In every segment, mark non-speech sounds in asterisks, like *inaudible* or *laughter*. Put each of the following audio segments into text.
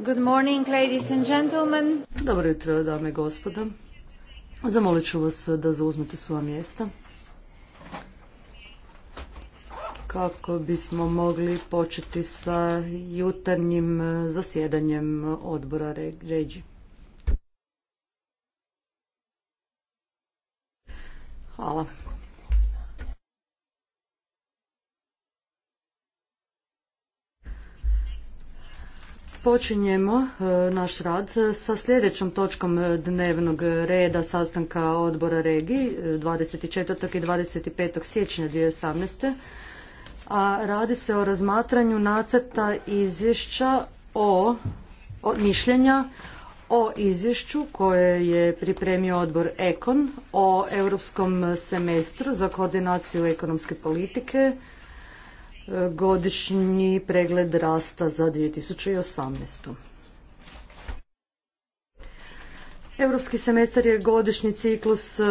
Good morning, ladies and gentlemen. Dobro jutro, dame i gospodo. Zamolit ću vas da zauzmete svoja mjesta. Kako bismo mogli početi sa jutarnjim zasjedanjem odbora Ređi. Počinjemo e, naš rad e, sa sljedećom točkom e, dnevnog reda sastanka odbora regiji 24. i 25. siječnja 2018. A radi se o razmatranju nacrta izvješća o, o mišljenja o izvješću koje je pripremio odbor Ekon o europskom semestru za koordinaciju ekonomske politike godišnji pregled rasta za 2018. Europski semestar je godišnji ciklus e,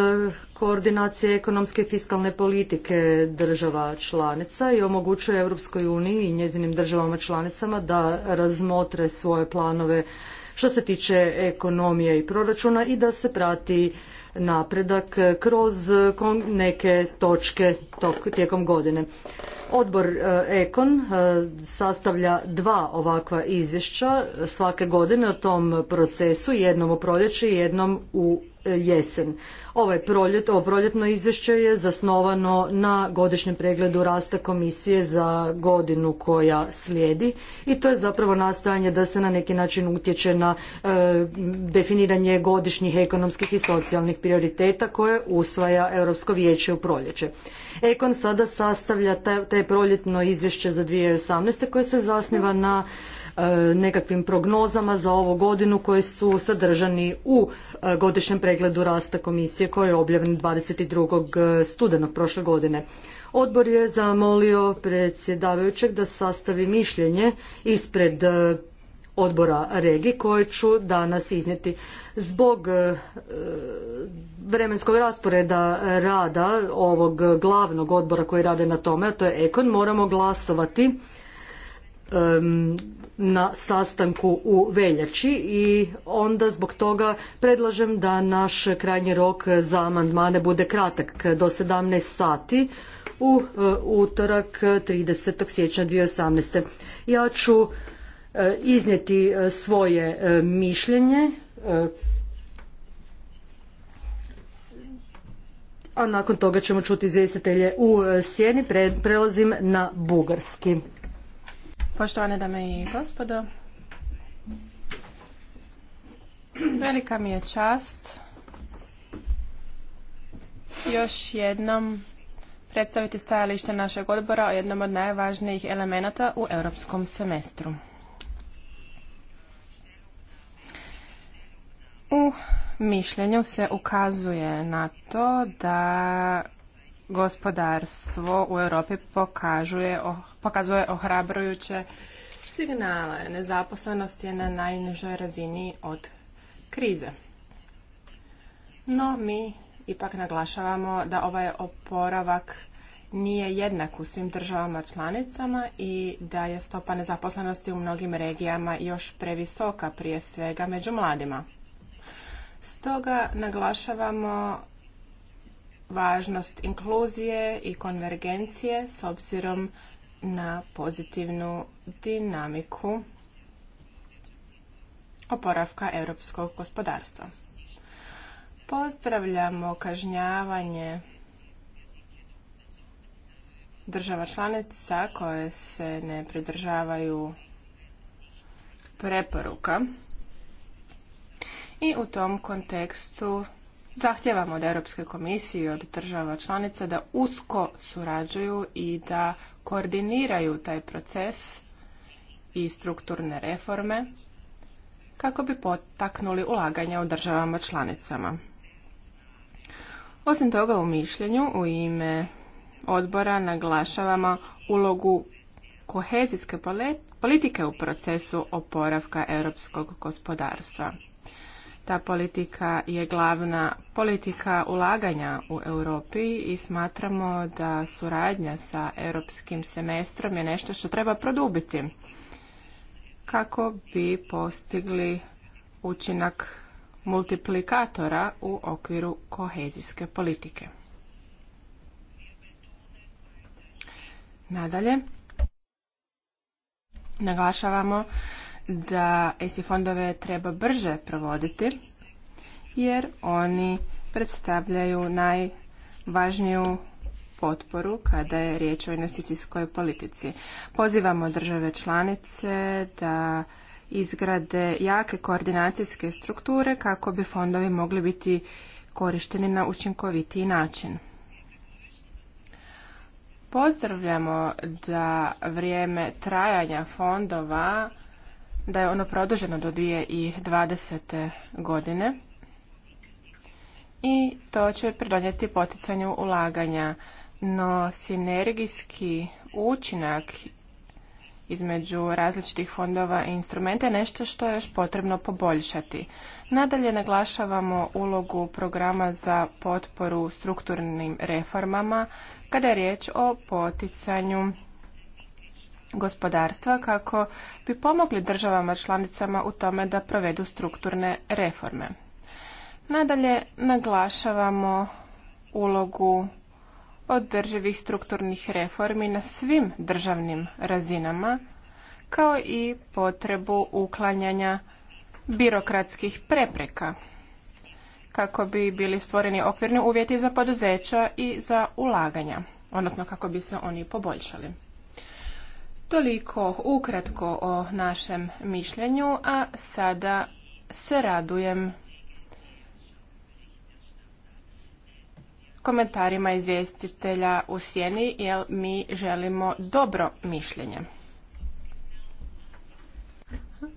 koordinacije ekonomske i fiskalne politike država članica i omogućuje Europskoj uniji i njezinim državama članicama da razmotre svoje planove što se tiče ekonomije i proračuna i da se prati napredak eh, kroz eh, neke točke tijekom godine. Odbor eh, Ekon sastavlja dva ovakva izvješća svake godine o tom procesu, jednom u i jednom u jesen. ovaj proljet, ovo proljetno izvješće je zasnovano na godišnjem pregledu rasta komisije za godinu koja slijedi i to je zapravo nastojanje da se na neki način utječe na e, definiranje godišnjih ekonomskih i socijalnih prioriteta koje usvaja Europsko vijeće u proljeće. Ekon sada sastavlja te proljetno izvješće za 2018. koje se zasniva na E, nekakvim prognozama za ovu godinu koje su sadržani u e, godišnjem pregledu rasta komisije koji je objavljen 22. E, studenog prošle godine. Odbor je zamolio predsjedavajućeg da sastavi mišljenje ispred odbora regi koje ću danas iznijeti. Zbog vremenskog rasporeda rada ovog glavnog odbora koji rade na tome, a to je Ekon, moramo glasovati na sastanku u veljači i onda zbog toga predlažem da naš krajnji rok za amandmane bude kratak do 17 sati u eh, utorak 30. siječnja 2018. Ja ću eh, iznijeti eh, svoje mišljenje a nakon toga ćemo čuti izvjestitelje u sjeni. Prelazim na bugarski. Poštovane dame i gospodo, velika mi je čast još jednom predstaviti stajalište našeg odbora o jednom od najvažnijih elemenata u europskom semestru. U mišljenju se ukazuje na to da gospodarstvo u Europi pokazuje pokazuje ohrabrujuće signale. Nezaposlenost je na najnižoj razini od krize. No, mi ipak naglašavamo da ovaj oporavak nije jednak u svim državama članicama i da je stopa nezaposlenosti u mnogim regijama još previsoka, prije svega među mladima. Stoga naglašavamo važnost inkluzije i konvergencije s obzirom na pozitivnu dinamiku oporavka europskog gospodarstva. Pozdravljamo kažnjavanje država članica koje se ne pridržavaju preporuka i u tom kontekstu zahtjevamo od Europske komisije i od država članica da usko surađuju i da koordiniraju taj proces i strukturne reforme kako bi potaknuli ulaganja u državama članicama. Osim toga u mišljenju u ime odbora naglašavamo ulogu kohezijske politike u procesu oporavka europskog gospodarstva. Ta politika je glavna politika ulaganja u Europi i smatramo da suradnja sa europskim semestrom je nešto što treba produbiti kako bi postigli učinak multiplikatora u okviru kohezijske politike. Nadalje, naglašavamo da ESI fondove treba brže provoditi jer oni predstavljaju najvažniju potporu kada je riječ o investicijskoj politici. Pozivamo države članice da izgrade jake koordinacijske strukture kako bi fondovi mogli biti korišteni na učinkovitiji način. Pozdravljamo da vrijeme trajanja fondova da je ono produženo do 2020. godine i to će pridonijeti poticanju ulaganja, no sinergijski učinak između različitih fondova i instrumenta je nešto što je još potrebno poboljšati. Nadalje naglašavamo ulogu programa za potporu strukturnim reformama kada je riječ o poticanju gospodarstva kako bi pomogli državama članicama u tome da provedu strukturne reforme. Nadalje naglašavamo ulogu održivih strukturnih reformi na svim državnim razinama kao i potrebu uklanjanja birokratskih prepreka kako bi bili stvoreni okvirni uvjeti za poduzeća i za ulaganja, odnosno kako bi se oni poboljšali. Toliko ukratko o našem mišljenju, a sada se radujem komentarima izvjestitelja u sjeni jer mi želimo dobro mišljenje.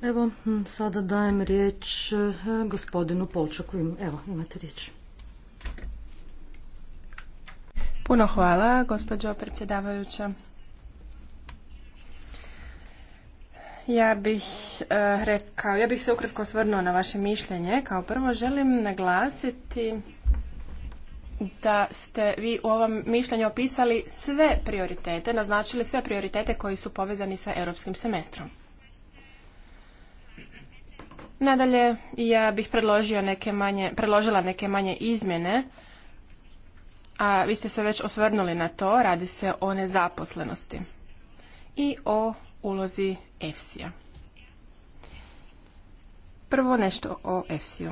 Evo, sada dajem riječ e, gospodinu Polčaku. Evo, imate riječ. Puno hvala, gospođo predsjedavajuća. Ja bih e, rekao, ja bih se ukratko osvrnuo na vaše mišljenje. Kao prvo želim naglasiti da ste vi u ovom mišljenju opisali sve prioritete, naznačili sve prioritete koji su povezani sa europskim semestrom. Nadalje, ja bih predložio neke manje, predložila neke manje izmjene, a vi ste se već osvrnuli na to, radi se o nezaposlenosti i o ulozi efsi Prvo nešto o EFSI-u.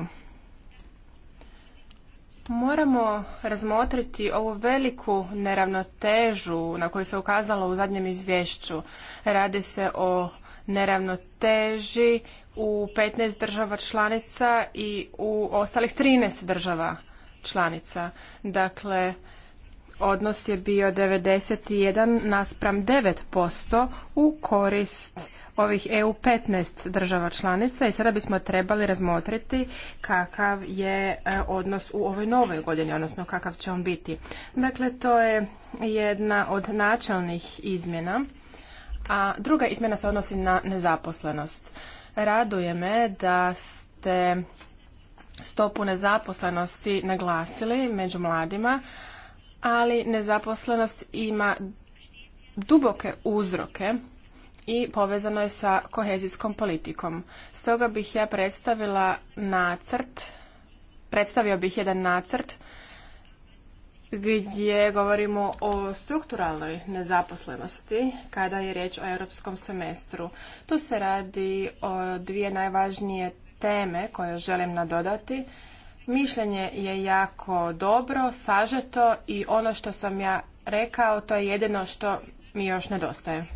Moramo razmotriti ovu veliku neravnotežu na koju se ukazalo u zadnjem izvješću. Radi se o neravnoteži u 15 država članica i u ostalih 13 država članica. Dakle, odnos je bio 91 naspram 9% u korist ovih EU 15 država članica i sada bismo trebali razmotriti kakav je e, odnos u ovoj novoj godini, odnosno kakav će on biti. Dakle, to je jedna od načelnih izmjena, a druga izmjena se odnosi na nezaposlenost. Raduje me da ste stopu nezaposlenosti naglasili među mladima, ali nezaposlenost ima duboke uzroke i povezano je sa kohezijskom politikom. Stoga bih ja predstavila nacrt, predstavio bih jedan nacrt gdje govorimo o strukturalnoj nezaposlenosti kada je riječ o europskom semestru. Tu se radi o dvije najvažnije teme koje želim nadodati. Mišljenje je jako dobro, sažeto i ono što sam ja rekao, to je jedino što mi još nedostaje.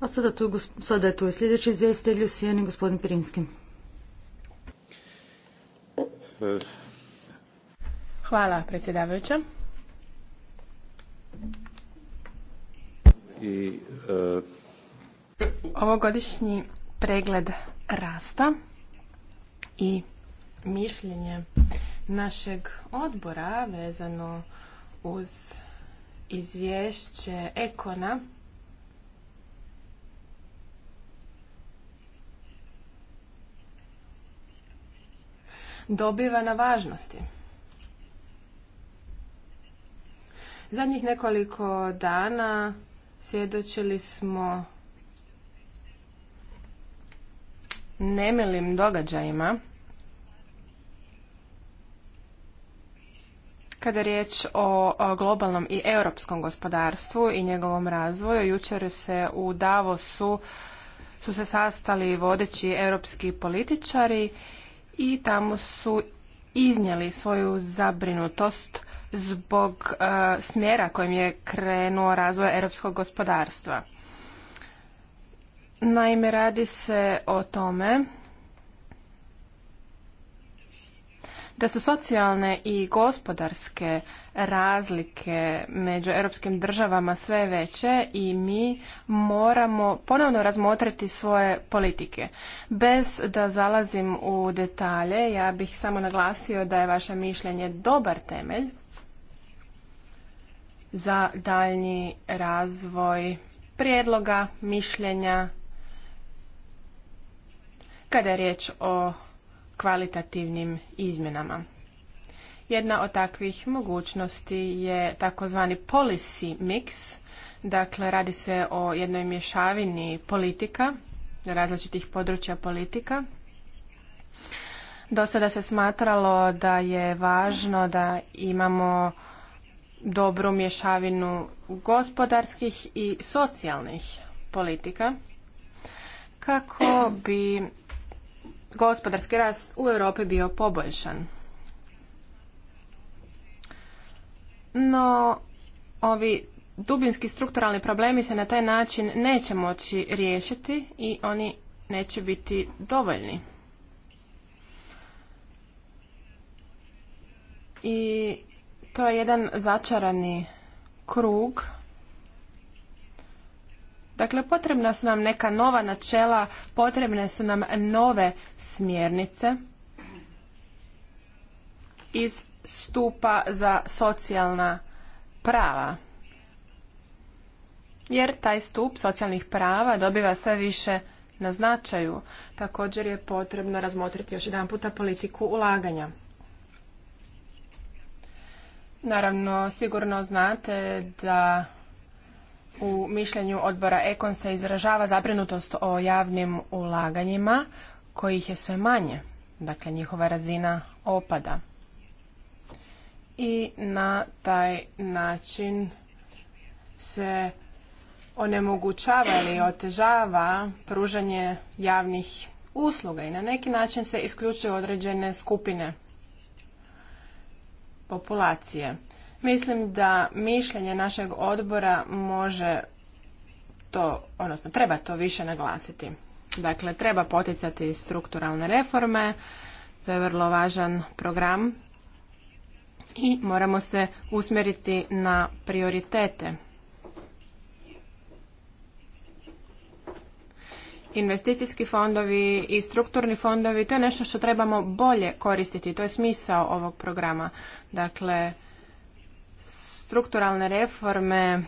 A sada, tu, sada je tu sljedeći izvjestitelj u i gospodin Pirinski. Hvala, predsjedavajuća. E, Ovogodišnji pregled rasta i mišljenje našeg odbora vezano uz izvješće Ekona dobiva na važnosti. Zadnjih nekoliko dana svjedočili smo nemilim događajima Kada je riječ o globalnom i europskom gospodarstvu i njegovom razvoju, jučer se u Davosu su se sastali vodeći europski političari i tamo su iznijeli svoju zabrinutost zbog e, smjera kojim je krenuo razvoj europskog gospodarstva. Naime, radi se o tome da su socijalne i gospodarske razlike među europskim državama sve veće i mi moramo ponovno razmotriti svoje politike. Bez da zalazim u detalje, ja bih samo naglasio da je vaše mišljenje dobar temelj za daljnji razvoj prijedloga, mišljenja kada je riječ o kvalitativnim izmjenama. Jedna od takvih mogućnosti je takozvani policy mix, dakle radi se o jednoj mješavini politika, različitih područja politika. Do sada se smatralo da je važno da imamo dobru mješavinu gospodarskih i socijalnih politika kako bi gospodarski rast u Europi bio poboljšan. No, ovi dubinski strukturalni problemi se na taj način neće moći riješiti i oni neće biti dovoljni. I to je jedan začarani krug Dakle, potrebna su nam neka nova načela, potrebne su nam nove smjernice iz stupa za socijalna prava. Jer taj stup socijalnih prava dobiva sve više na značaju. Također je potrebno razmotriti još jedan puta politiku ulaganja. Naravno, sigurno znate da u mišljenju odbora Ekon izražava zabrinutost o javnim ulaganjima kojih je sve manje. Dakle, njihova razina opada. I na taj način se onemogućava ili otežava pružanje javnih usluga i na neki način se isključuju određene skupine populacije. Mislim da mišljenje našeg odbora može to, odnosno treba to više naglasiti. Dakle, treba poticati strukturalne reforme, to je vrlo važan program i moramo se usmjeriti na prioritete. Investicijski fondovi i strukturni fondovi, to je nešto što trebamo bolje koristiti, to je smisao ovog programa. Dakle, Strukturalne reforme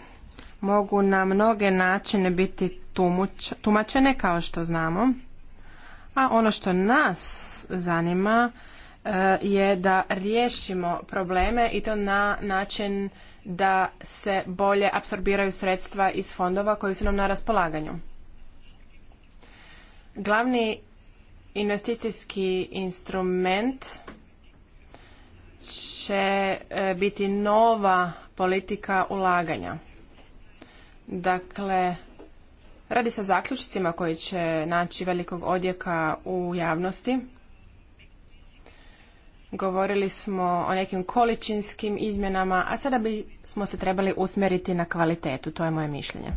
mogu na mnoge načine biti tumačene kao što znamo, a ono što nas zanima e, je da riješimo probleme i to na način da se bolje apsorbiraju sredstva iz fondova koji su nam na raspolaganju. Glavni investicijski instrument će e, biti nova politika ulaganja. Dakle, radi se o zaključcima koji će naći velikog odjeka u javnosti. Govorili smo o nekim količinskim izmjenama, a sada bi smo se trebali usmjeriti na kvalitetu, to je moje mišljenje.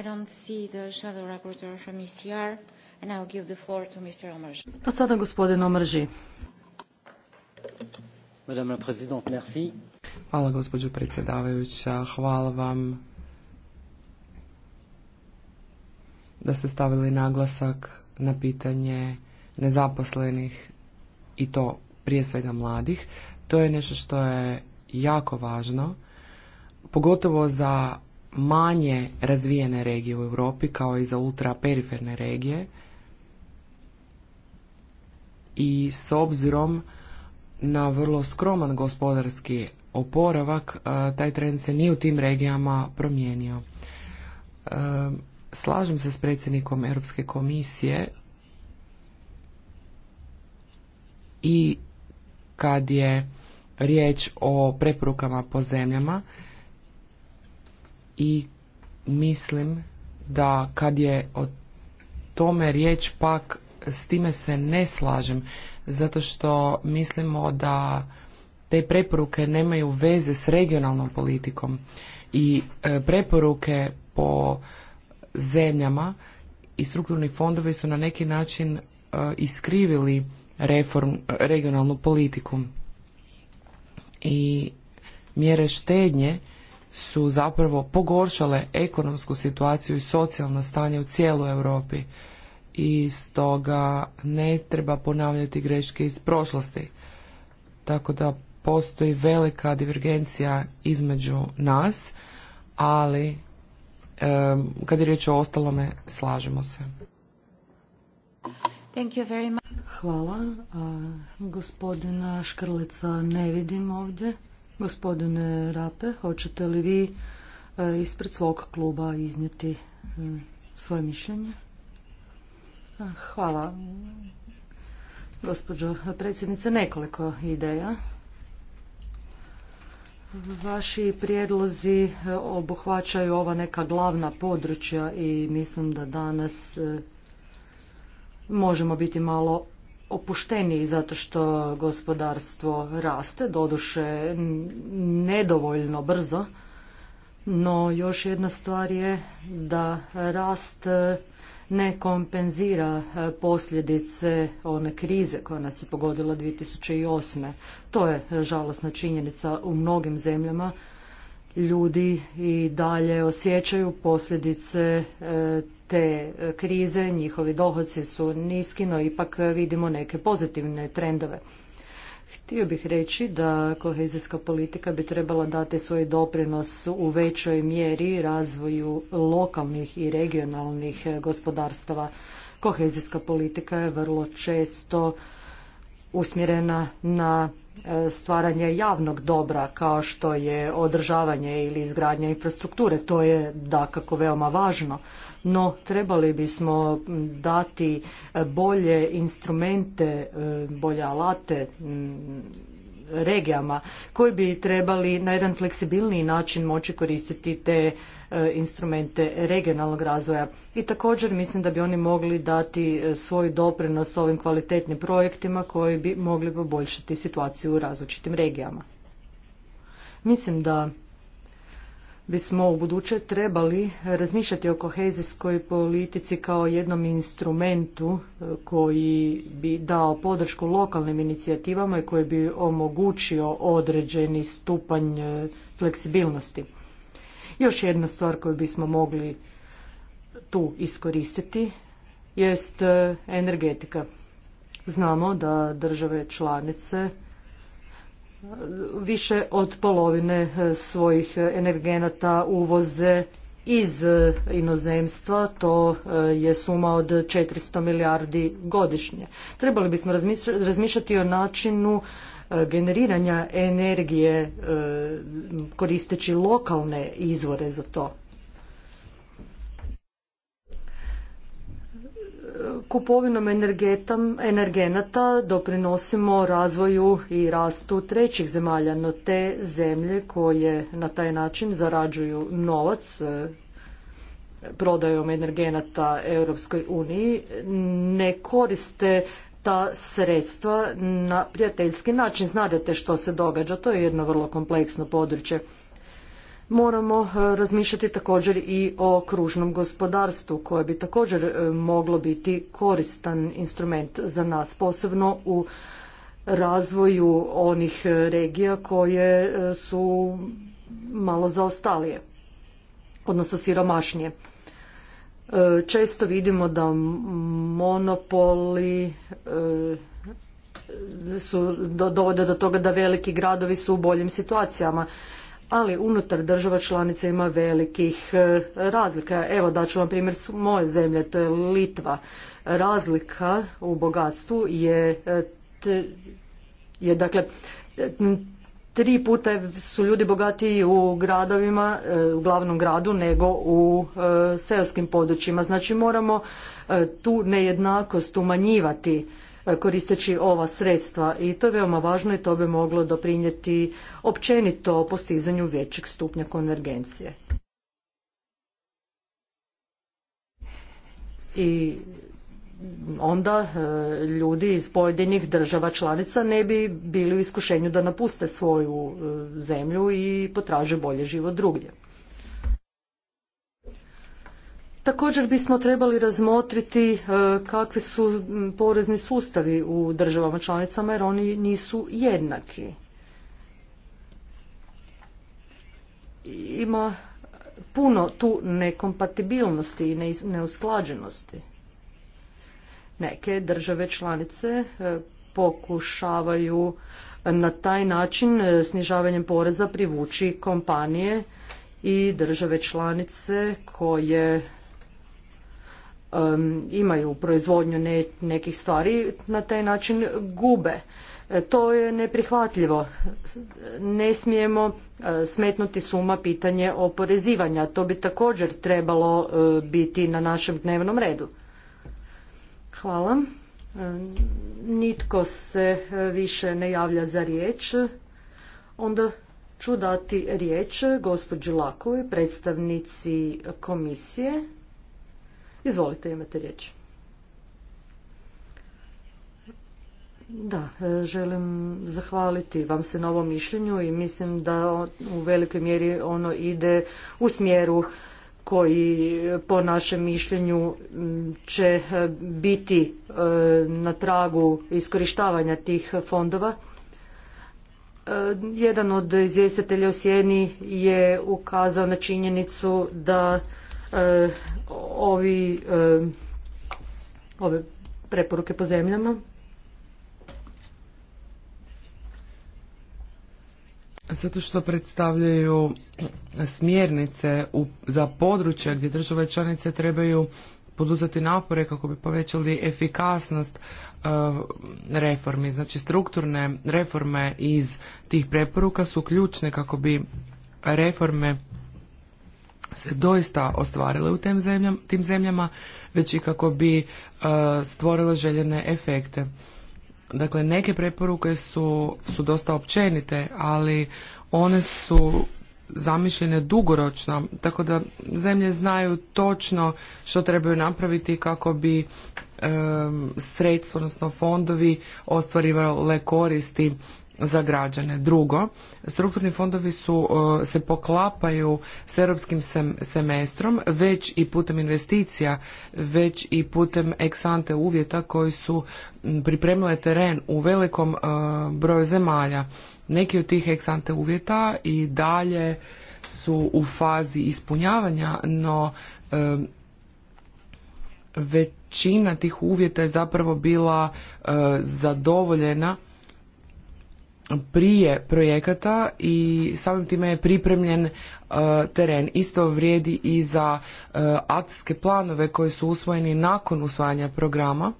I don't see the shadow rapporteur from ECR and I'll give the floor to Mr. Omrži. Pa sada gospodin Omrži. Madame la présidente, merci. Hvala gospođo predsjedavajuća, hvala vam da ste stavili naglasak na pitanje nezaposlenih i to prije svega mladih. To je nešto što je jako važno, pogotovo za manje razvijene regije u Europi kao i za ultraperiferne regije i s obzirom na vrlo skroman gospodarski oporavak, taj trend se nije u tim regijama promijenio. Slažem se s predsjednikom Europske komisije i kad je riječ o preporukama po zemljama i mislim da kad je o tome riječ pak s time se ne slažem zato što mislimo da te preporuke nemaju veze s regionalnom politikom i e, preporuke po zemljama i strukturni fondovi su na neki način e, iskrivili reform, regionalnu politiku. I mjere štednje su zapravo pogoršale ekonomsku situaciju i socijalno stanje u cijeloj Europi i stoga ne treba ponavljati greške iz prošlosti. Tako da postoji velika divergencija između nas, ali kad je riječ o ostalome, slažemo se. Thank you very much. Hvala. gospodina Škrleca ne vidim ovdje. Gospodine Rape, hoćete li vi e, ispred svog kluba iznijeti e, svoje mišljenje? Hvala. Gospođo predsjednice, nekoliko ideja. Vaši prijedlozi e, obuhvaćaju ova neka glavna područja i mislim da danas e, možemo biti malo opušteniji zato što gospodarstvo raste, doduše nedovoljno brzo, no još jedna stvar je da rast e, ne kompenzira e, posljedice one krize koja nas je pogodila 2008. To je e, žalosna činjenica u mnogim zemljama. Ljudi i dalje osjećaju posljedice e, te krize, njihovi dohodci su niski, no ipak vidimo neke pozitivne trendove. Htio bih reći da kohezijska politika bi trebala dati svoj doprinos u većoj mjeri razvoju lokalnih i regionalnih gospodarstava. Kohezijska politika je vrlo često usmjerena na e, stvaranje javnog dobra kao što je održavanje ili izgradnja infrastrukture. To je dakako veoma važno no trebali bismo dati bolje instrumente, e, bolje alate mm, regijama koji bi trebali na jedan fleksibilniji način moći koristiti te e, instrumente regionalnog razvoja. I također mislim da bi oni mogli dati e, svoj doprinos ovim kvalitetnim projektima koji bi mogli poboljšati situaciju u različitim regijama. Mislim da bismo u buduće trebali razmišljati o kohezijskoj politici kao jednom instrumentu e, koji bi dao podršku lokalnim inicijativama i koji bi omogućio određeni stupanj e, fleksibilnosti. Još jedna stvar koju bismo mogli tu iskoristiti jest e, energetika. Znamo da države članice više od polovine e, svojih e, energenata uvoze iz e, inozemstva, to je suma od 400 milijardi godišnje. Trebali bismo razmišljati o načinu generiranja energije koristeći lokalne izvore za to. kupovinom energetam, energenata doprinosimo razvoju i rastu trećih zemalja, no te zemlje koje na taj način zarađuju novac e, prodajom energenata Europskoj uniji ne koriste ta sredstva na prijateljski način. Znadete što se događa, to je jedno vrlo kompleksno područje moramo e, razmišljati također i o kružnom gospodarstvu koje bi također e, moglo biti koristan instrument za nas, posebno u razvoju onih e, regija koje su malo zaostalije, odnosno siromašnije. Često vidimo da monopoli su dovode do toga da veliki gradovi su u boljim situacijama ali unutar država članica ima velikih e, razlika. Evo ću vam primjer moje zemlje, to je Litva. Razlika u bogatstvu je, e, je dakle tri puta su ljudi bogatiji u gradovima, e, u glavnom gradu nego u seoskim područjima. Znači moramo tu nejednakost umanjivati E, koristeći ova sredstva i to je veoma važno i to bi moglo doprinijeti općenito postizanju većeg stupnja konvergencije. I onda e, ljudi iz pojedinih država članica ne bi bili u iskušenju da napuste svoju e, zemlju i potraže bolje život drugdje. Također bismo trebali razmotriti e, kakvi su porezni sustavi u državama članicama jer oni nisu jednaki. Ima puno tu nekompatibilnosti i neusklađenosti. Neke države članice e, pokušavaju na taj način e, snižavanjem poreza privući kompanije i države članice koje imaju proizvodnju nekih stvari na taj način gube. E, to je neprihvatljivo. Ne smijemo e, smetnuti suma pitanje oporezivanja. To bi također trebalo e, biti na našem dnevnom redu. Hvala. Nitko se više ne javlja za riječ. Onda ću dati riječ gospođi Lakovi, predstavnici komisije. Izvolite, imate riječ. Da, e, želim zahvaliti vam se na ovom mišljenju i mislim da u velikoj mjeri ono ide u smjeru koji po našem mišljenju će e, biti e, na tragu iskorištavanja tih fondova. Jedan od izvjestitelja u Sjeni je ukazao na činjenicu da E, ovi, e, ove preporuke po zemljama? Zato što predstavljaju smjernice za područja gdje države članice trebaju poduzeti napore kako bi povećali efikasnost e, reformi. Znači strukturne reforme iz tih preporuka su ključne kako bi reforme se doista ostvarile u zemljama, tim zemljama, već i kako bi e, stvorile željene efekte. Dakle, neke preporuke su, su dosta općenite, ali one su zamišljene dugoročno, tako da zemlje znaju točno što trebaju napraviti kako bi sredstva, sredstvo, odnosno fondovi ostvarivale koristi za građane. Drugo, strukturni fondovi su, e, se poklapaju s europskim semestrom već i putem investicija, već i putem eksante uvjeta koji su pripremile teren u velikom e, broju zemalja. Neki od tih eksante uvjeta i dalje su u fazi ispunjavanja, no e, većina tih uvjeta je zapravo bila zadovoljena prije projekata i samim time je pripremljen e, teren. Isto vrijedi i za e, akcijske planove koji su usvojeni nakon usvajanja programa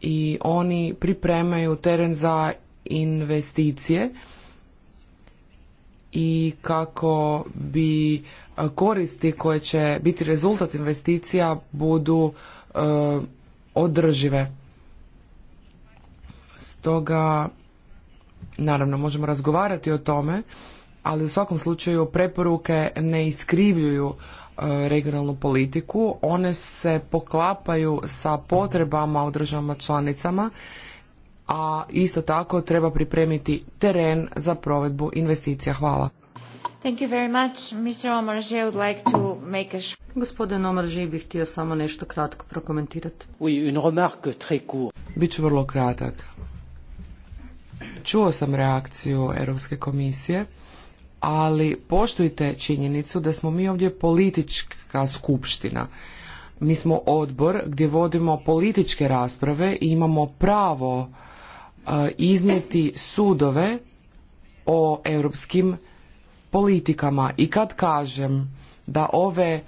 i oni pripremaju teren za investicije i kako bi e, koristi koje će biti rezultat investicija budu održive. Stoga Naravno, možemo razgovarati o tome, ali u svakom slučaju preporuke ne iskrivljuju e, regionalnu politiku, one se poklapaju sa potrebama u državama članicama, a isto tako treba pripremiti teren za provedbu investicija. Hvala. Thank you very much. Mr. would like to make a... Gospodin bih htio samo nešto kratko prokomentirati. Oui, une remarque très court. Biću vrlo kratak. Čuo sam reakciju Europske komisije, ali poštujte činjenicu da smo mi ovdje politička skupština. Mi smo odbor gdje vodimo političke rasprave i imamo pravo e, iznijeti sudove o europskim politikama i kad kažem da ove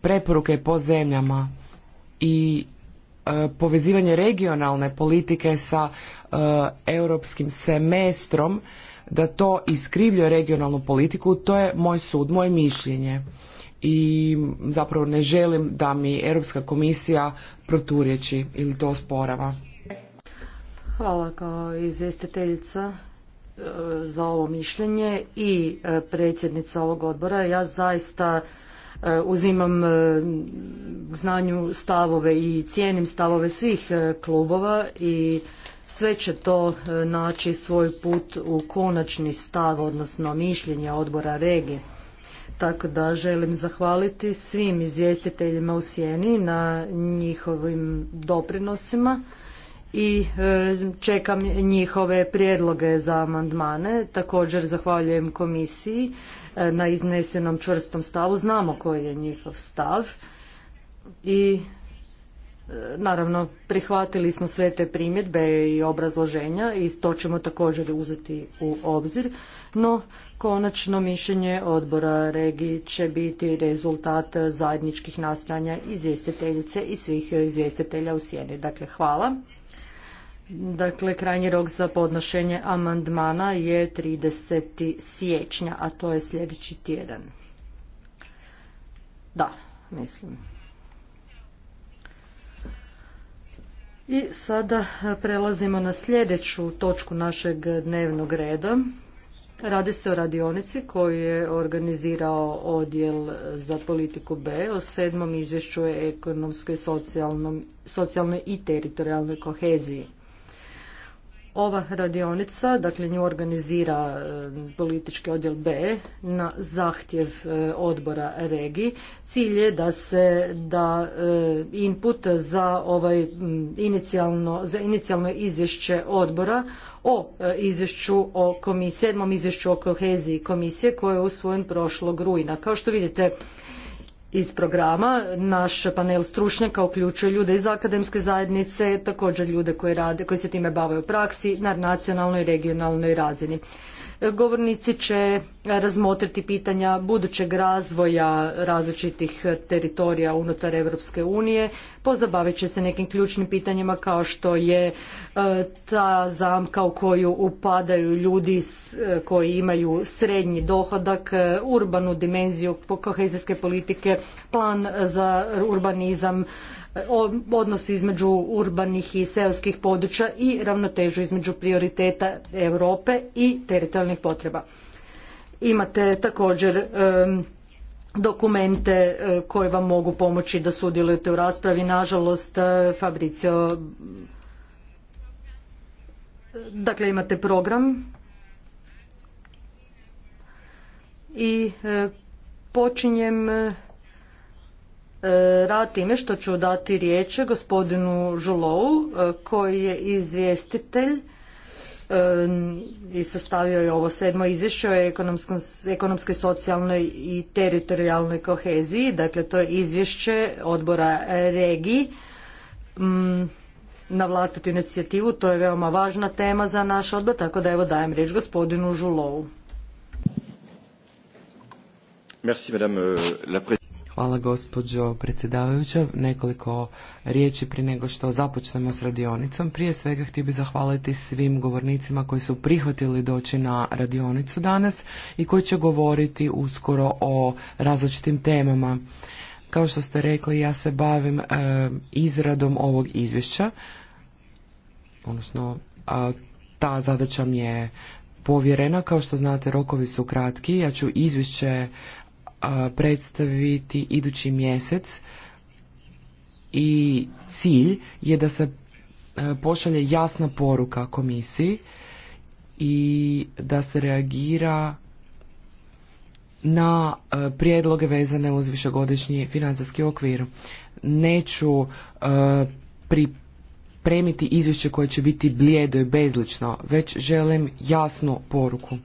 preporuke po zemljama i e, povezivanje regionalne politike sa E, europskim semestrom da to iskrivljuje regionalnu politiku, to je moj sud, moje mišljenje. I zapravo ne želim da mi Europska komisija proturječi ili to sporava. Hvala kao izvjestiteljica e, za ovo mišljenje i e, predsjednica ovog odbora. Ja zaista uzimam znanju stavove i cijenim stavove svih klubova i sve će to e, naći svoj put u konačni stav, odnosno mišljenje odbora regije. Tako da želim zahvaliti svim izvjestiteljima u Sjeni na njihovim doprinosima i e, čekam njihove prijedloge za amandmane. Također zahvaljujem komisiji e, na iznesenom čvrstom stavu. Znamo koji je njihov stav i Naravno, prihvatili smo sve te primjedbe i obrazloženja i to ćemo također uzeti u obzir, no konačno mišljenje odbora regiji će biti rezultat zajedničkih nastojanja izvjestiteljice i svih izvjestitelja u sjeni. Dakle, hvala. Dakle, krajnji rok za podnošenje amandmana je 30. siječnja, a to je sljedeći tjedan. Da, mislim. I sada prelazimo na sljedeću točku našeg dnevnog reda. Radi se o radionici koju je organizirao odjel za politiku B o sedmom izvješću o ekonomskoj, socijalnoj i teritorijalnoj koheziji. Ova radionica, dakle nju organizira e, politički odjel B na zahtjev e, odbora regiji. Cilj je da se da e, input za ovaj inicijalno, za inicijalno izvješće odbora o izvješću o komisiji, sedmom izvješću o koheziji komisije koje je usvojen prošlog rujna. Kao što vidite, iz programa. Naš panel stručnjaka uključuje ljude iz akademske zajednice, također ljude koji, rade, koji se time bave u praksi na nacionalnoj i regionalnoj razini. Govornici će razmotriti pitanja budućeg razvoja različitih teritorija unutar Europske unije, pozabavit će se nekim ključnim pitanjima kao što je e, ta zamka u koju upadaju ljudi e, koji imaju srednji dohodak, e, urbanu dimenziju kohezijske politike, plan za urbanizam, E, odnos između urbanih i seoskih područja i ravnotežu između prioriteta Europe i teritorijalnih potreba. Imate također dokumente e, koje vam mogu pomoći da sudjelujete u raspravi. Nažalost, e, Fabricio, dakle imate program i počinjem E, rad time što ću dati riječ gospodinu Žulovu e, koji je izvjestitelj e, i sastavio je ovo sedmo izvješće o ekonomskoj, socijalnoj i teritorijalnoj koheziji. Dakle, to je izvješće odbora regiji mm, na vlastitu inicijativu. To je veoma važna tema za naš odbor, tako da evo dajem riječ gospodinu Žulovu. Merci, madame euh, la Hvala gospođo predsjedavajuća. Nekoliko riječi prije nego što započnemo s radionicom. Prije svega htio bih zahvaliti svim govornicima koji su prihvatili doći na radionicu danas i koji će govoriti uskoro o različitim temama. Kao što ste rekli, ja se bavim e, izradom ovog izvješća, odnosno ta zadaća mi je povjerena. Kao što znate, rokovi su kratki. Ja ću izvješće predstaviti idući mjesec i cilj je da se pošalje jasna poruka komisiji i da se reagira na prijedloge vezane uz višegodišnji financijski okvir. Neću pripremiti izvješće koje će biti blijedo i bezlično, već želim jasnu poruku.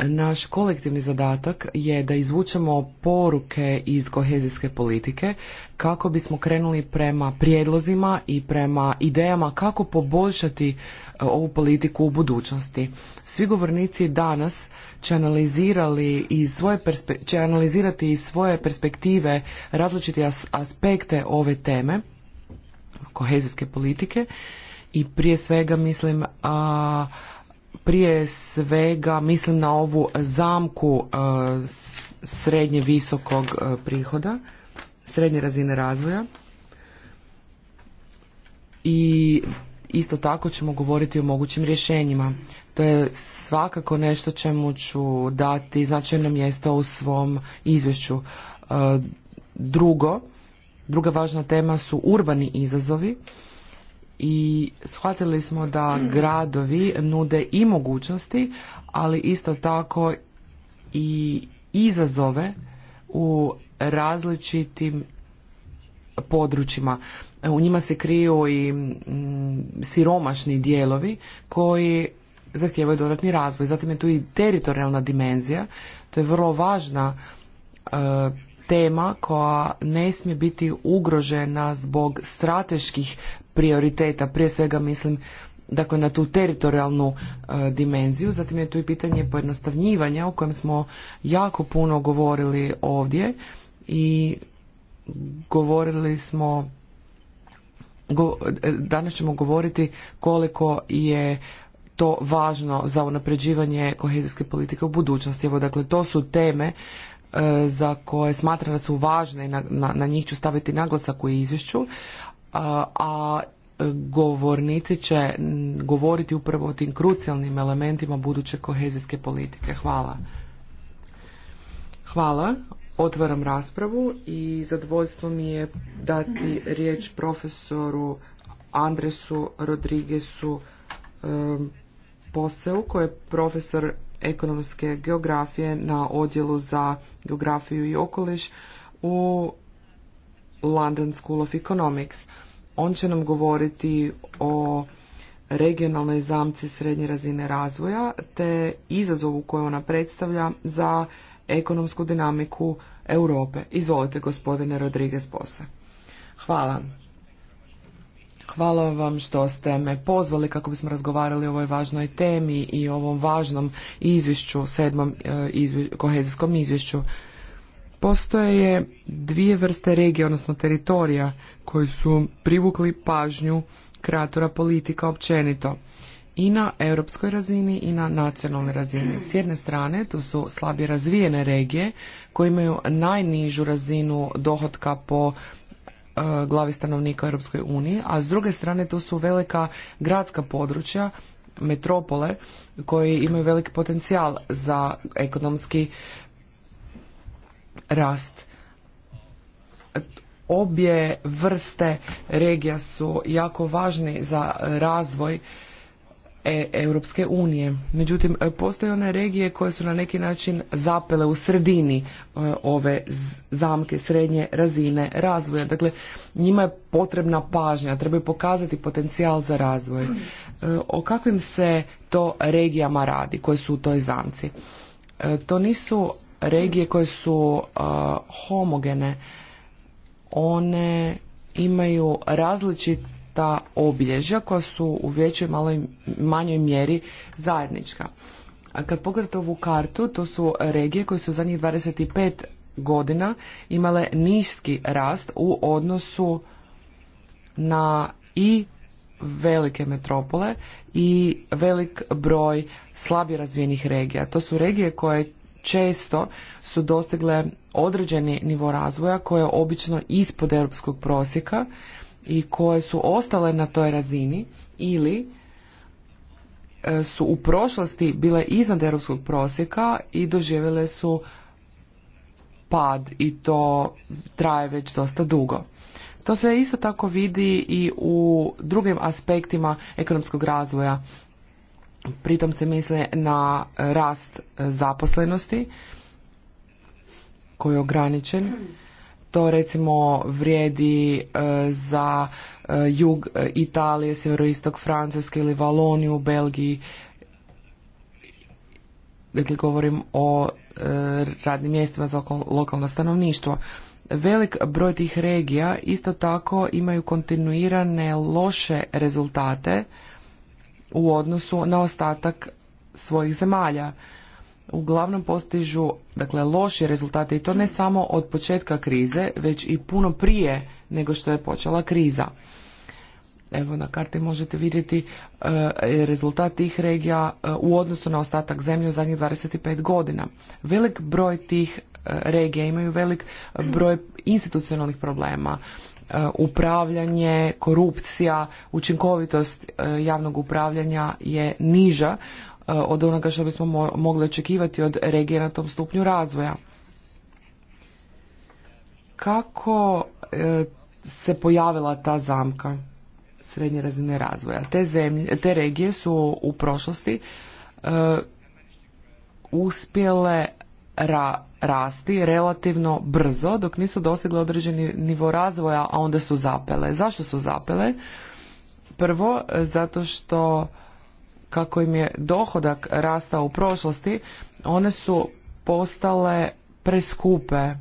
Naš kolektivni zadatak je da izvučemo poruke iz kohezijske politike kako bismo krenuli prema prijedlozima i prema idejama kako poboljšati e, ovu politiku u budućnosti. Svi govornici danas će, analizirali i svoje će analizirati iz svoje perspektive različite aspekte ove teme kohezijske politike i prije svega mislim a, prije svega mislim na ovu zamku e, srednje visokog e, prihoda, srednje razine razvoja. I isto tako ćemo govoriti o mogućim rješenjima. To je svakako nešto čemu ću dati značajno mjesto u svom izvješću. E, drugo, druga važna tema su urbani izazovi i shvatili smo da gradovi nude i mogućnosti, ali isto tako i izazove u različitim područjima. E, u njima se kriju i siromašni dijelovi koji zahtijevaju dodatni razvoj. Zatim je tu i teritorijalna dimenzija. To je vrlo važna e, tema koja ne smije biti ugrožena zbog strateških prioriteta. Prije svega mislim dakle na tu teritorijalnu e, dimenziju, zatim je tu i pitanje pojednostavnjivanja o kojem smo jako puno govorili ovdje i govorili smo e, danas ćemo govoriti koliko je to važno za unapređivanje kohezijske politike u budućnosti. Evo dakle to su teme e, za koje smatram da su važne i na, na, na njih ću staviti naglasak u izvješću, a govornici će govoriti upravo o tim krucijalnim elementima buduće kohezijske politike. Hvala. Hvala. Otvaram raspravu i zadvojstvo mi je dati riječ profesoru Andresu Rodrigesu Poseu, koji je profesor ekonomske geografije na odjelu za geografiju i okoliš u London School of Economics. On će nam govoriti o regionalnoj zamci srednje razine razvoja te izazovu koju ona predstavlja za ekonomsku dinamiku Europe. Izvolite gospodine Rodriguez Posa. Hvala. Hvala vam što ste me pozvali kako bismo razgovarali o ovoj važnoj temi i ovom važnom izvješću, sedmom e, kohezijskom izvješću. Postoje dvije vrste regije, odnosno teritorija, koji su privukli pažnju kreatora politika općenito i na europskoj razini i na nacionalnoj razini. S jedne strane, tu su slabije razvijene regije koje imaju najnižu razinu dohotka po e, glavi stanovnika Europskoj uniji, a s druge strane to su velika gradska područja, metropole, koji imaju veliki potencijal za ekonomski rast. Obje vrste regija su jako važni za razvoj e, Europske unije. Međutim, postoje one regije koje su na neki način zapele u sredini e, ove zamke srednje razine razvoja. Dakle, njima je potrebna pažnja, trebaju pokazati potencijal za razvoj. E, o kakvim se to regijama radi koje su u toj zamci? To nisu regije koje su homogene, one imaju različita obilježja koja su u većoj maloj, manjoj mjeri zajednička. A kad pogledate ovu kartu, to su regije koje su u zadnjih 25 godina imale niski rast u odnosu na i velike metropole i velik broj slabije razvijenih regija. To su regije koje često su dostigle određeni nivo razvoja koje je obično ispod europskog prosjeka i koje su ostale na toj razini ili e, su u prošlosti bile iznad europskog prosjeka i doživjele su pad i to traje već dosta dugo. To se isto tako vidi i u drugim aspektima ekonomskog razvoja Pritom se misle na rast zaposlenosti koji je ograničen. To recimo vrijedi e, za e, jug Italije, sjeveroistok Francuske ili Valoniju u Belgiji. Dakle, govorim o e, radnim mjestima za lokalno stanovništvo. Velik broj tih regija isto tako imaju kontinuirane loše rezultate u odnosu na ostatak svojih zemalja. Uglavnom postižu dakle loši rezultate i to ne samo od početka krize, već i puno prije nego što je počela kriza. Evo na karti možete vidjeti e, rezultat tih regija e, u odnosu na ostatak zemlje u zadnjih 25 godina. Velik broj tih e, regija imaju velik broj institucionalnih problema. E, upravljanje, korupcija, učinkovitost e, javnog upravljanja je niža e, od onoga što bismo mogli očekivati od regije na tom stupnju razvoja. Kako se pojavila ta zamka srednje razine razvoja? Te, zemlje, te regije su u prošlosti uspjele ra rasti relativno brzo dok nisu dostigle određeni nivo razvoja, a onda su zapele. Zašto su zapele? Prvo, zato što kako im je dohodak rastao u prošlosti, one su postale preskupe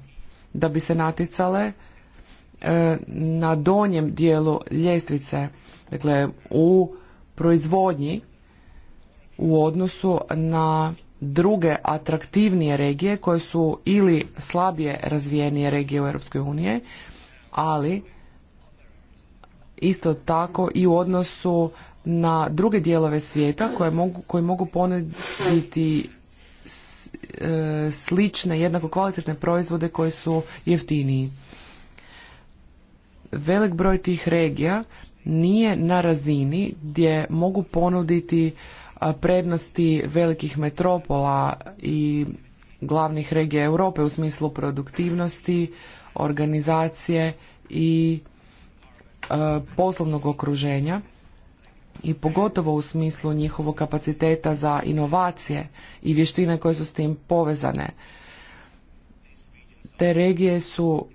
da bi se naticale e, na donjem dijelu ljestvice, dakle u proizvodnji u odnosu na druge atraktivnije regije koje su ili slabije razvijenije regije u Europskoj uniji, ali isto tako i u odnosu na druge dijelove svijeta koje mogu, koji mogu ponuditi e, slične, jednako kvalitetne proizvode koje su jeftiniji. Velik broj tih regija nije na razini gdje mogu ponuditi prednosti velikih metropola i glavnih regija Europe u smislu produktivnosti, organizacije i poslovnog okruženja i pogotovo u smislu njihovog kapaciteta za inovacije i vještine koje su s tim povezane. Te regije su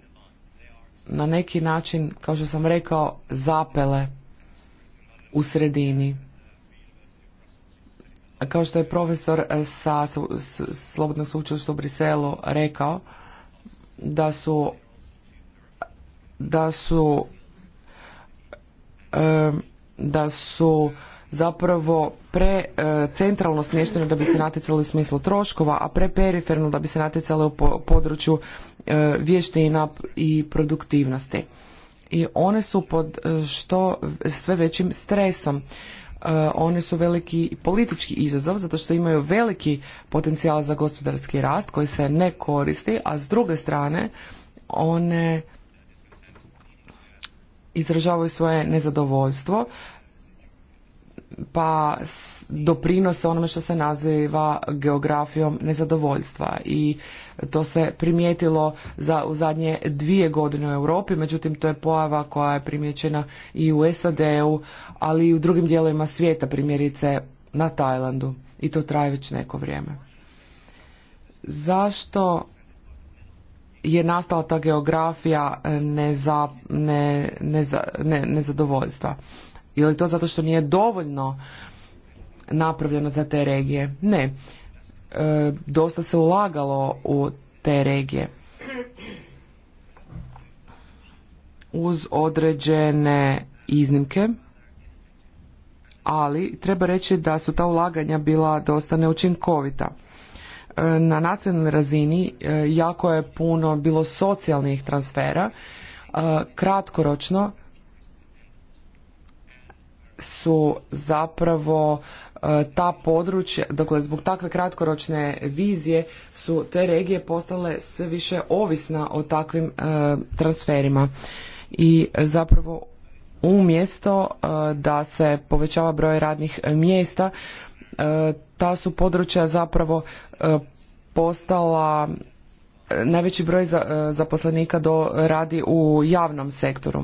na neki način, kao što sam rekao, zapele u sredini. Kao što je profesor e, sa Slobodnog sveučilišta u Briselu rekao, da su da su e, da su zapravo pre e, centralno smještene da bi se natjecali u smislu troškova, a pre periferno da bi se natjecali u području vještina i produktivnosti. I one su pod što sve većim stresom. E, one su veliki politički izazov zato što imaju veliki potencijal za gospodarski rast koji se ne koristi, a s druge strane one izražavaju svoje nezadovoljstvo pa doprinose onome što se naziva geografijom nezadovoljstva i to se primijetilo za, u zadnje dvije godine u Europi, međutim to je pojava koja je primijećena i u SAD-u, ali i u drugim dijelovima svijeta, primjerice na Tajlandu. I to traje već neko vrijeme. Zašto je nastala ta geografija neza, ne, ne, nezadovoljstva? Je li to zato što nije dovoljno napravljeno za te regije? Ne. E, dosta se ulagalo u te regije uz određene iznimke ali treba reći da su ta ulaganja bila dosta neučinkovita e, na nacionalnoj razini e, jako je puno bilo socijalnih transfera kratkoročno su zapravo E, ta područja, dakle zbog takve kratkoročne vizije su te regije postale sve više ovisna o takvim e, transferima i zapravo umjesto e, da se povećava broj radnih mjesta ta su područja zapravo postala najveći broj zaposlenika do radi u javnom sektoru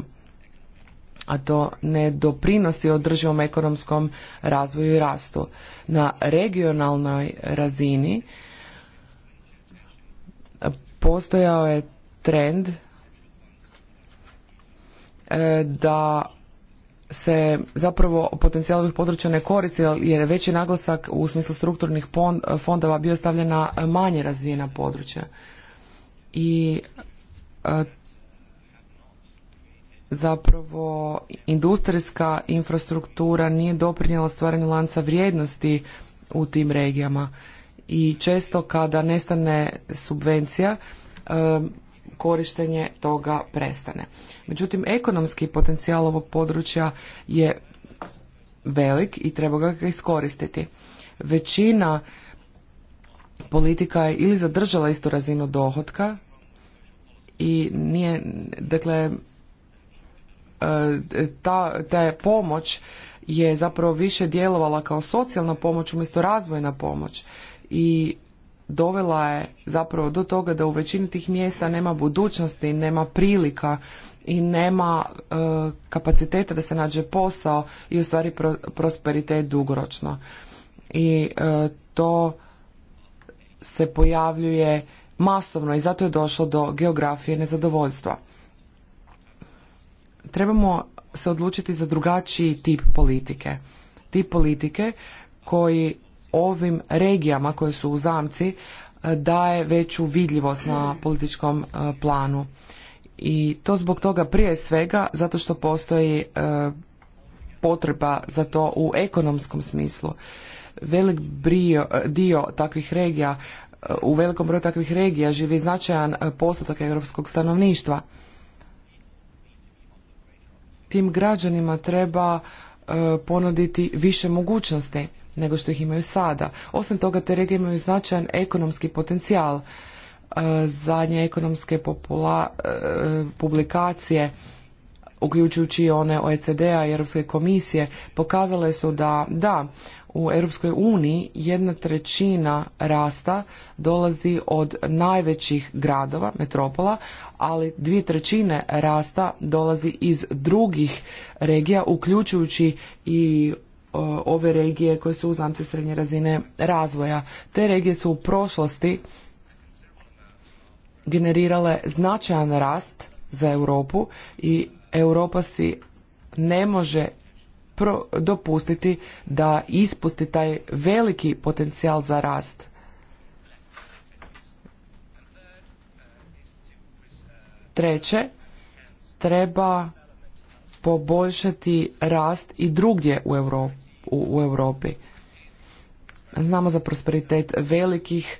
a to ne doprinosi održivom ekonomskom razvoju i rastu. Na regionalnoj razini postojao je trend e, da se zapravo potencijal ovih područja ne koristi jer je veći naglasak u smislu strukturnih fondova bio stavljen na manje razvijena područja. I e, zapravo industrijska infrastruktura nije doprinjela stvaranju lanca vrijednosti u tim regijama i često kada nestane subvencija korištenje toga prestane. Međutim, ekonomski potencijal ovog područja je velik i treba ga iskoristiti. Većina politika je ili zadržala istu razinu dohotka i nije, dakle, E, ta, je pomoć je zapravo više djelovala kao socijalna pomoć umjesto razvojna pomoć i dovela je zapravo do toga da u većini tih mjesta nema budućnosti, nema prilika i nema e, kapaciteta da se nađe posao i u prosperitet dugoročno. I e, to se pojavljuje masovno i zato je došlo do geografije nezadovoljstva trebamo se odlučiti za drugačiji tip politike. Tip politike koji ovim regijama koje su u zamci eh, daje veću vidljivost na političkom eh, planu. I to zbog toga prije svega zato što postoji eh, potreba za to u ekonomskom smislu. Velik brio, dio takvih regija, u velikom broju takvih regija živi značajan postotak europskog stanovništva tim građanima treba e, ponuditi više mogućnosti nego što ih imaju sada. Osim toga, te regije imaju značajan ekonomski potencijal. E, zadnje ekonomske e, publikacije, uključujući one OECD-a i Europske komisije, pokazale su da, da, u Europskoj uniji jedna trećina rasta dolazi od najvećih gradova, metropola, ali dvije trećine rasta dolazi iz drugih regija, uključujući i e, ove regije koje su u zamci srednje razine razvoja. Te regije su u prošlosti generirale značajan rast za Europu i Europa si ne može pro, dopustiti da ispusti taj veliki potencijal za rast. Treće, treba poboljšati rast i drugdje u Europi. u Europi. Znamo za prosperitet velikih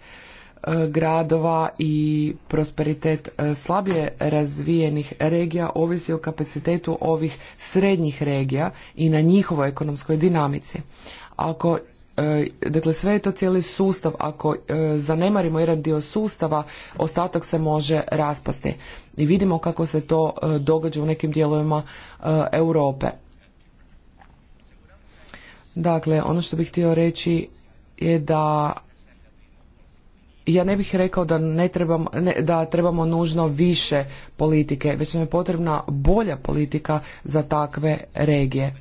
E, gradova i prosperitet e, slabije razvijenih regija ovisi o kapacitetu ovih srednjih regija i na njihovoj ekonomskoj dinamici. Ako e, Dakle, sve je to cijeli sustav. Ako zanemarimo jedan dio sustava, ostatak se može raspasti. I vidimo kako se to događa u nekim dijelovima Europe. Dakle, ono što bih htio reći je da ja ne bih rekao da ne trebamo ne, da trebamo nužno više politike, već nam je potrebna bolja politika za takve regije.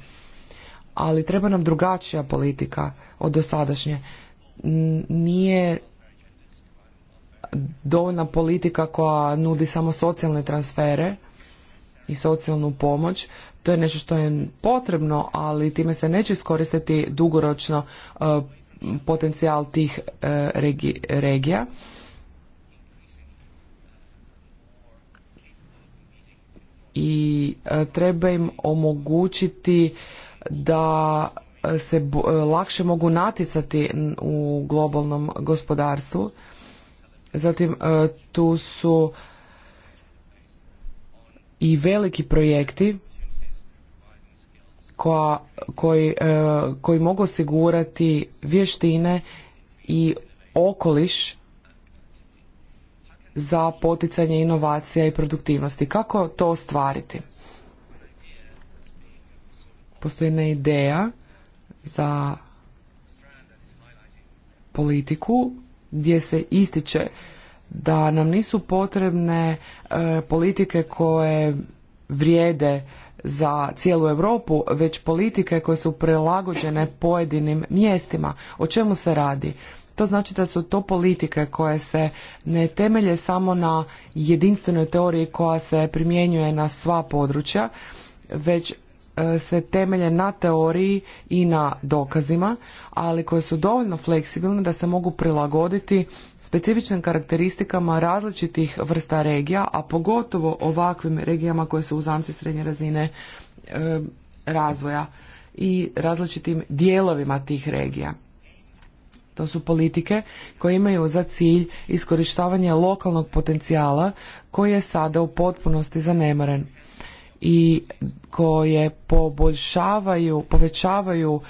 Ali treba nam drugačija politika od dosadašnje. Nije dovoljna politika koja nudi samo socijalne transfere i socijalnu pomoć. To je nešto što je potrebno, ali time se neće iskoristiti dugoročno e, potencijal tih e, regija. I e, treba im omogućiti da se e, lakše mogu naticati u globalnom gospodarstvu. Zatim tu su i veliki projekti koja, koji, e, koji mogu osigurati vještine i okoliš za poticanje inovacija i produktivnosti. Kako to ostvariti? Postoji jedna ideja za politiku gdje se ističe da nam nisu potrebne e, politike koje vrijede za cijelu Europu, već politike koje su prilagođene pojedinim mjestima. O čemu se radi? To znači da su to politike koje se ne temelje samo na jedinstvenoj teoriji koja se primjenjuje na sva područja, već E, se temelje na teoriji i na dokazima, ali koje su dovoljno fleksibilne da se mogu prilagoditi specifičnim karakteristikama različitih vrsta regija, a pogotovo ovakvim regijama koje su u zamci srednje razine e, razvoja i različitim dijelovima tih regija. To su politike koje imaju za cilj iskorištavanje lokalnog potencijala koji je sada u potpunosti zanemaren i koje poboljšavaju, povećavaju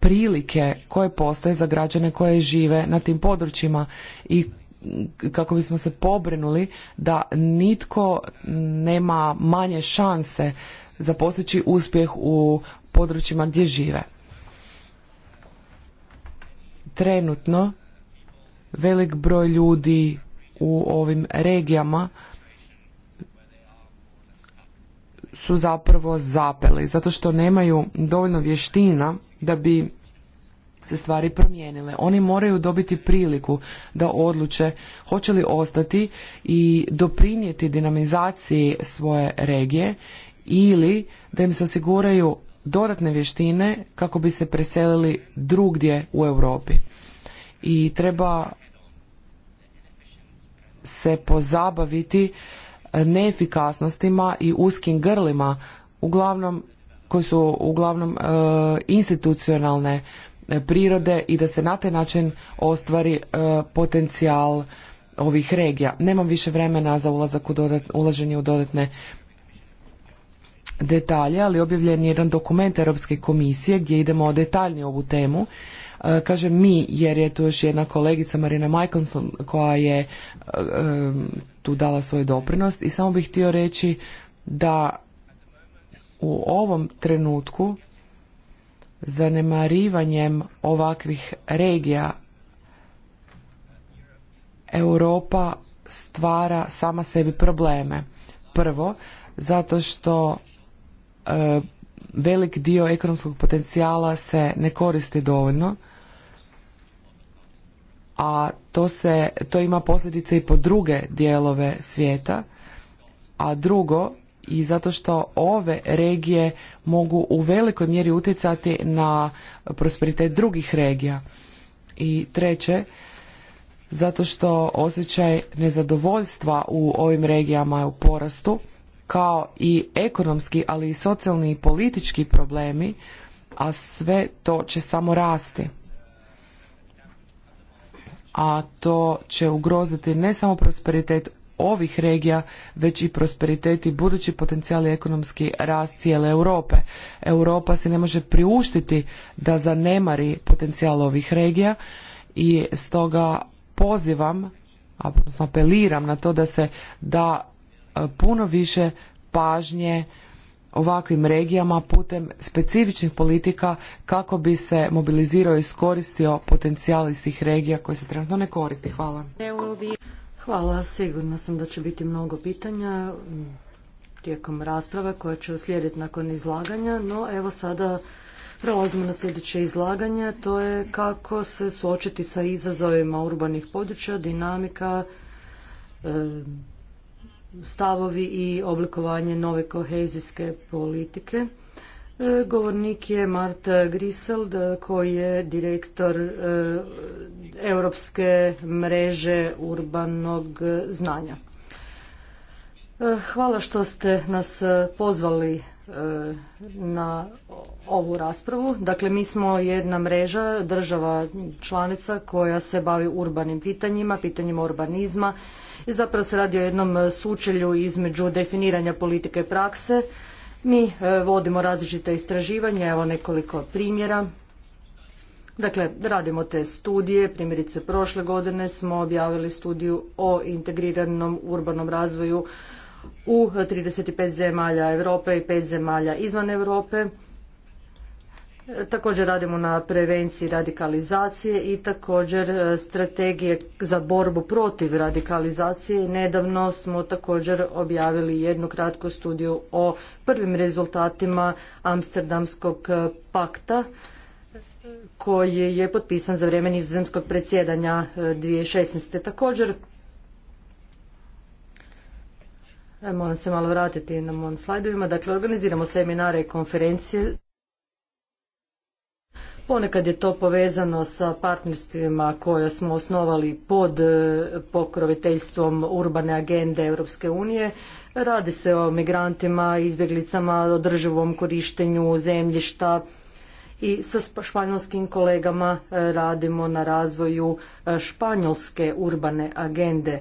prilike koje postoje za građane koje žive na tim područjima i kako bismo se pobrinuli da nitko nema manje šanse za postići uspjeh u područjima gdje žive. Trenutno velik broj ljudi u ovim regijama su zapravo zapeli zato što nemaju dovoljno vještina da bi se stvari promijenile. Oni moraju dobiti priliku da odluče hoće li ostati i doprinijeti dinamizaciji svoje regije ili da im se osiguraju dodatne vještine kako bi se preselili drugdje u Europi. I treba se pozabaviti neefikasnostima i uskim grlima, uglavnom koji su uglavnom e, institucionalne e, prirode i da se na taj način ostvari e, potencijal ovih regija. Nemam više vremena za ulazak u dodat, ulaženje u dodatne detalje, ali objavljen je jedan dokument Europske komisije gdje idemo detaljnije ovu temu. E, kažem mi, jer je tu još jedna kolegica Marina Michelson koja je e, e, tu dala svoj doprinos i samo bih htio reći da u ovom trenutku zanemarivanjem ovakvih regija Europa stvara sama sebi probleme. Prvo, zato što velik dio ekonomskog potencijala se ne koristi dovoljno, a to, se, to ima posljedice i po druge dijelove svijeta, a drugo i zato što ove regije mogu u velikoj mjeri utjecati na prosperitet drugih regija. I treće, zato što osjećaj nezadovoljstva u ovim regijama je u porastu, kao i ekonomski, ali i socijalni i politički problemi, a sve to će samo rasti. A to će ugroziti ne samo prosperitet ovih regija, već i prosperitet i budući potencijal i ekonomski rast cijele Europe. Europa se ne može priuštiti da zanemari potencijal ovih regija i stoga pozivam, apeliram na to da se da E, puno više pažnje ovakvim regijama putem specifičnih politika kako bi se mobilizirao i iskoristio potencijal iz tih regija koje se trenutno ne koristi. Hvala. Hvala, Sigurno sam da će biti mnogo pitanja tijekom rasprave koja će uslijediti nakon izlaganja, no evo sada prelazimo na sljedeće izlaganje, to je kako se suočiti sa izazovima urbanih područja, dinamika, e, stavovi i oblikovanje nove kohezijske politike. E, govornik je Marta Griseld koji je direktor e, Europske mreže urbanog znanja. E, hvala što ste nas pozvali na ovu raspravu. Dakle, mi smo jedna mreža država članica koja se bavi urbanim pitanjima, pitanjima urbanizma, Zapravo se radi o jednom e, sučelju između definiranja politike prakse. Mi e, vodimo različite istraživanja, evo nekoliko primjera. Dakle, radimo te studije, primjerice prošle godine smo objavili studiju o integriranom urbanom razvoju u 35 e, zemalja Europe i 5 zemalja izvan Europe. Također radimo na prevenciji radikalizacije i također e, strategije za borbu protiv radikalizacije. Nedavno smo također objavili jednu kratku studiju o prvim rezultatima Amsterdamskog e, pakta koji je potpisan za vrijeme nizozemskog predsjedanja 2016. E, također, moram se malo vratiti na mojim slajdovima, dakle organiziramo seminare i konferencije Ponekad je to povezano sa partnerstvima koje smo osnovali pod e, pokroviteljstvom urbane agende Europske unije. Radi se o migrantima, izbjeglicama, održivom korištenju zemljišta i sa španjolskim kolegama e, radimo na razvoju e, španjolske urbane agende.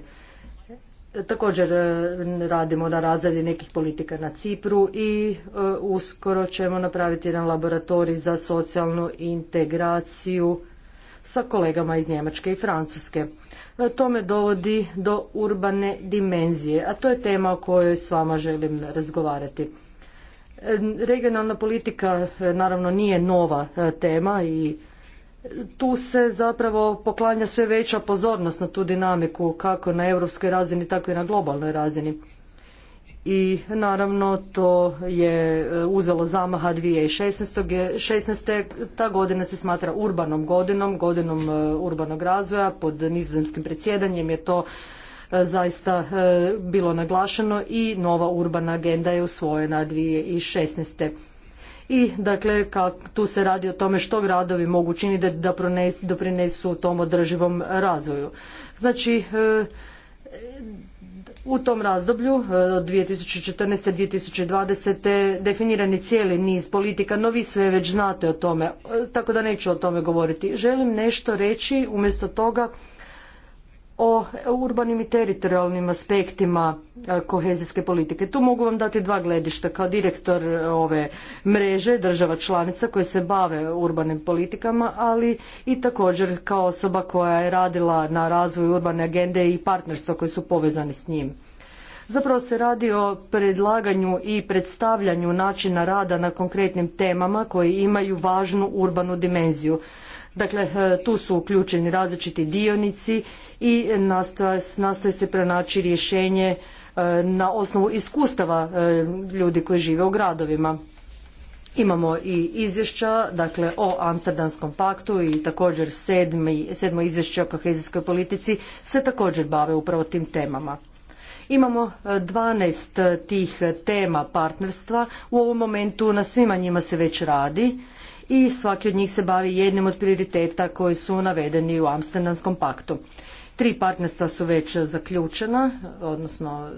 Također e, radimo na razradi nekih politika na Cipru i e, uskoro ćemo napraviti jedan laboratorij za socijalnu integraciju sa kolegama iz Njemačke i Francuske. E, to me dovodi do urbane dimenzije, a to je tema o kojoj s vama želim razgovarati. Regionalna politika naravno nije nova tema i tu se zapravo poklanja sve veća pozornost na tu dinamiku kako na europskoj razini tako i na globalnoj razini. I naravno to je e, uzelo zamaha 2016. šesnaest Ta godina se smatra urbanom godinom, godinom e, urbanog razvoja pod nizozemskim predsjedanjem je to e, zaista bilo naglašeno i nova urbana agenda je usvojena 2016 i dakle tu se radi o tome što gradovi mogu učiniti da doprinesu tom održivom razvoju. Znači e, u tom razdoblju e, od 2014. 2020. definirani je cijeli niz politika, no vi sve već znate o tome, e, tako da neću o tome govoriti. Želim nešto reći umjesto toga o urbanim i teritorijalnim aspektima e, kohezijske politike. Tu mogu vam dati dva gledišta kao direktor ove mreže država članica koje se bave urbanim politikama, ali i također kao osoba koja je radila na razvoju urbane agende i partnerstva koji su povezani s njim. Zapravo se radi o predlaganju i predstavljanju načina rada na konkretnim temama koji imaju važnu urbanu dimenziju. Dakle, e, tu su uključeni različiti dionici i nastoje, se pronaći rješenje e, na osnovu iskustava e, ljudi koji žive u gradovima. Imamo i izvješća dakle, o Amsterdamskom paktu i također sedmi, sedmo izvješće o kohezijskoj politici se također bave upravo tim temama. Imamo 12 tih tema partnerstva. U ovom momentu na svima njima se već radi i svaki od njih se bavi jednim od prioriteta koji su navedeni u Amsterdamskom paktu. Tri partnerstva su već zaključena, odnosno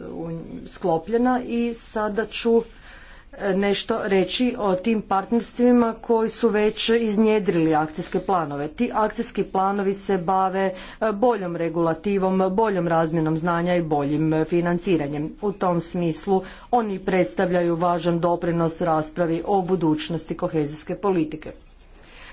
sklopljena i sada ću nešto reći o tim partnerstvima koji su već iznjedrili akcijske planove. Ti akcijski planovi se bave e, boljom regulativom, boljom razmjenom znanja i boljim e, financiranjem. U tom smislu oni predstavljaju važan doprinos raspravi o budućnosti kohezijske politike.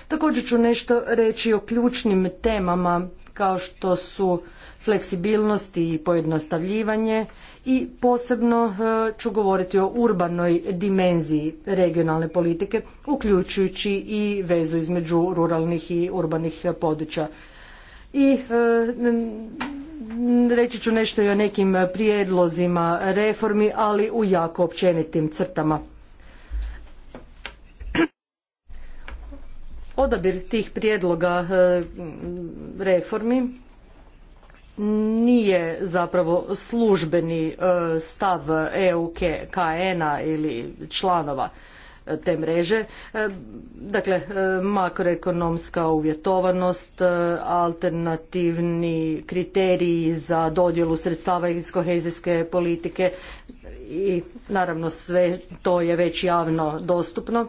Također ću nešto reći o ključnim temama kao što su fleksibilnost i pojednostavljivanje i posebno e, ću govoriti o urbanoj dimenziji regionalne politike, uključujući i vezu između ruralnih i urbanih područja. I e, reći ću nešto i o nekim prijedlozima reformi, ali u jako općenitim crtama. Odabir tih prijedloga e, reformi nije zapravo službeni e, stav EUKN-a ili članova e, te mreže. E, dakle, makroekonomska uvjetovanost, alternativni kriteriji za dodjelu sredstava iz kohezijske politike i naravno sve to je već javno dostupno.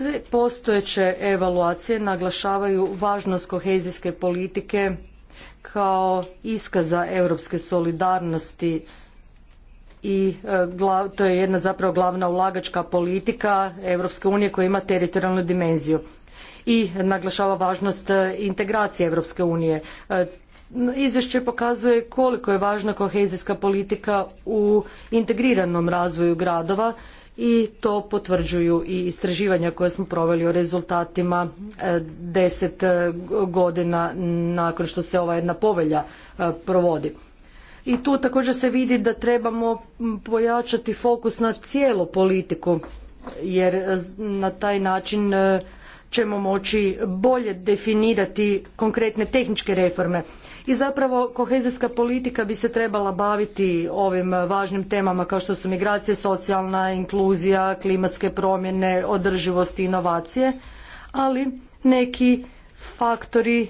Sve postojeće evaluacije naglašavaju važnost kohezijske politike kao iskaza europske solidarnosti i e, to je jedna zapravo glavna ulagačka politika Europske unije koja ima teritorijalnu dimenziju i naglašava važnost e, integracije Europske unije. E, izvješće pokazuje koliko je važna kohezijska politika u integriranom razvoju gradova i to potvrđuju i istraživanja koje smo proveli o rezultatima e, deset e, godina nakon što se ova jedna povelja e, provodi. I tu također se vidi da trebamo pojačati fokus na cijelu politiku jer na taj način ćemo moći bolje definirati konkretne tehničke reforme i zapravo kohezijska politika bi se trebala baviti ovim važnim temama kao što su migracije, socijalna inkluzija, klimatske promjene, održivost i inovacije, ali neki faktori e,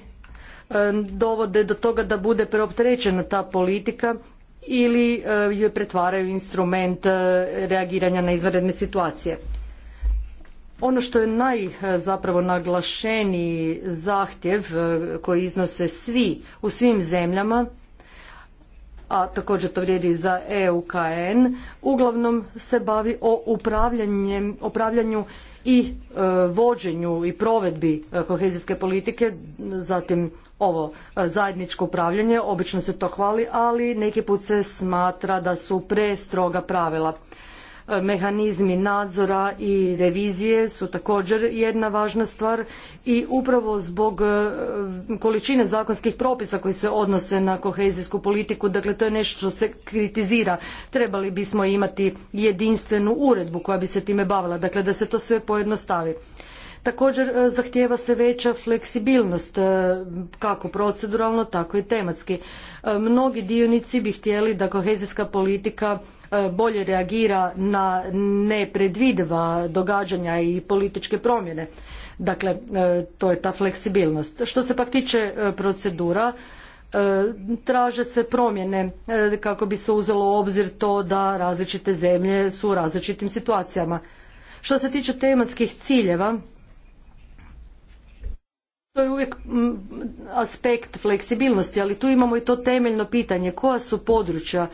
dovode do toga da bude preopterećena ta politika ili e, ju pretvaraju instrument e, reagiranja na izvanredne situacije ono što je naj eh, zapravo zahtjev eh, koji iznose svi u svim zemljama, a također to vrijedi i za EUKN, uglavnom se bavi o upravljanju i eh, vođenju i provedbi kohezijske politike, zatim ovo zajedničko upravljanje, obično se to hvali, ali neki put se smatra da su prestroga pravila mehanizmi nadzora i revizije su također jedna važna stvar i upravo zbog e, količine zakonskih propisa koji se odnose na kohezijsku politiku, dakle to je nešto što se kritizira, trebali bismo imati jedinstvenu uredbu koja bi se time bavila, dakle da se to sve pojednostavi. Također e, zahtijeva se veća fleksibilnost e, kako proceduralno tako i tematski. Mnogi dionici bi htjeli da kohezijska politika E, bolje reagira na nepredvidiva događanja i političke promjene. Dakle, e, to je ta fleksibilnost. Što se pak tiče e, procedura, traže se promjene kako bi se uzelo u obzir to da različite zemlje su u različitim situacijama. Što se tiče tematskih ciljeva, to je uvijek aspekt fleksibilnosti, ali tu imamo i to temeljno pitanje koja su područja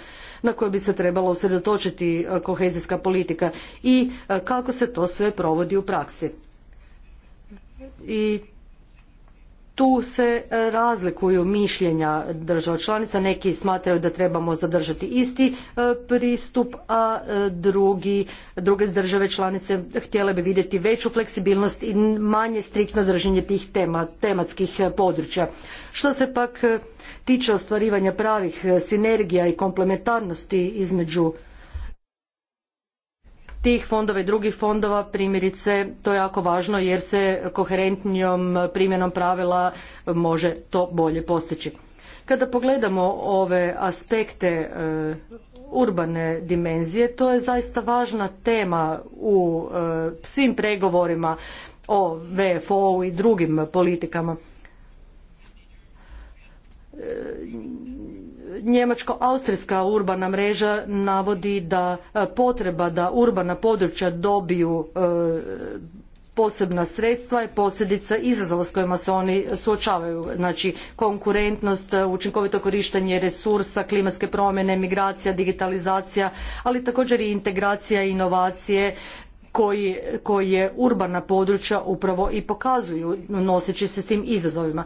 na koje bi se trebala usredotočiti e, kohezijska politika i e, kako se to sve provodi u praksi. I tu se e, razlikuju mišljenja država članica. Neki smatraju da trebamo zadržati isti e, pristup, a e, druge države članice htjele bi vidjeti veću fleksibilnost i manje striktno držanje tih tema, tematskih područja. Što se pak tiče ostvarivanja pravih sinergija i komplementarnosti između tih fondova i drugih fondova primjerice to je jako važno jer se koherentnijom primjenom pravila može to bolje postići. Kada pogledamo ove aspekte e, urbane dimenzije, to je zaista važna tema u e, svim pregovorima o VFO-u i drugim politikama e, Njemačko-austrijska urbana mreža navodi da e, potreba da urbana područja dobiju e, posebna sredstva je posljedica izazova s kojima se oni suočavaju. Znači konkurentnost, e, učinkovito korištenje resursa, klimatske promjene, migracija, digitalizacija, ali također i integracija i inovacije koji, koje urbana područja upravo i pokazuju noseći se s tim izazovima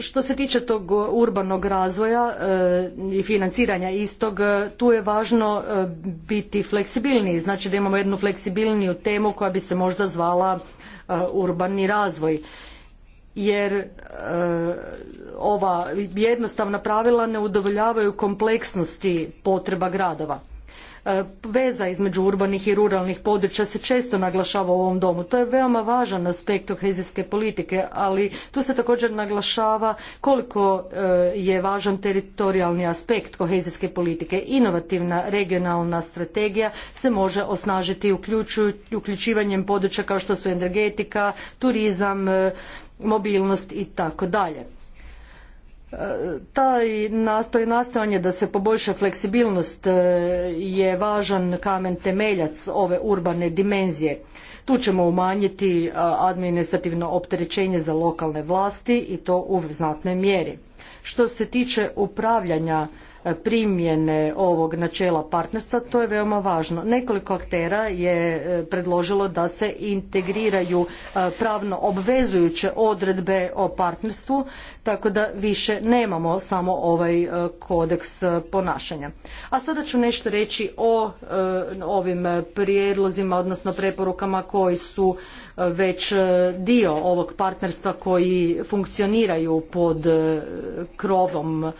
što se tiče tog urbanog razvoja e, i financiranja istog, e, tu je važno e, biti fleksibilniji. Znači da imamo jednu fleksibilniju temu koja bi se možda zvala urbani razvoj. Jer ova jednostavna pravila ne udovoljavaju kompleksnosti potreba gradova. E, veza između urbanih i ruralnih područja se često naglašava u ovom domu. To je veoma važan aspekt kohezijske politike, ali tu se također naglašava koliko e, je važan teritorijalni aspekt kohezijske politike. Inovativna regionalna strategija se može osnažiti uključivanjem područja kao što su energetika, turizam, e, mobilnost i tako dalje taj nastoj nastojanje da se poboljša fleksibilnost e, je važan kamen temeljac ove urbane dimenzije. Tu ćemo umanjiti e, administrativno opterećenje za lokalne vlasti i to u znatnoj mjeri. Što se tiče upravljanja primjene ovog načela partnerstva, to je veoma važno. Nekoliko aktera je e, predložilo da se integriraju e, pravno obvezujuće odredbe o partnerstvu, tako da više nemamo samo ovaj e, kodeks ponašanja. A sada ću nešto reći o ovim prijedlozima, odnosno preporukama koji su već dio ovog partnerstva koji funkcioniraju pod krovom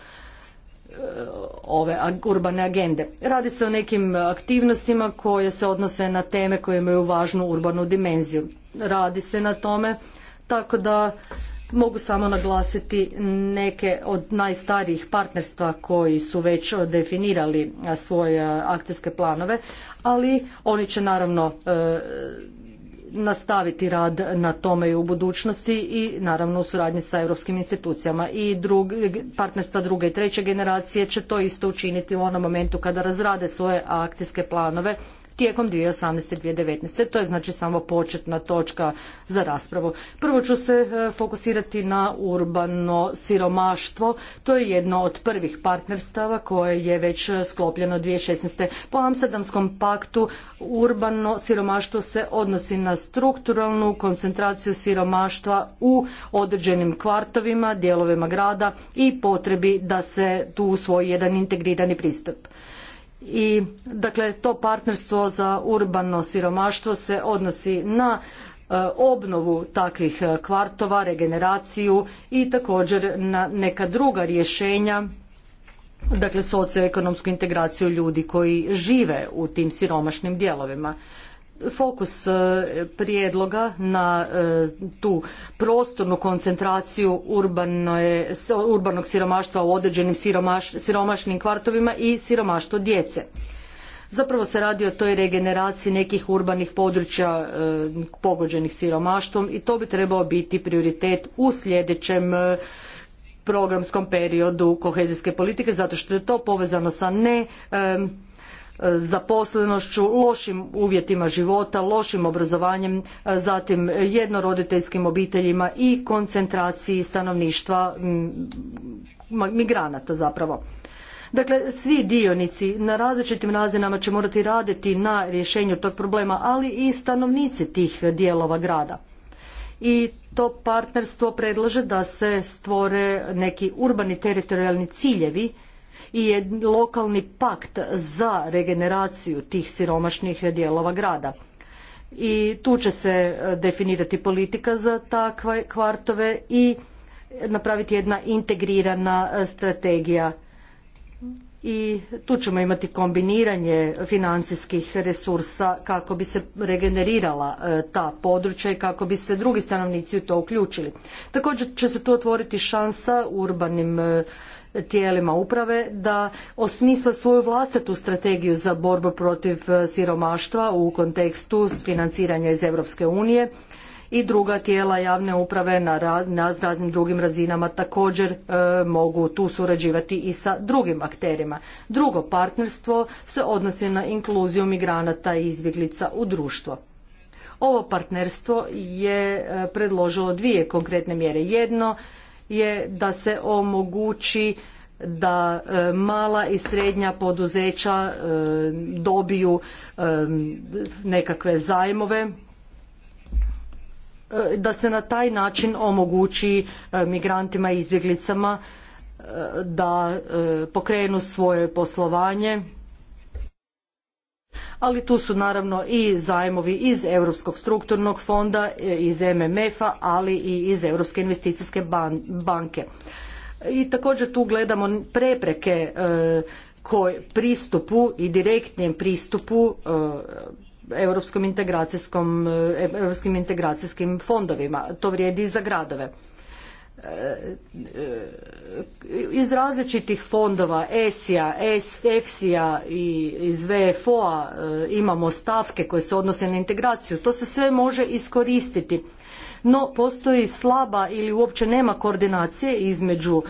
ove urbane agende. Radi se o nekim aktivnostima koje se odnose na teme koje imaju važnu urbanu dimenziju. Radi se na tome tako da mogu samo naglasiti neke od najstarijih partnerstva koji su već definirali svoje akcijske planove, ali oni će naravno e, nastaviti rad na tome i u budućnosti i naravno u suradnji sa europskim institucijama i partnerstva druge i treće generacije će to isto učiniti u onom momentu kada razrade svoje akcijske planove tijekom 2018. i 2019. To je znači samo početna točka za raspravu. Prvo ću se e, fokusirati na urbano siromaštvo. To je jedno od prvih partnerstava koje je već sklopljeno 2016. Po Amsterdamskom paktu urbano siromaštvo se odnosi na strukturalnu koncentraciju siromaštva u određenim kvartovima, dijelovima grada i potrebi da se tu usvoji jedan integrirani pristup i dakle to partnerstvo za urbano siromaštvo se odnosi na e, obnovu takvih e, kvartova, regeneraciju i također na neka druga rješenja dakle socioekonomsku integraciju ljudi koji žive u tim siromašnim dijelovima fokus e, prijedloga na e, tu prostornu koncentraciju urbanog siromaštva u određenim siromašnim kvartovima i siromaštvo djece. Zapravo se radi o toj regeneraciji nekih urbanih područja e, pogođenih siromaštvom i to bi trebao biti prioritet u sljedećem programskom periodu kohezijske politike zato što je to povezano sa ne zaposlenošću, lošim uvjetima života, lošim obrazovanjem, e, zatim jednoroditeljskim obiteljima i koncentraciji stanovništva migranata zapravo. Dakle, svi dionici na različitim razinama će morati raditi na rješenju tog problema, ali i stanovnici tih dijelova grada. I to partnerstvo predlaže da se stvore neki urbani teritorijalni ciljevi i lokalni pakt za regeneraciju tih siromašnih dijelova grada i tu će se e, definirati politika za takve kvartove i napraviti jedna integrirana e, strategija i tu ćemo imati kombiniranje financijskih resursa kako bi se regenerirala e, ta područja i kako bi se drugi stanovnici u to uključili. Također će se tu otvoriti šansa urbanim tijelima uprave da osmisle svoju vlastitu strategiju za borbu protiv e, siromaštva u kontekstu financiranja iz Europske unije i druga tijela javne uprave na, raznim drugim razinama također e, mogu tu surađivati i sa drugim akterima. Drugo partnerstvo se odnosi na inkluziju migranata i izbjeglica u društvo. Ovo partnerstvo je e, predložilo dvije konkretne mjere. Jedno je da se omogući da e, mala i srednja poduzeća e, dobiju e, nekakve zajmove da se na taj način omogući migrantima i izbjeglicama da pokrenu svoje poslovanje ali tu su naravno i zajmovi iz Europskog strukturnog fonda, e, iz MMF-a, ali i iz Europske investicijske banke. I također tu gledamo prepreke e, koje pristupu i direktnijem pristupu e, europskim integracijskim fondovima. To vrijedi i za gradove. E, e, iz različitih fondova ESI-a, EFSI-a i iz VFO-a e, imamo stavke koje se odnose na integraciju. To se sve može iskoristiti. No, postoji slaba ili uopće nema koordinacije između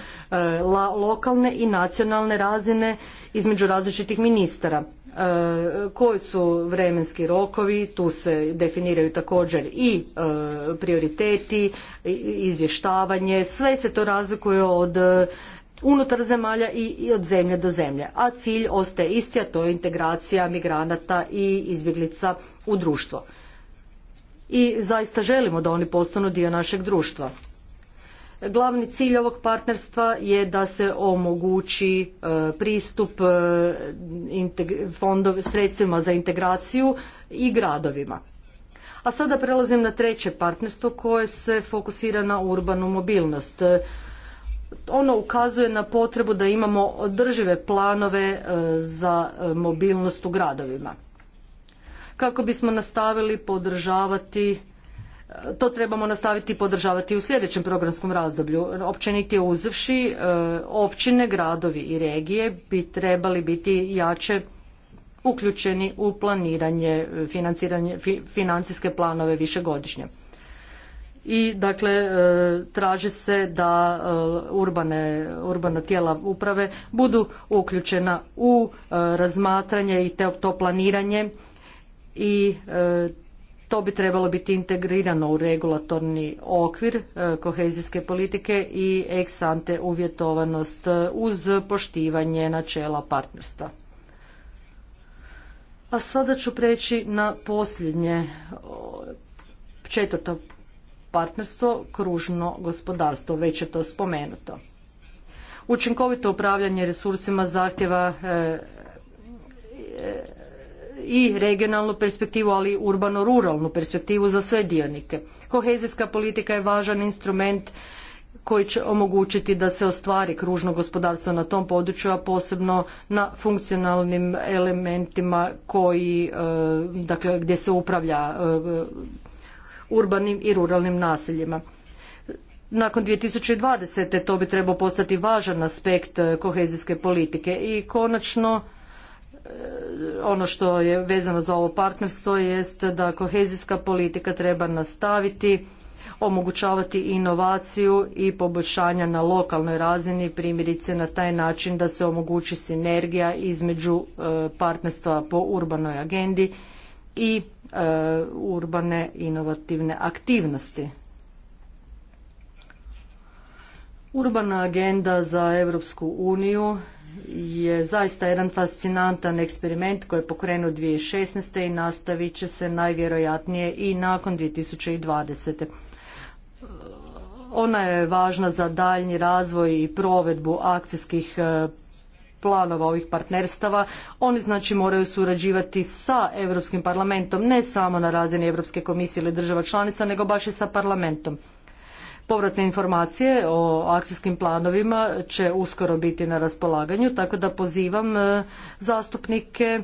lokalne i nacionalne razine između različitih ministara. E, koji su vremenski rokovi, tu se definiraju također i e, prioriteti, izvještavanje, sve se to razlikuje od e, unutar zemalja i od zemlje do zemlje. A cilj ostaje isti, a to je integracija migranata i izbjeglica u društvo. I zaista želimo da oni postanu dio našeg društva. Glavni cilj ovog partnerstva je da se omogući e, pristup e, sredstvima za integraciju i gradovima. A sada prelazim na treće partnerstvo koje se fokusira na urbanu mobilnost. E, ono ukazuje na potrebu da imamo održive planove za mobilnost u gradovima. Kako bismo nastavili podržavati to trebamo nastaviti podržavati u sljedećem programskom razdoblju. Općenitije uzevši, e, općine, gradovi i regije bi trebali biti jače uključeni u planiranje, financiranje, financijske planove višegodišnje. I dakle, e, traži se da e, urbane, urbana tijela uprave budu uključena u razmatranje i to planiranje i to bi trebalo biti integrirano u regulatorni okvir e, kohezijske politike i eksante ante uvjetovanost e, uz poštivanje načela partnerstva. A sada ću preći na posljednje e, četvrto partnerstvo, kružno gospodarstvo, već je to spomenuto. Učinkovito upravljanje resursima zahtjeva i regionalnu perspektivu, ali i urbano-ruralnu perspektivu za sve dionike. Kohezijska politika je važan instrument koji će omogućiti da se ostvari kružno gospodarstvo na tom području, a posebno na funkcionalnim elementima koji, e, dakle, gdje se upravlja e, urbanim i ruralnim naseljima. Nakon 2020. to bi trebao postati važan aspekt e, kohezijske politike i konačno E, ono što je vezano za ovo partnerstvo jest da kohezijska politika treba nastaviti omogućavati inovaciju i poboljšanja na lokalnoj razini, primjerice na taj način da se omogući sinergija između e, partnerstva po urbanoj agendi i e, urbane inovativne aktivnosti. Urbana agenda za Europsku uniju je zaista jedan fascinantan eksperiment koji je pokrenut 2016. i nastavit će se najvjerojatnije i nakon 2020. Ona je važna za daljnji razvoj i provedbu akcijskih e, planova ovih partnerstava. Oni znači moraju surađivati sa Europskim parlamentom, ne samo na razini Europske komisije ili država članica, nego baš i sa parlamentom. Povratne informacije o akcijskim planovima će uskoro biti na raspolaganju, tako da pozivam e, zastupnike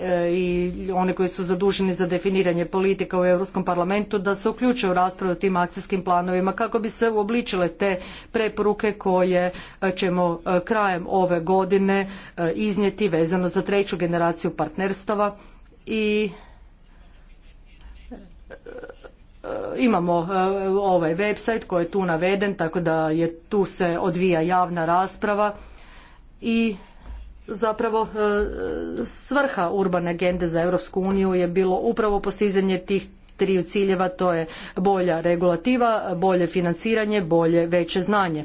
e, i one koji su zaduženi za definiranje politika u Europskom parlamentu da se uključe u raspravu o tim akcijskim planovima kako bi se uobličile te preporuke koje e, ćemo krajem ove godine iznijeti vezano za treću generaciju partnerstava i E, imamo e, ovaj website koji je tu naveden, tako da je tu se odvija javna rasprava i zapravo e, svrha urbane agende za Europsku uniju je bilo upravo postizanje tih triju ciljeva, to je bolja regulativa, bolje financiranje, bolje veće znanje.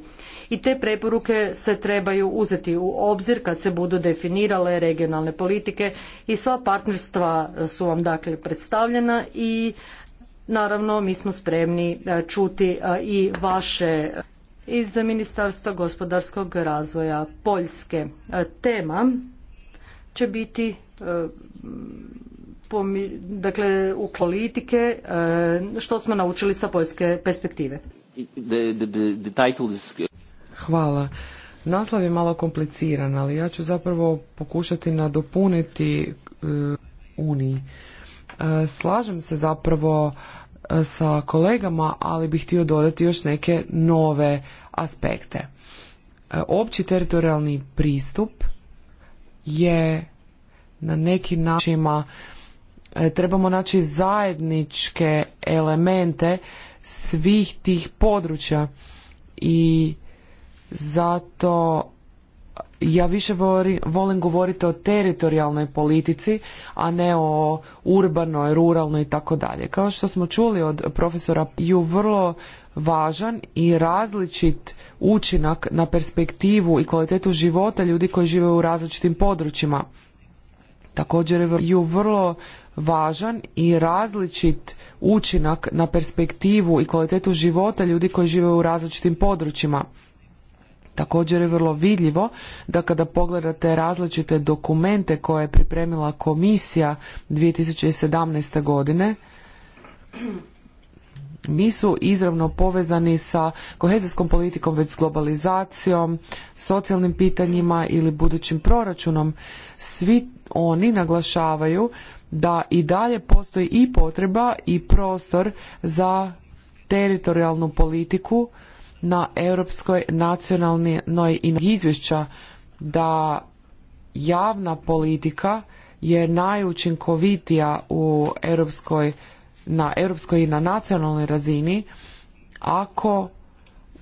I te preporuke se trebaju uzeti u obzir kad se budu definirale regionalne politike i sva partnerstva su vam dakle predstavljena i Naravno, mi smo spremni e, čuti e, i vaše iz Ministarstva gospodarskog razvoja Poljske. E, tema će biti dakle u politike što smo naučili sa poljske perspektive. Hvala. Naslov je malo kompliciran, ali ja ću zapravo pokušati nadopuniti Uniji. E, slažem se zapravo e, sa kolegama, ali bih htio dodati još neke nove aspekte. E, opći teritorijalni pristup je na neki način trebamo naći zajedničke elemente svih tih područja i zato ja više volim govoriti o teritorijalnoj politici, a ne o urbanoj, ruralnoj i tako dalje. Kao što smo čuli od profesora Ju, vrlo važan i različit učinak na perspektivu i kvalitetu života ljudi koji žive u različitim područjima. Također je vrlo važan i različit učinak na perspektivu i kvalitetu života ljudi koji žive u različitim područjima. Također je vrlo vidljivo da kada pogledate različite dokumente koje je pripremila komisija 2017. godine, nisu izravno povezani sa kohezijskom politikom, već s globalizacijom, socijalnim pitanjima ili budućim proračunom. Svi oni naglašavaju da i dalje postoji i potreba i prostor za teritorijalnu politiku na europskoj nacionalnoj izvješća da javna politika je najučinkovitija u europskoj, na europskoj i na nacionalnoj razini ako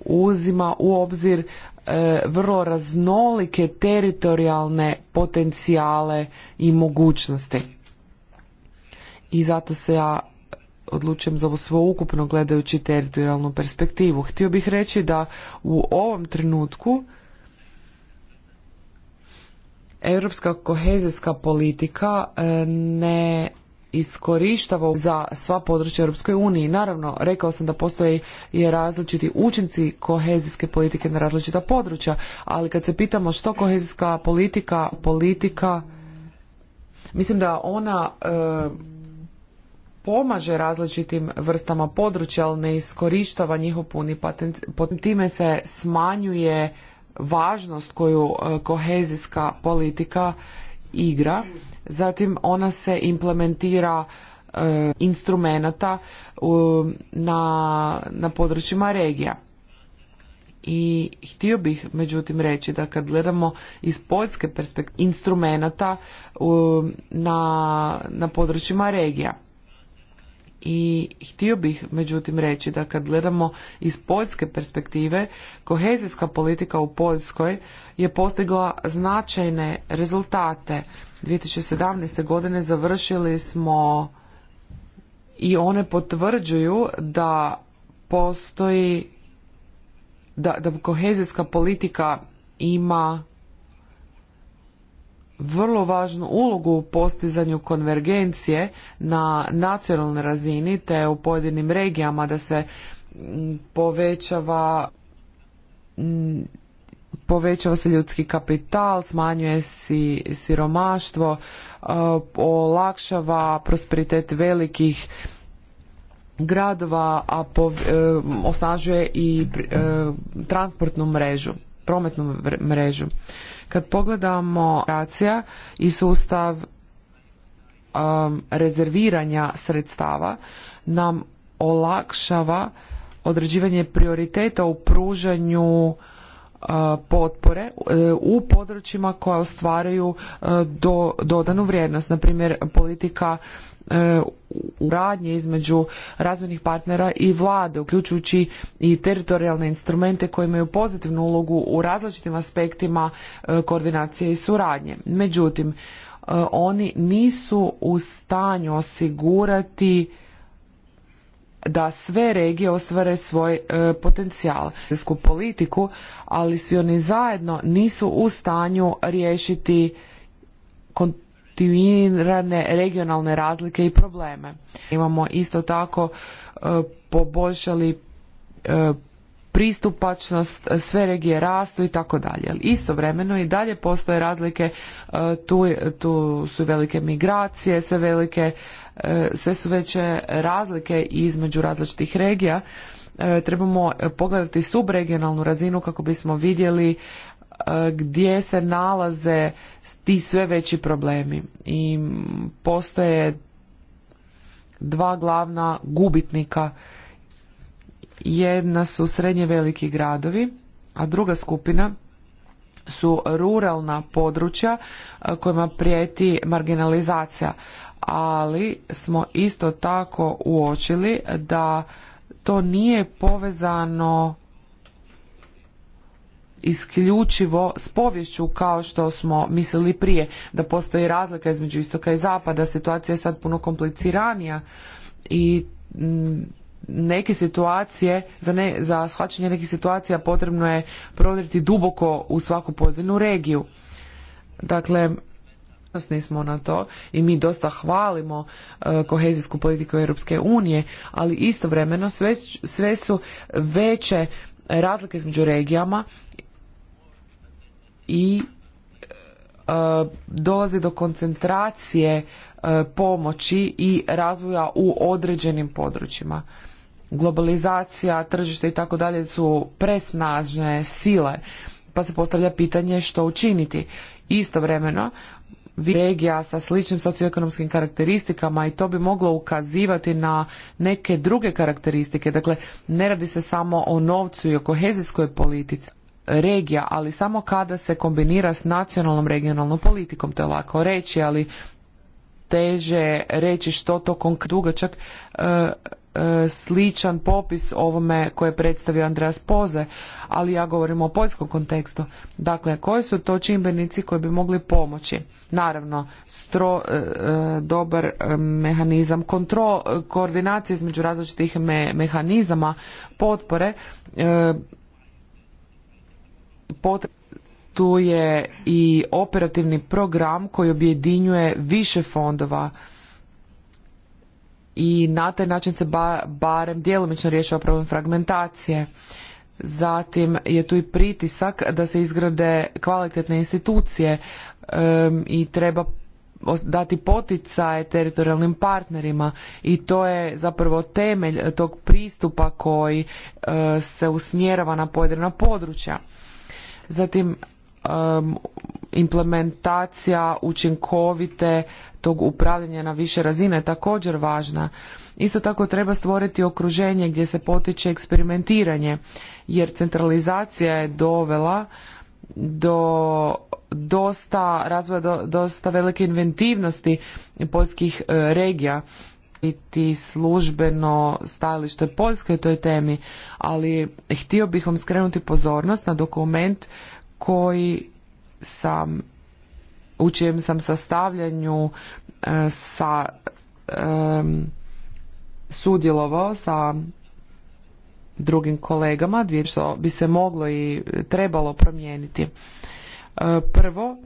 uzima u obzir e, vrlo raznolike teritorijalne potencijale i mogućnosti. I zato se ja odlučujem za ovo sveukupno gledajući teritorijalnu perspektivu. Htio bih reći da u ovom trenutku europska kohezijska politika e, ne iskorištava za sva područja Europskoj uniji. Naravno, rekao sam da postoje i različiti učinci kohezijske politike na različita područja, ali kad se pitamo što kohezijska politika, politika, mislim da ona e, pomaže različitim vrstama područja, ali ne iskorištava njihov puni potencijal. time se smanjuje važnost koju e, kohezijska politika igra. Zatim ona se implementira instrumentata instrumenata na, područjima regija. I htio bih međutim reći da kad gledamo iz poljske perspektive instrumenata na, na područjima regija i htio bih međutim reći da kad gledamo iz poljske perspektive, kohezijska politika u Poljskoj je postigla značajne rezultate. 2017. godine završili smo i one potvrđuju da postoji da, da kohezijska politika ima vrlo važnu ulogu u postizanju konvergencije na nacionalnoj razini te u pojedinim regijama da se povećava povećava se ljudski kapital, smanjuje si siromaštvo, e, olakšava prosperitet velikih gradova, a e, osnažuje i e, transportnu mrežu, prometnu mrežu. Kad pogledamo racija i sustav um, rezerviranja sredstava nam olakšava određivanje prioriteta u pružanju potpore e, u područjima koja ostvaraju e, dodanu vrijednost, na primjer politika e, radnje između razvojnih partnera i vlade, uključujući i teritorijalne instrumente koji imaju pozitivnu ulogu u različitim aspektima koordinacije i suradnje. Međutim, oni nisu u stanju osigurati da sve regije ostvare svoj e, potencijal. politiku, ali svi oni zajedno nisu u stanju riješiti kontinuirane regionalne razlike i probleme. Imamo isto tako e, poboljšali e, pristupačnost, sve regije rastu i tako dalje. Istovremeno i dalje postoje razlike, e, tu, tu su velike migracije, sve velike sve su veće razlike između različitih regija. E, trebamo pogledati subregionalnu razinu kako bismo vidjeli e, gdje se nalaze ti sve veći problemi i postoje dva glavna gubitnika jedna su srednje veliki gradovi a druga skupina su ruralna područja e, kojima prijeti marginalizacija ali smo isto tako uočili da to nije povezano isključivo s povješću kao što smo mislili prije da postoji razlika između istoka i zapada situacija je sad puno kompliciranija i mm, neke situacije za, za shvaćanje nekih situacija potrebno je prodriti duboko u svaku pojedinu regiju dakle Ponosni smo na to i mi dosta hvalimo e, kohezijsku politiku Europske unije, ali istovremeno sve, sve su veće razlike između regijama i e, dolazi do koncentracije e, pomoći i razvoja u određenim područjima. Globalizacija, tržište i tako dalje su presnažne sile, pa se postavlja pitanje što učiniti. Istovremeno, regija sa sličnim socioekonomskim karakteristikama i to bi moglo ukazivati na neke druge karakteristike. Dakle, ne radi se samo o novcu i o kohezijskoj politici regija, ali samo kada se kombinira s nacionalnom regionalnom politikom, to je lako reći, ali teže reći što to konkretno dugačak e, E, sličan popis ovome koje je predstavio Andreas Poze, ali ja govorim o poljskom kontekstu. Dakle, koji su to čimbenici koji bi mogli pomoći? Naravno, stro, e, e, dobar mehanizam kontrol, koordinacije između različitih mehanizama potpore pot, tu je i operativni program koji objedinjuje više fondova i na taj način se barem djelomično rješava problem fragmentacije. Zatim je tu i pritisak da se izgrade kvalitetne institucije i treba dati poticaje teritorijalnim partnerima i to je zapravo temelj tog pristupa koji e, se usmjerava na pojedina područja. Zatim implementacija učinkovite tog upravljanja na više razine je također važna. Isto tako treba stvoriti okruženje gdje se potiče eksperimentiranje jer centralizacija je dovela do dosta razvoja dosta velike inventivnosti poljskih e, regija niti službeno stajalište Poljske u toj temi, ali htio bih vam skrenuti pozornost na dokument koji sam u čijem sam sastavljanju e, sa e, sudjelovao sa drugim kolegama, dvije što bi se moglo i trebalo promijeniti. E, prvo,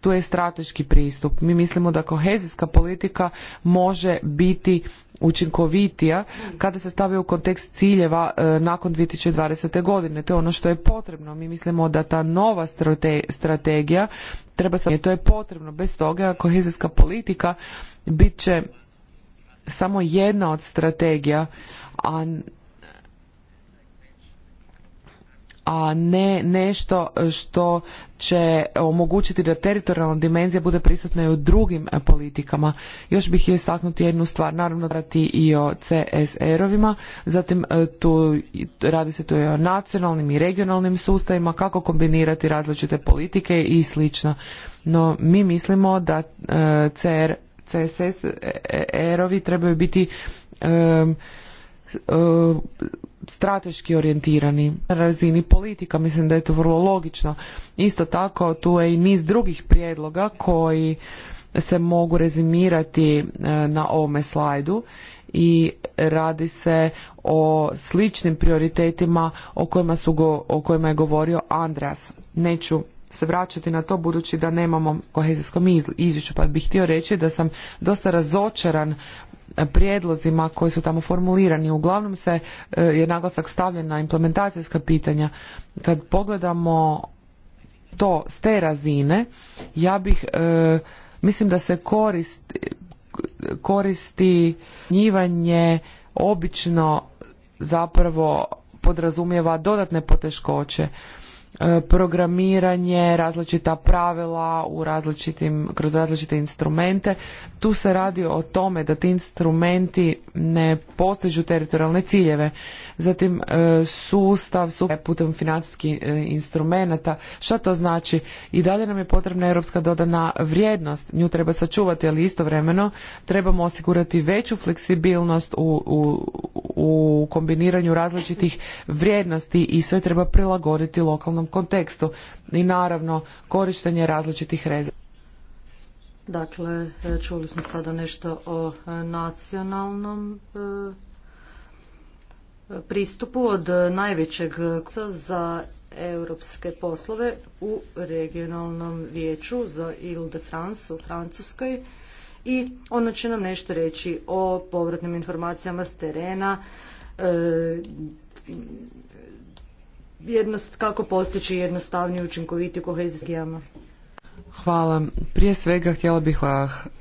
tu je strateški pristup. Mi mislimo da kohezijska politika može biti učinkovitija kada se stavi u kontekst ciljeva e, nakon 2020. godine. To je ono što je potrebno. Mi mislimo da ta nova strategija treba se... to je potrebno. Bez toga kohezijska politika bit će samo jedna od strategija, a a ne nešto što će omogućiti da teritorijalna dimenzija bude prisutna i u drugim e, politikama. Još bih istaknuti jednu stvar, naravno ti i o CSR-ovima, zatim e, tu radi se tu i o nacionalnim i regionalnim sustavima, kako kombinirati različite politike i slično. No mi mislimo da e, CR, CSR-ovi trebaju biti strateški orijentirani na razini politika. Mislim da je to vrlo logično. Isto tako tu je i niz drugih prijedloga koji se mogu rezimirati e, na ovome slajdu i radi se o sličnim prioritetima o kojima, su o kojima je govorio Andreas. Neću se vraćati na to budući da nemamo kohezijskom izvješću pa bih htio reći da sam dosta razočaran prijedlozima koji su tamo formulirani. Uglavnom se e, je naglasak stavljen na implementacijska pitanja. Kad pogledamo to s te razine, ja bih, e, mislim da se koristi, koristi njivanje obično zapravo podrazumijeva dodatne poteškoće e, programiranje, različita pravila u različitim, kroz različite instrumente. Tu se radi o tome da ti instrumenti ne postižu teritorijalne ciljeve. Zatim e, sustav su putem financijskih e, instrumenata. Šta to znači? I dalje nam je potrebna europska dodana vrijednost. Nju treba sačuvati, ali istovremeno trebamo osigurati veću fleksibilnost u, u, u kombiniranju različitih vrijednosti i sve treba prilagoditi lokalnom kontekstu i naravno korištenje različitih rezerva. Dakle, e, čuli smo sada nešto o e, nacionalnom e, pristupu od najvećeg za europske poslove u regionalnom vijeću za Ile de France u Francuskoj i ona će nam nešto reći o povratnim informacijama s terena, jednost, kako postići jednostavniju učinkovitiju kohezijskijama. Hvala. Prije svega htjela bih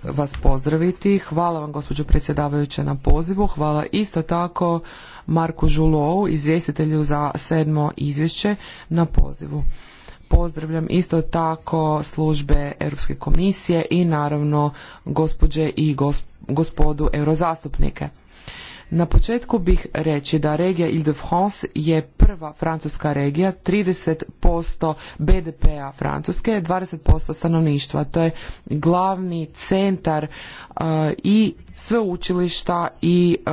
vas pozdraviti. Hvala vam gospođo predsjedavajuće na pozivu. Hvala isto tako Marku Žulovu, izvjestitelju za sedmo izvješće na pozivu. Pozdravljam isto tako službe Europske komisije i naravno gospođe i gospodu eurozastupnike. Na početku bih reći da regija Ile-de-France je prva francuska regija, 30% BDP-a Francuske, 20% stanovništva. To je glavni centar uh, i sveučilišta i eh,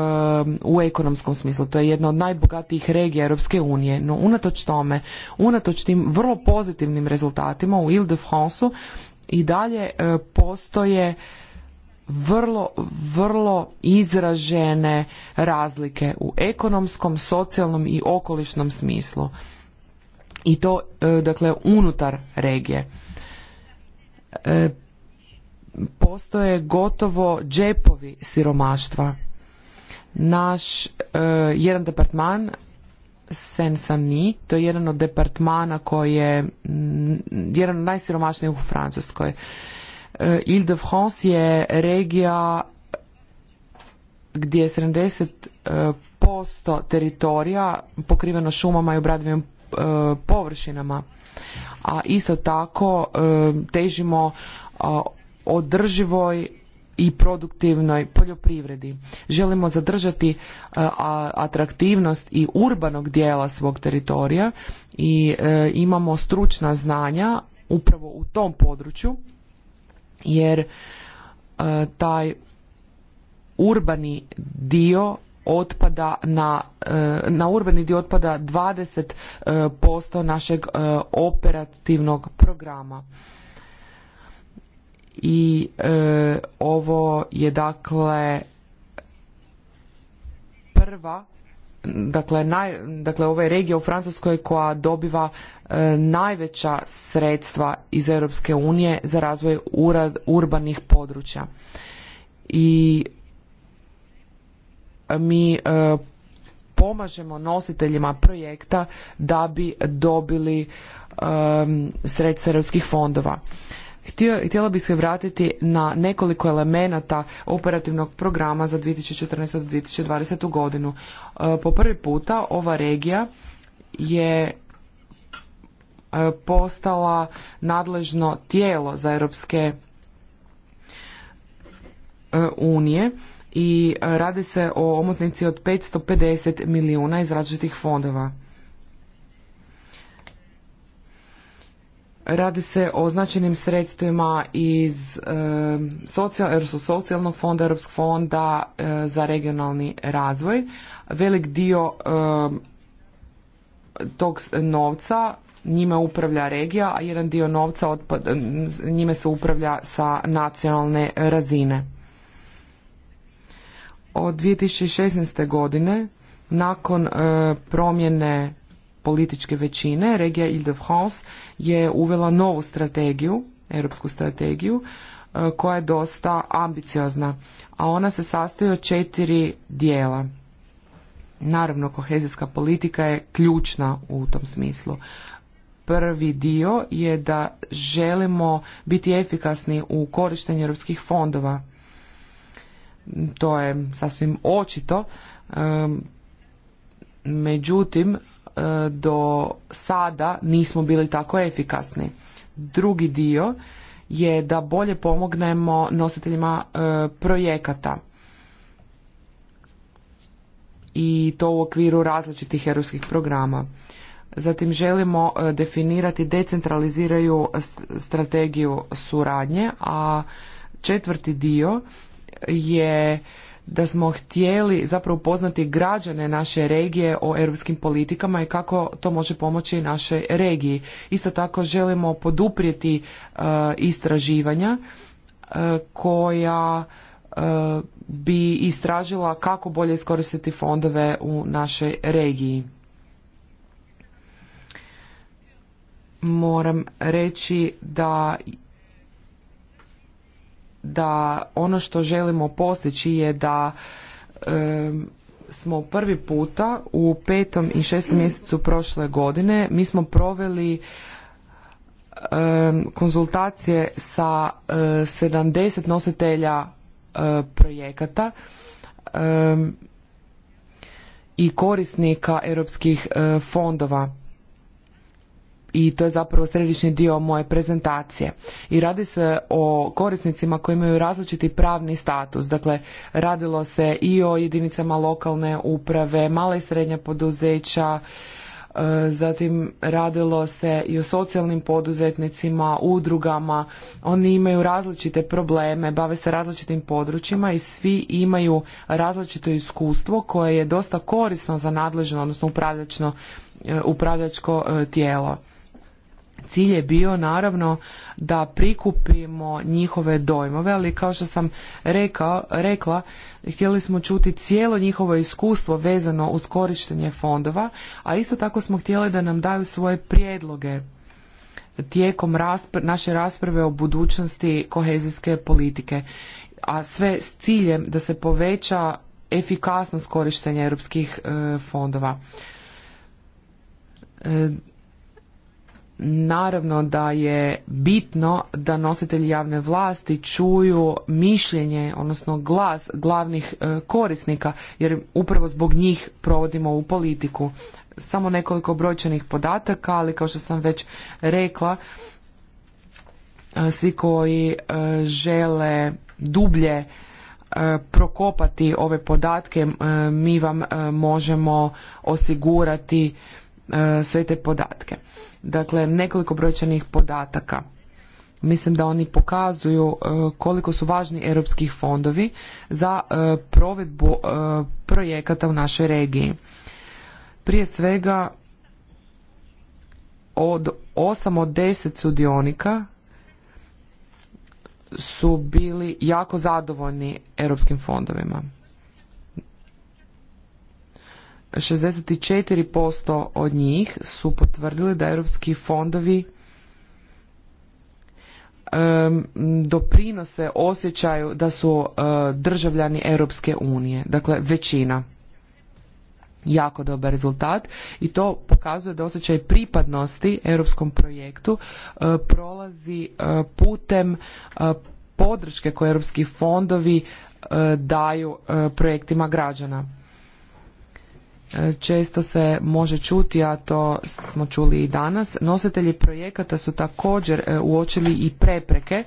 u ekonomskom smislu. To je jedna od najbogatijih regija Europske unije. No unatoč tome, unatoč tim vrlo pozitivnim rezultatima u Ile-de-France i dalje eh, postoje vrlo, vrlo izražene razlike u ekonomskom, socijalnom i okolišnom smislu. I to, e, dakle, unutar regije. E, postoje gotovo džepovi siromaštva. Naš e, jedan departman Sensani, to je jedan od departmana koji je jedan od najsiromašnijih u Francuskoj. Ile-de-France je regija gdje je 70% teritorija pokriveno šumama i obradivim e, površinama. A isto tako e, težimo e, održivoj i produktivnoj poljoprivredi. Želimo zadržati atraktivnost i urbanog dijela svog teritorija i imamo stručna znanja upravo u tom području jer e, taj urbani dio otpada na, e, na urbani dio otpada 20% e, našeg operativnog programa. I ovo je dakle prva dakle, naj, dakle je regija u Francuskoj koja dobiva e, najveća sredstva iz Europske unije za razvoj urad, urbanih područja. I e, mi e, pomažemo nositeljima projekta da bi dobili sredstva europskih fondova htjela bih se vratiti na nekoliko elemenata operativnog programa za 2014. do 2020. godinu. E, po prvi puta ova regija je e, postala nadležno tijelo za europske e, unije i radi se o omotnici od 550 milijuna iz različitih fondova. Radi se o značajnim sredstvima iz e, er, socijalnog fonda, Europskog fonda e, za regionalni razvoj. Velik dio e, tog novca njime upravlja regija, a jedan dio novca njime se upravlja sa nacionalne razine. Od 2016. godine, nakon promjene političke većine, regija Ile-de-France je uvela novu strategiju, europsku strategiju, e, koja je dosta ambiciozna, a ona se sastoji od četiri dijela. Naravno, kohezijska politika je ključna u tom smislu. Prvi dio je da želimo biti efikasni u korištenju europskih fondova. To je sasvim očito. E, međutim, E, do sada nismo bili tako efikasni. Drugi dio je da bolje pomognemo nositeljima e, projekata i to u okviru različitih europskih programa. Zatim želimo e, definirati decentraliziraju strategiju suradnje, a četvrti dio je da smo htjeli zapravo upoznati građane naše regije o europskim politikama i kako to može pomoći našoj regiji. Isto tako želimo poduprijeti e, istraživanja e, koja e, bi istražila kako bolje iskoristiti fondove u našoj regiji. Moram reći da da ono što želimo postići je da smo prvi puta u petom i šestom mjesecu prošle godine mi smo proveli konzultacije sa 70 nositelja projekata i korisnika europskih fondova i to je zapravo središnji dio moje prezentacije. I radi se o korisnicima koji imaju različiti pravni status. Dakle, radilo se i o jedinicama lokalne uprave, mala i srednja poduzeća, e, zatim radilo se i o socijalnim poduzetnicima, udrugama, oni imaju različite probleme, bave se različitim područjima i svi imaju različito iskustvo koje je dosta korisno za nadležno, odnosno e, upravljačko e, tijelo. Cilj je bio naravno da prikupimo njihove dojmove, ali kao što sam rekao, rekla, htjeli smo čuti cijelo njihovo iskustvo vezano uz korištenje fondova, a isto tako smo htjeli da nam daju svoje prijedloge tijekom naše rasprave o budućnosti kohezijske politike, a sve s ciljem da se poveća efikasnost korištenja europskih e, fondova. E, Naravno da je bitno da nositelji javne vlasti čuju mišljenje, odnosno glas glavnih e, korisnika, jer upravo zbog njih provodimo u politiku. Samo nekoliko brojčanih podataka, ali kao što sam već rekla, e, svi koji e, žele dublje prokopati ove podatke, mi vam možemo osigurati sve te podatke. Dakle, nekoliko brojčanih podataka. Mislim da oni pokazuju e, koliko su važni europskih fondovi za e, provedbu e, projekata u našoj regiji. Prije svega od 8 od 10 sudionika su bili jako zadovoljni europskim fondovima. 64% od njih su potvrdili da europski fondovi doprinose osjećaju da su e, državljani Europske unije. Dakle, većina. Jako dobar rezultat i to pokazuje da osjećaj pripadnosti europskom projektu e, prolazi e, putem podrške koje europski fondovi daju projektima građana često se može čuti, a to smo čuli i danas, nositelji projekata su također e, uočili i prepreke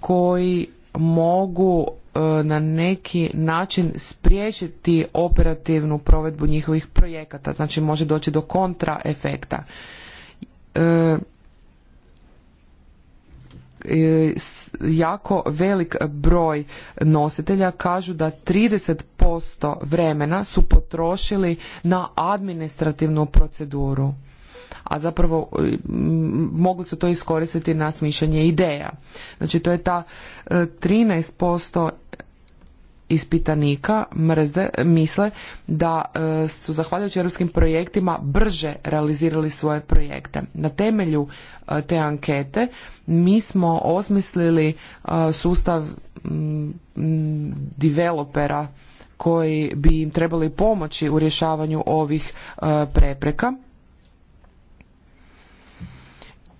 koji mogu e, na neki način spriječiti operativnu provedbu njihovih projekata, znači može doći do kontraefekta. E, E, jako velik broj nositelja kažu da 30% vremena su potrošili na administrativnu proceduru a zapravo e, mogli su to iskoristiti na smišljanje ideja. Znači to je ta 13% e, ispitanika mrze, misle da e, su zahvaljujući europskim projektima brže realizirali svoje projekte. Na temelju e, te ankete mi smo osmislili e, sustav mm, mm, developera koji bi im trebali pomoći u rješavanju ovih prepreka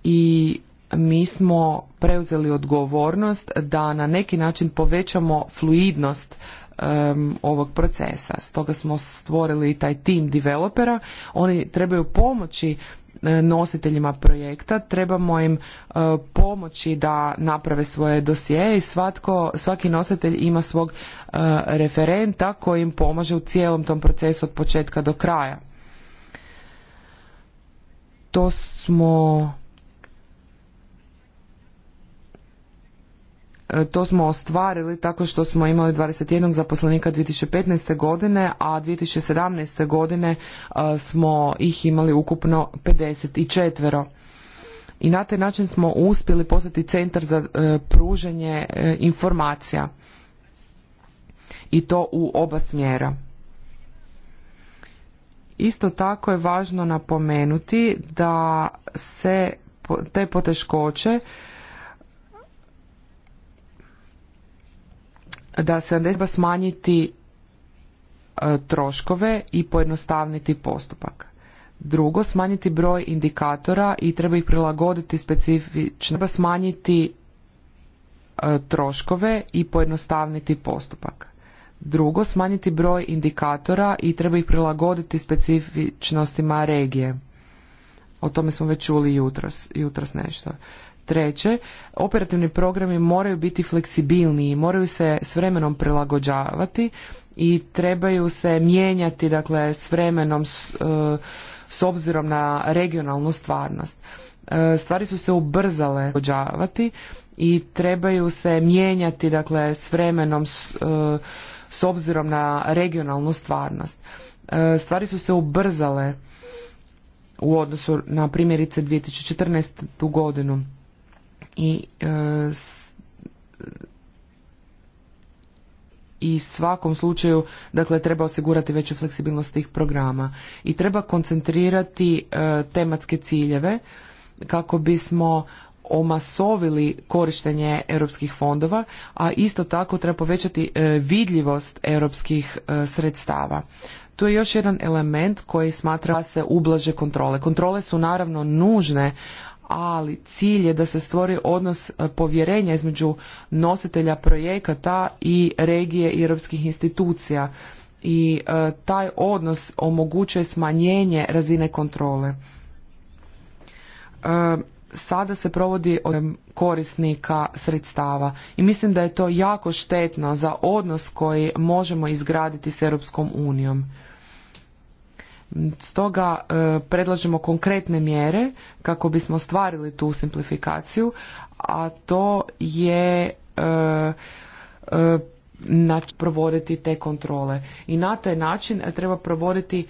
i mi smo preuzeli odgovornost da na neki način povećamo fluidnost ovog procesa. Stoga smo stvorili taj tim developera. Oni trebaju pomoći e, nositeljima projekta, trebamo im e, pomoći da naprave svoje dosije i svatko, svaki nositelj ima svog e, referenta koji im pomaže u cijelom tom procesu od početka do kraja. To smo E, to smo ostvarili tako što smo imali 21 zaposlenika 2015. godine, a 2017. godine e, smo ih imali ukupno 54. I na taj način smo uspjeli postati centar za e, pružanje informacija. I to u oba smjera. Isto tako je važno napomenuti da se te poteškoće da treba smanjiti e, troškove i pojednostavniti postupak. Drugo, smanjiti broj indikatora i treba ih prilagoditi specifično. Treba smanjiti e, troškove i pojednostavniti postupak. Drugo, smanjiti broj indikatora i treba ih prilagoditi specifičnostima regije. O tome smo već čuli jutros, jutros nešto. Treće, operativni programi moraju biti fleksibilniji, moraju se s vremenom prilagođavati i trebaju se mijenjati dakle s vremenom s, e, obzirom na regionalnu stvarnost. E, stvari su se ubrzale prilagođavati i trebaju se mijenjati dakle s vremenom s, e, s obzirom na regionalnu stvarnost. Stvari su se ubrzale u odnosu na primjerice 2014. godinu i e, i svakom slučaju dakle treba osigurati veću fleksibilnost tih programa i treba koncentrirati e, tematske ciljeve kako bismo omasovili korištenje europskih fondova a isto tako treba povećati e, vidljivost europskih sredstava tu je još jedan element koji smatra se ublaže kontrole kontrole su naravno nužne ali cilj je da se stvori odnos e, povjerenja između nositelja projekata i regije i europskih institucija i e, taj odnos omogućuje smanjenje razine kontrole. E, sada se provodi od korisnika sredstava i mislim da je to jako štetno za odnos koji možemo izgraditi s Europskom unijom. Stoga e, predlažemo konkretne mjere kako bismo ostvarili tu simplifikaciju, a to je e, e, provoditi te kontrole. I na taj način treba provoditi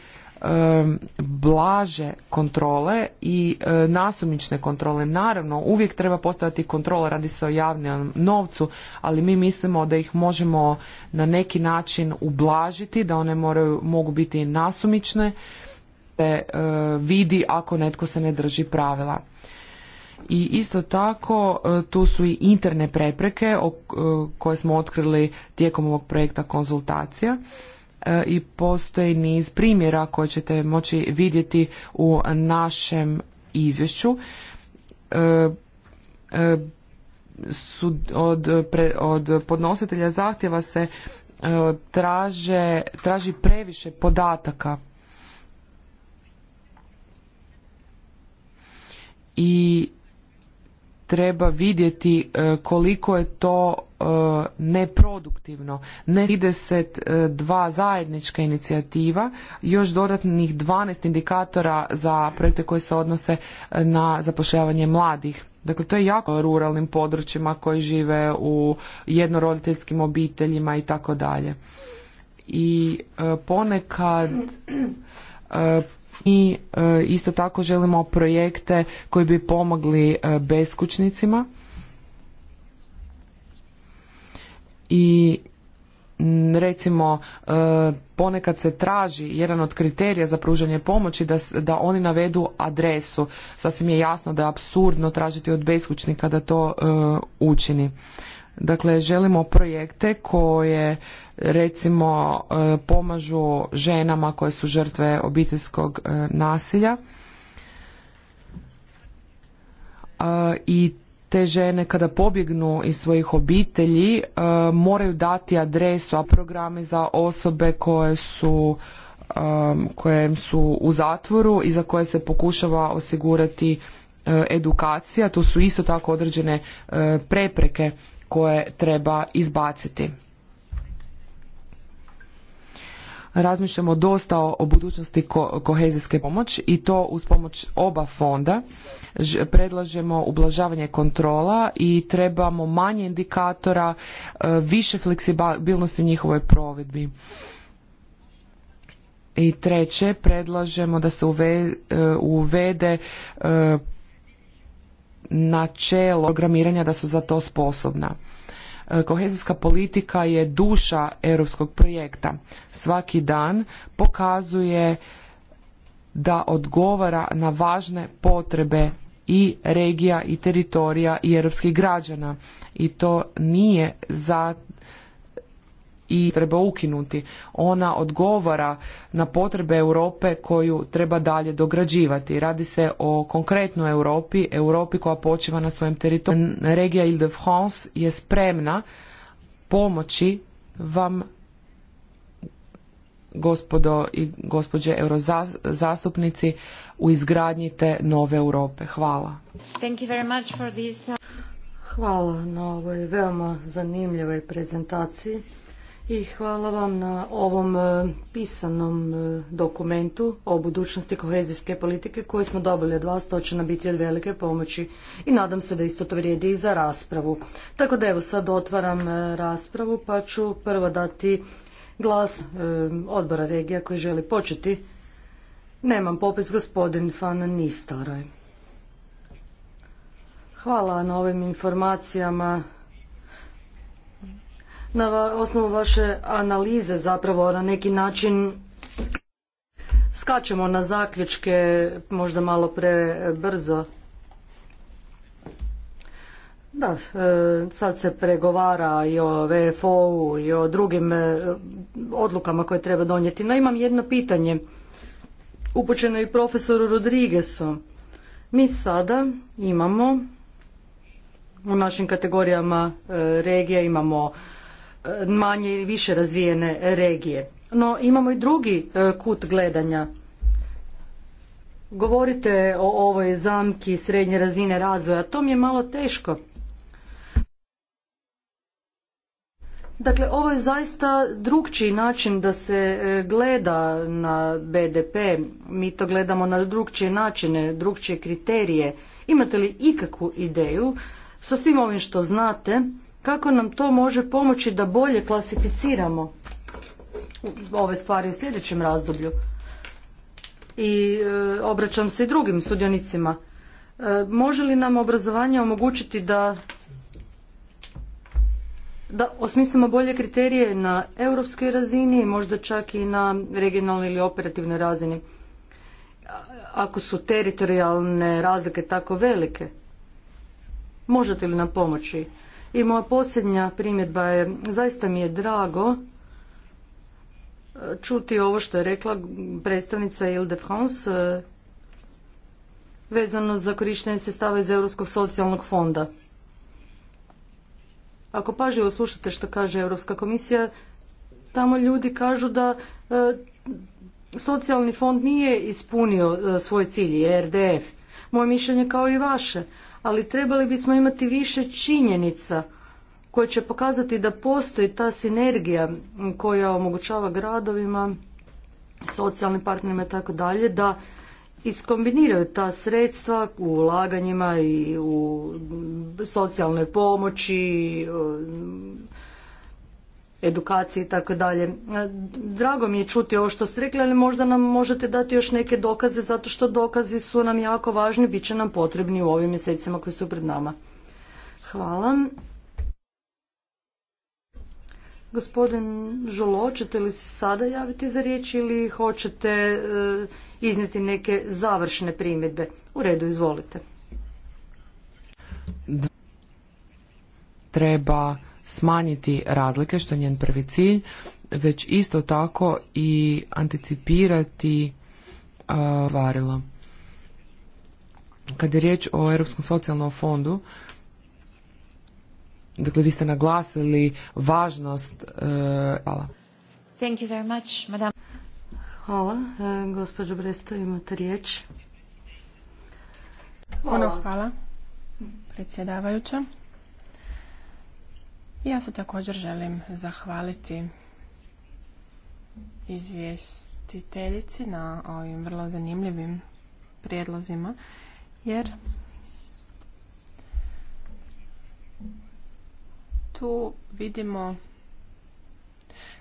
blaže kontrole i e, nasumične kontrole. Naravno, uvijek treba postaviti kontrola, radi se o javnom novcu, ali mi mislimo da ih možemo na neki način ublažiti, da one moraju, mogu biti nasumične, te e, vidi ako netko se ne drži pravila. I isto tako e, tu su i interne prepreke koje smo otkrili tijekom ovog projekta konzultacija E, i postoji niz primjera koje ćete moći vidjeti u našem izvješću e, e, od, od podnositelja zahtjeva se traže, traži previše podataka i treba vidjeti koliko je to E, neproduktivno. Ne 32 zajednička inicijativa, još dodatnih 12 indikatora za projekte koji se odnose e, na zapošljavanje mladih. Dakle, to je jako ruralnim područjima koji žive u jednoroditeljskim obiteljima i tako dalje. I e, ponekad mi isto tako želimo projekte koji bi pomogli beskućnicima i mm, recimo e, ponekad se traži jedan od kriterija za pružanje pomoći da, da oni navedu adresu. Sasvim je jasno da je apsurdno tražiti od beskućnika da to e, učini. Dakle, želimo projekte koje recimo e, pomažu ženama koje su žrtve obiteljskog nasilja i te žene kada pobjegnu iz svojih obitelji e, moraju dati adresu, a programe za osobe koje su e, su u zatvoru i za koje se pokušava osigurati e, edukacija, tu su isto tako određene prepreke koje treba izbaciti razmišljamo dosta o budućnosti kohezijske pomoći i to uz pomoć oba fonda. Predlažemo ublažavanje kontrola i trebamo manje indikatora, e, više fleksibilnosti u njihovoj provedbi. I treće, predlažemo da se e, uvede e, načelo programiranja da su za to sposobna. E, kohezijska politika je duša europskog projekta. Svaki dan pokazuje da odgovara na važne potrebe i regija i teritorija i europskih građana i to nije za i treba ukinuti. Ona odgovara na potrebe Europe koju treba dalje dograđivati. Radi se o konkretnoj Europi, Europi koja počiva na svojem teritoriju. Regija Ile-de-France je spremna pomoći vam gospodo i gospođe eurozastupnici u izgradnji te nove Europe. Hvala. Hvala na ovoj veoma zanimljivoj prezentaciji i hvala vam na ovom e, pisanom e, dokumentu o budućnosti kohezijske politike koju smo dobili od vas. To će nam biti od velike pomoći i nadam se da isto to vrijedi i za raspravu. Tako da evo sad otvaram e, raspravu pa ću prvo dati glas odbora regija koji želi početi. Nemam popis gospodin Fan Nistaroj. Hvala na ovim informacijama na osnovu vaše analize zapravo na neki način skačemo na zaključke možda malo prebrzo. Da, e, sad se pregovara i o VFO-u i o drugim e, odlukama koje treba donijeti. No imam jedno pitanje upućeno i profesoru Rodriguesu. Mi sada imamo u našim kategorijama e, regija imamo manje ili više razvijene regije. No imamo i drugi e, kut gledanja. Govorite o ovoj zamki srednje razine razvoja, to mi je malo teško. Dakle, ovo je zaista drugčiji način da se e, gleda na BDP. Mi to gledamo na drugčije načine, drugčije kriterije. Imate li ikakvu ideju sa svim ovim što znate kako nam to može pomoći da bolje klasificiramo ove stvari u sljedećem razdoblju. I e, obraćam se i drugim sudionicima. E, može li nam obrazovanje omogućiti da da osmislimo bolje kriterije na europskoj razini, možda čak i na regionalnoj ili operativnoj razini, ako su teritorijalne razlike tako velike. Možete li nam pomoći? I moja posljednja primjedba je, zaista mi je drago e, čuti ovo što je rekla predstavnica Ile de France e, vezano za korištenje sredstava iz Europskog socijalnog fonda. Ako pažljivo slušate što kaže Europska komisija, tamo ljudi kažu da e, socijalni fond nije ispunio svoj cilj, RDF. Moje mišljenje kao i vaše ali trebali bismo imati više činjenica koje će pokazati da postoji ta sinergija koja omogućava gradovima, socijalnim partnerima i tako dalje, da iskombiniraju ta sredstva u ulaganjima i u socijalnoj pomoći, edukaciji i tako dalje. E, drago mi je čuti ovo što ste rekli, ali možda nam možete dati još neke dokaze, zato što dokazi su nam jako važni, bit će nam potrebni u ovim mjesecima koji su pred nama. Hvala. Gospodin Žolo, hoćete li sada javiti za riječ ili hoćete e, iznijeti neke završne primjedbe? U redu, izvolite. Treba smanjiti razlike, što je njen prvi cilj, već isto tako i anticipirati varila. Kada je riječ o Europskom socijalnom fondu, dakle vi ste naglasili važnost e, hvala. Thank you very much, madame. Hvala. E, gospođo Bresto, imate riječ. Hvala. Ono, hvala, predsjedavajuća. Ja se također želim zahvaliti izvjestiteljici na ovim vrlo zanimljivim prijedlozima, jer tu vidimo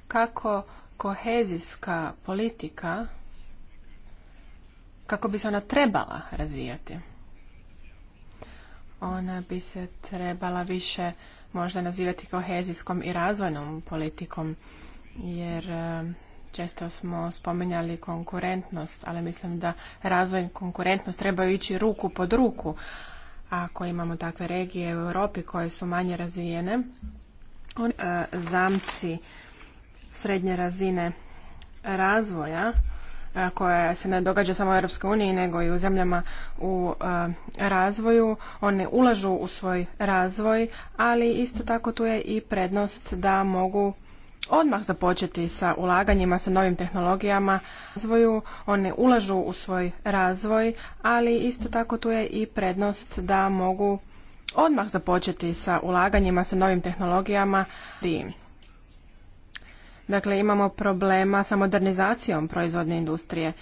kako kohezijska politika kako bi se ona trebala razvijati. Ona bi se trebala više možda nazivati kohezijskom i razvojnom politikom, jer e, često smo spominjali konkurentnost, ali mislim da razvoj i konkurentnost trebaju ići ruku pod ruku. Ako imamo takve regije u Europi koje su manje razvijene, e, zamci srednje razine razvoja koje se ne događa samo u EU nego i u zemljama u razvoju. One ulažu u svoj razvoj, ali isto tako tu je i prednost da mogu odmah započeti sa ulaganjima, sa novim tehnologijama, razvoju, one ulažu u svoj razvoj, ali isto tako tu je i prednost da mogu odmah započeti sa ulaganjima, sa novim tehnologijama, i Dakle, imamo problema sa modernizacijom proizvodne industrije.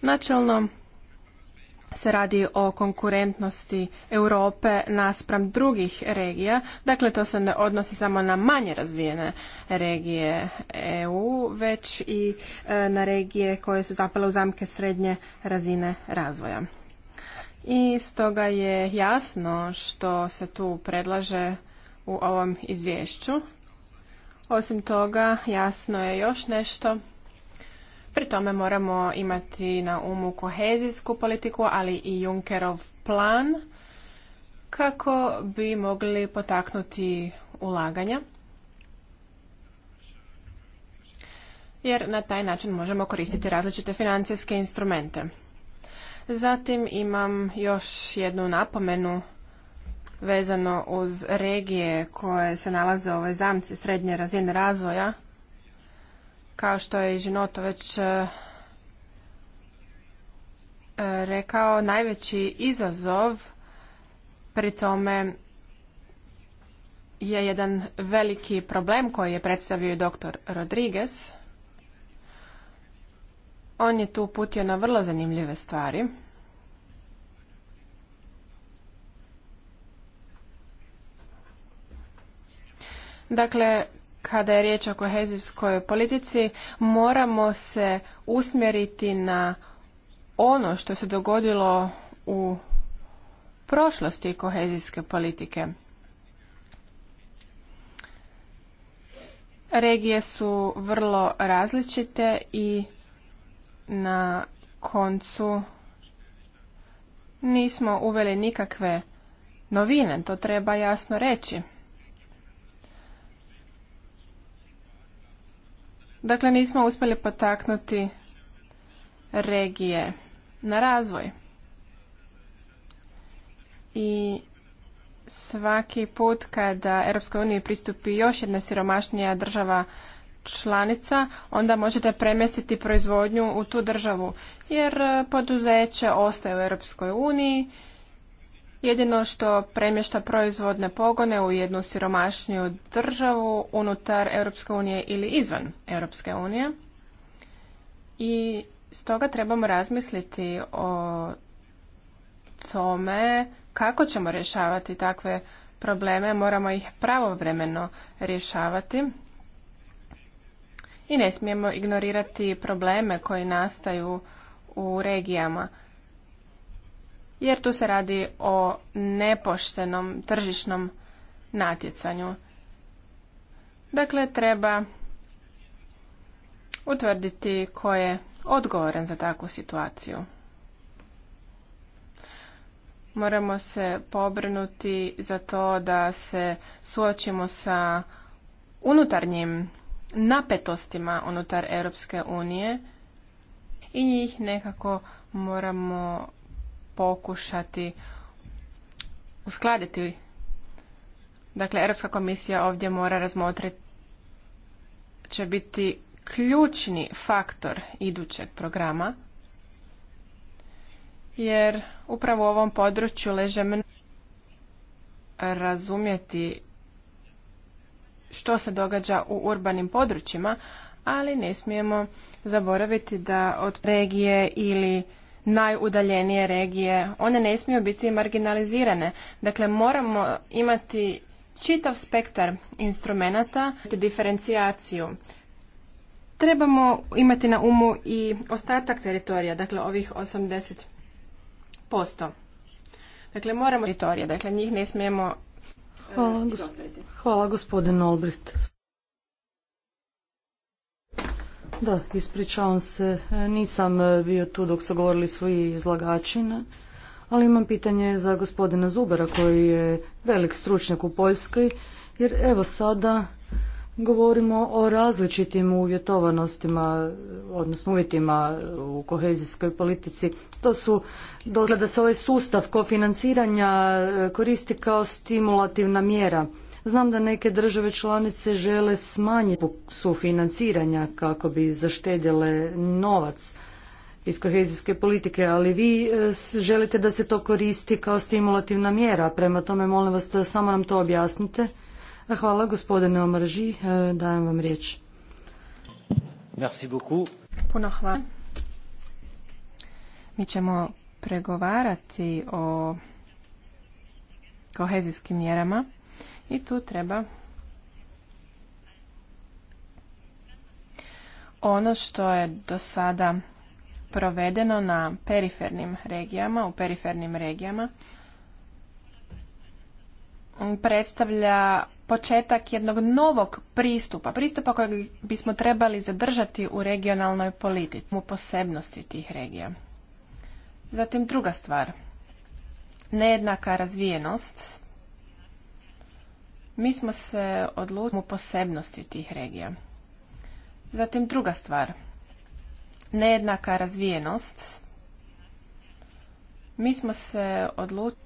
Načelno se radi o konkurentnosti Europe naspram drugih regija, dakle to se ne odnosi samo na manje razvijene regije EU, već i e, na regije koje su zapale u zamke srednje razine razvoja. I stoga je jasno što se tu predlaže u ovom izvješću osim toga, jasno je još nešto. Pri tome moramo imati na umu kohezijsku politiku, ali i Junkerov plan kako bi mogli potaknuti ulaganja. Jer na taj način možemo koristiti različite financijske instrumente. Zatim imam još jednu napomenu vezano uz regije koje se nalaze u ovoj zamci srednje razine razvoja, kao što je Žinoto već e, e, rekao, najveći izazov pri tome je jedan veliki problem koji je predstavio i dr. Rodriguez. On je tu uputio na vrlo zanimljive stvari. Dakle, kada je riječ o kohezijskoj politici, moramo se usmjeriti na ono što se dogodilo u prošlosti kohezijske politike. Regije su vrlo različite i na koncu nismo uveli nikakve novine, to treba jasno reći. Dakle, nismo uspjeli potaknuti regije na razvoj. I svaki put kada Europskoj uniji pristupi još jedna siromašnija država članica, onda možete premjestiti proizvodnju u tu državu, jer poduzeće ostaje u Europskoj uniji jedino što premješta proizvodne pogone u jednu siromašniju državu unutar Europske unije ili izvan Europske unije. I stoga trebamo razmisliti o tome kako ćemo rješavati takve probleme, moramo ih pravovremeno rješavati. I ne smijemo ignorirati probleme koji nastaju u regijama jer tu se radi o nepoštenom tržišnom natjecanju. Dakle, treba utvrditi ko je odgovoran za takvu situaciju. Moramo se pobrinuti za to da se suočimo sa unutarnjim napetostima unutar Europske unije i njih nekako moramo pokušati uskladiti. Dakle, Europska komisija ovdje mora razmotriti će biti ključni faktor idućeg programa, jer upravo u ovom području leže razumjeti što se događa u urbanim područjima, ali ne smijemo zaboraviti da od regije ili najudaljenije regije. One ne smiju biti marginalizirane. Dakle, moramo imati čitav spektar instrumenata, diferencijaciju. Trebamo imati na umu i ostatak teritorija, dakle ovih 80%. Dakle, moramo teritorije, dakle njih ne smijemo Hvala, e, hvala gospodin Olbricht. Da, ispričavam se, e, nisam e, bio tu dok su govorili svoji izlagači, ali imam pitanje za gospodina Zubera koji je velik stručnjak u Poljskoj, jer evo sada govorimo o različitim uvjetovanostima, odnosno uvjetima u kohezijskoj politici. To su, dozgleda se ovaj sustav kofinanciranja e, koristi kao stimulativna mjera Znam da neke države članice žele smanjiti sufinanciranja kako bi zaštedjele novac iz kohezijske politike, ali vi e, želite da se to koristi kao stimulativna mjera, prema tome molim vas da samo nam to objasnite. Hvala gospodine Omrži, e, dajem vam riječ. Merci Puno hvala. Mi ćemo pregovarati o kohezijskim mjerama i tu treba ono što je do sada provedeno na perifernim regijama, u perifernim regijama, predstavlja početak jednog novog pristupa, pristupa kojeg bismo trebali zadržati u regionalnoj politici, u posebnosti tih regija. Zatim druga stvar, nejednaka razvijenost mi smo se odlučili u posebnosti tih regija. Zatim druga stvar. Nejednaka razvijenost. Mi smo se odlučili,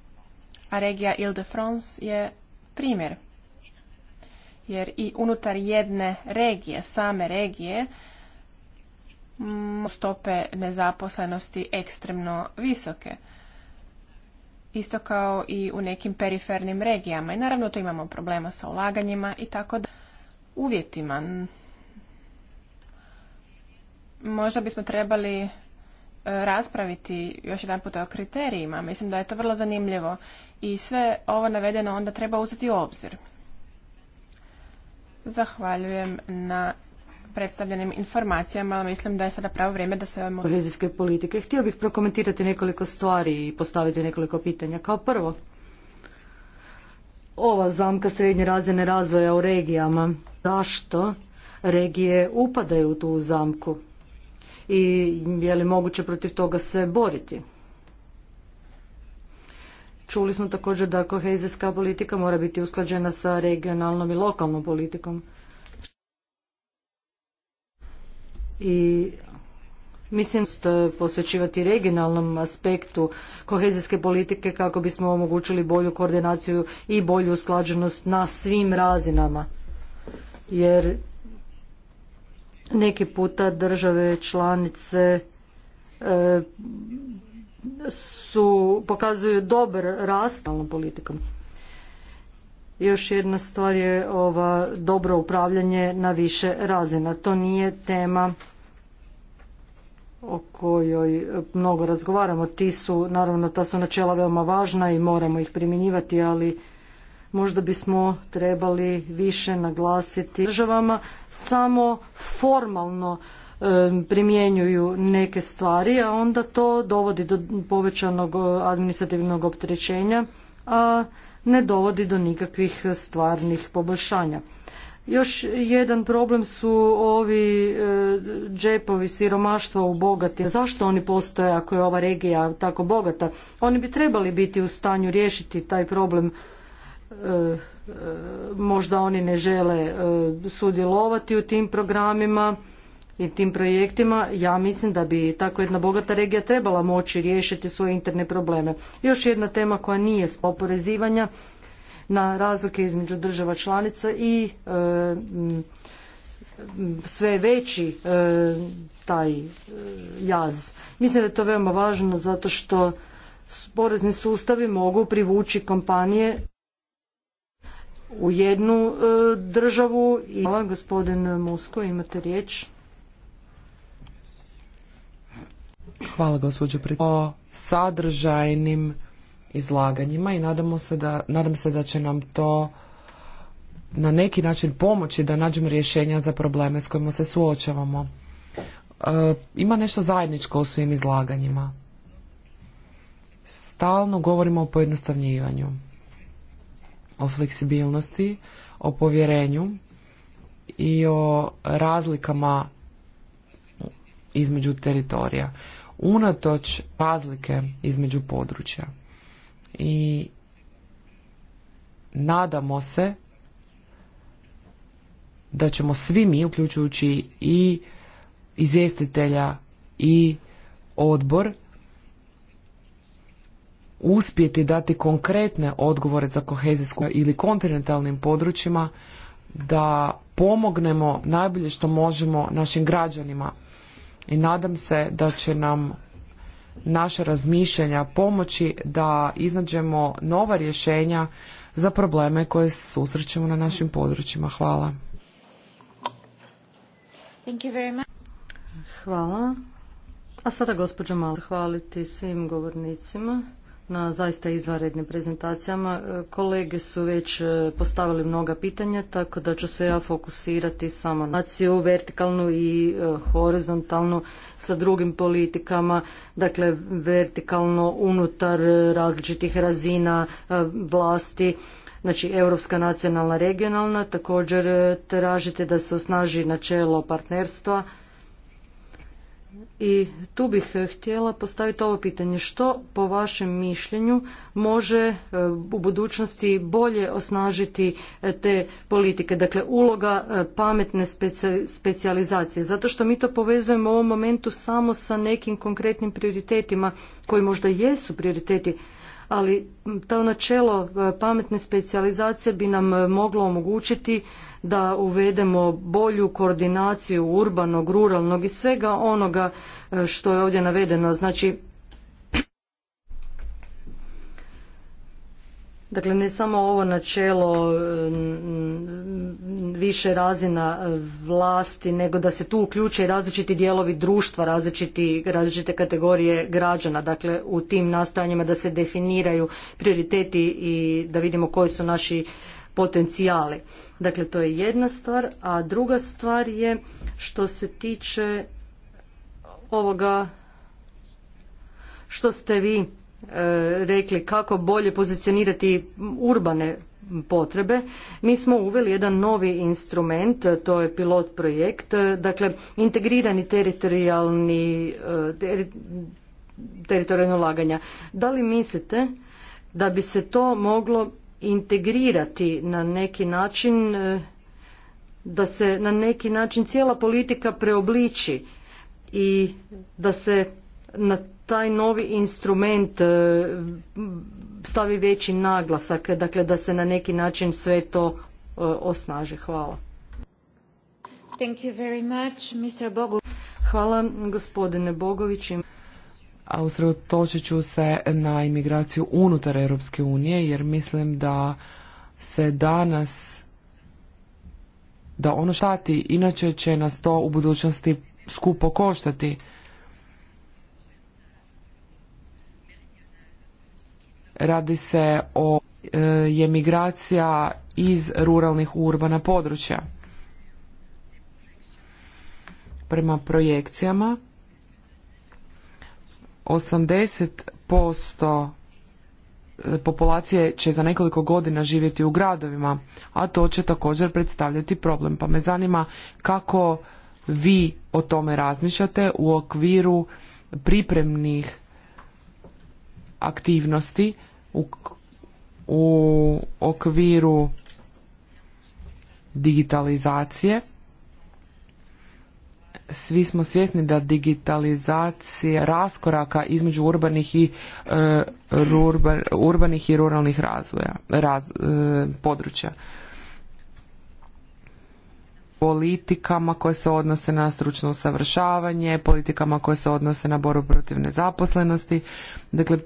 a regija Ile-de-France je primjer. Jer i unutar jedne regije, same regije, stope nezaposlenosti ekstremno visoke isto kao i u nekim perifernim regijama. I naravno tu imamo problema sa ulaganjima i tako uvjetima. Možda bismo trebali e, raspraviti još jedan o kriterijima. Mislim da je to vrlo zanimljivo i sve ovo navedeno onda treba uzeti u obzir. Zahvaljujem na predstavljenim informacijama, ali mislim da je sada pravo vrijeme da se... ...kohezijske politike. Htio bih prokomentirati nekoliko stvari i postaviti nekoliko pitanja. Kao prvo, ova zamka srednje razine razvoja u regijama, zašto regije upadaju u tu zamku i je li moguće protiv toga se boriti? Čuli smo također da kohezijska politika mora biti usklađena sa regionalnom i lokalnom politikom. i Mislim da posvećivati regionalnom aspektu kohezijske politike kako bismo omogućili bolju koordinaciju i bolju usklađenost na svim razinama. Jer neki puta države članice e, su, pokazuju dobar rast politikom. Još jedna stvar je ova dobro upravljanje na više razina. To nije tema o kojoj mnogo razgovaramo. Ti su, naravno, ta su načela veoma važna i moramo ih primjenjivati, ali možda bismo trebali više naglasiti državama samo formalno e, primjenjuju neke stvari, a onda to dovodi do povećanog e, administrativnog opterećenja, a ne dovodi do nikakvih stvarnih poboljšanja. Još jedan problem su ovi e, džepovi siromaštva u bogati. Zašto oni postoje ako je ova regija tako bogata? Oni bi trebali biti u stanju riješiti taj problem. E, e, možda oni ne žele sudjelovati u tim programima i tim projektima, ja mislim da bi tako jedna bogata regija trebala moći riješiti svoje interne probleme. Još jedna tema koja nije oporezivanja na razlike između država članica i e, sve veći e, taj e, jaz. Mislim da je to veoma važno zato što porezni sustavi mogu privući kompanije u jednu e, državu. Hvala, gospodin Musko, imate riječ. Hvala gospođo o sadržajnim izlaganjima i nadam se da će nam to na neki način pomoći da nađemo rješenja za probleme s kojima se suočavamo. E, ima nešto zajedničko u svim izlaganjima. Stalno govorimo o pojednostavnjivanju, o fleksibilnosti, o povjerenju i o razlikama između teritorija unatoč razlike između područja. I nadamo se da ćemo svi mi, uključujući i izvjestitelja i odbor, uspjeti dati konkretne odgovore za kohezijsku ili kontinentalnim područjima da pomognemo najbolje što možemo našim građanima i nadam se da će nam naše razmišljanja pomoći da iznađemo nova rješenja za probleme koje susrećemo na našim područjima. Hvala. Thank Hvala. A sada gospođa Malo zahvaliti svim govornicima na zaista izvanrednim prezentacijama. E, kolege su već e, postavili mnoga pitanja, tako da ću se ja fokusirati samo na naciju, vertikalnu i e, horizontalnu sa drugim politikama, dakle vertikalno unutar različitih razina vlasti, znači europska nacionalna regionalna, također tražite da se osnaži načelo partnerstva, i tu bih e, htjela postaviti ovo pitanje. Što po vašem mišljenju može e, u budućnosti bolje osnažiti e, te politike? Dakle, uloga pametne specijalizacije. Zato što mi to povezujemo u ovom momentu samo sa nekim konkretnim prioritetima koji možda jesu prioriteti, ali to načelo pametne specijalizacije bi nam moglo omogućiti da uvedemo bolju koordinaciju urbanog, ruralnog i svega onoga e, što je ovdje navedeno. Znači, Dakle, ne samo ovo načelo e, više razina e, vlasti, nego da se tu uključe i različiti dijelovi društva, različiti, različite kategorije građana. Dakle, u tim nastojanjima da se definiraju prioriteti i da vidimo koji su naši potencijali. Dakle, to je jedna stvar, a druga stvar je što se tiče ovoga što ste vi e, rekli kako bolje pozicionirati urbane potrebe. Mi smo uveli jedan novi instrument, to je pilot projekt, dakle integrirani teritorijalni e, ter, teritorijalno ulaganja. Da li mislite da bi se to moglo integrirati na neki način, e, da se na neki način cijela politika preobliči i da se na taj novi instrument e, stavi veći naglasak, dakle da se na neki način sve to e, osnaži. Hvala. Thank you very much, Mr. Hvala gospodine Bogović a usredotočit ću se na imigraciju unutar Europske unije jer mislim da se danas da ono štati, inače će nas to u budućnosti skupo koštati. Radi se o e, je migracija iz ruralnih u urbana područja. Prema projekcijama 80% e, populacije će za nekoliko godina živjeti u gradovima, a to će također predstavljati problem. Pa me zanima kako vi o tome razmišljate u okviru pripremnih aktivnosti u, u okviru digitalizacije svi smo svjesni da digitalizacija raskoraka između urbanih i e, urbanih i ruralnih razvoja raz, e, područja politikama koje se odnose na stručno usavršavanje politikama koje se odnose na borbu protiv nezaposlenosti dakle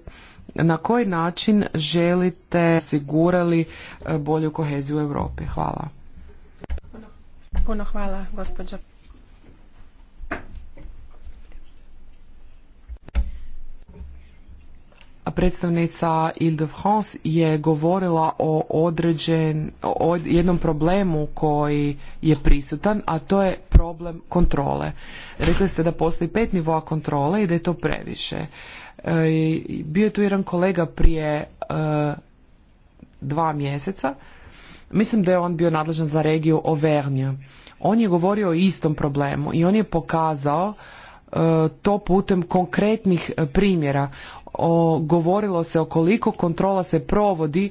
na koji način želite osigurali e, bolju koheziju u europi hvala puno hvala gospođa predstavnica Ile-de-France je govorila o određen, jednom problemu koji je prisutan, a to je problem kontrole. Rekli ste da postoji pet nivoa kontrole i da je to previše. E, bio je tu jedan kolega prije e, dva mjeseca, mislim da je on bio nadležan za regiju Auvergne. On je govorio o istom problemu i on je pokazao e, to putem konkretnih primjera o, govorilo se o koliko kontrola se provodi e,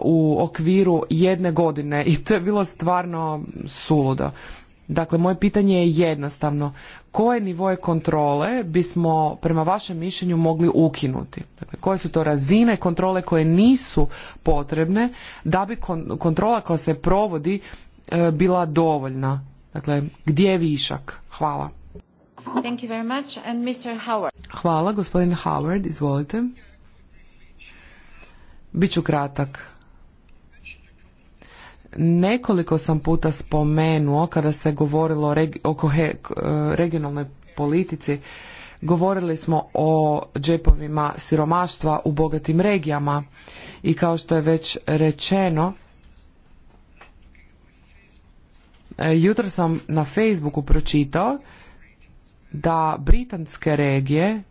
u okviru jedne godine i to je bilo stvarno suludo. Dakle, moje pitanje je jednostavno. Koje nivoje kontrole bismo prema vašem mišljenju mogli ukinuti? Dakle, koje su to razine kontrole koje nisu potrebne da bi kontrola koja se provodi e, bila dovoljna? Dakle, gdje je višak? Hvala. Thank Hvala, gospodine Howard, izvolite. Biću kratak. Nekoliko sam puta spomenuo kada se govorilo o oko e, regionalnoj politici, govorili smo o džepovima siromaštva u bogatim regijama i kao što je već rečeno, e, jutro sam na Facebooku pročitao da britanske regije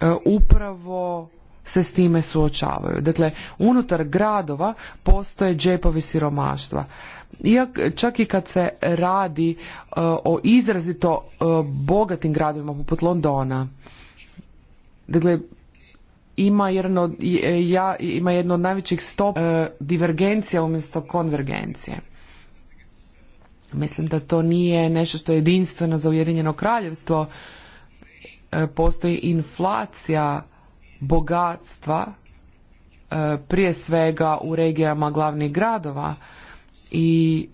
e, upravo se s time suočavaju. Dakle, unutar gradova postoje džepovi siromaštva. Iak, čak i kad se radi e, o izrazito e, bogatim gradovima poput Londona, dakle, ima, jedan od, ja, ima jedno od najvećih stop uh, divergencija umjesto konvergencije. Mislim da to nije nešto što je jedinstveno za Ujedinjeno kraljevstvo. E, postoji inflacija bogatstva, e, prije svega u regijama glavnih gradova i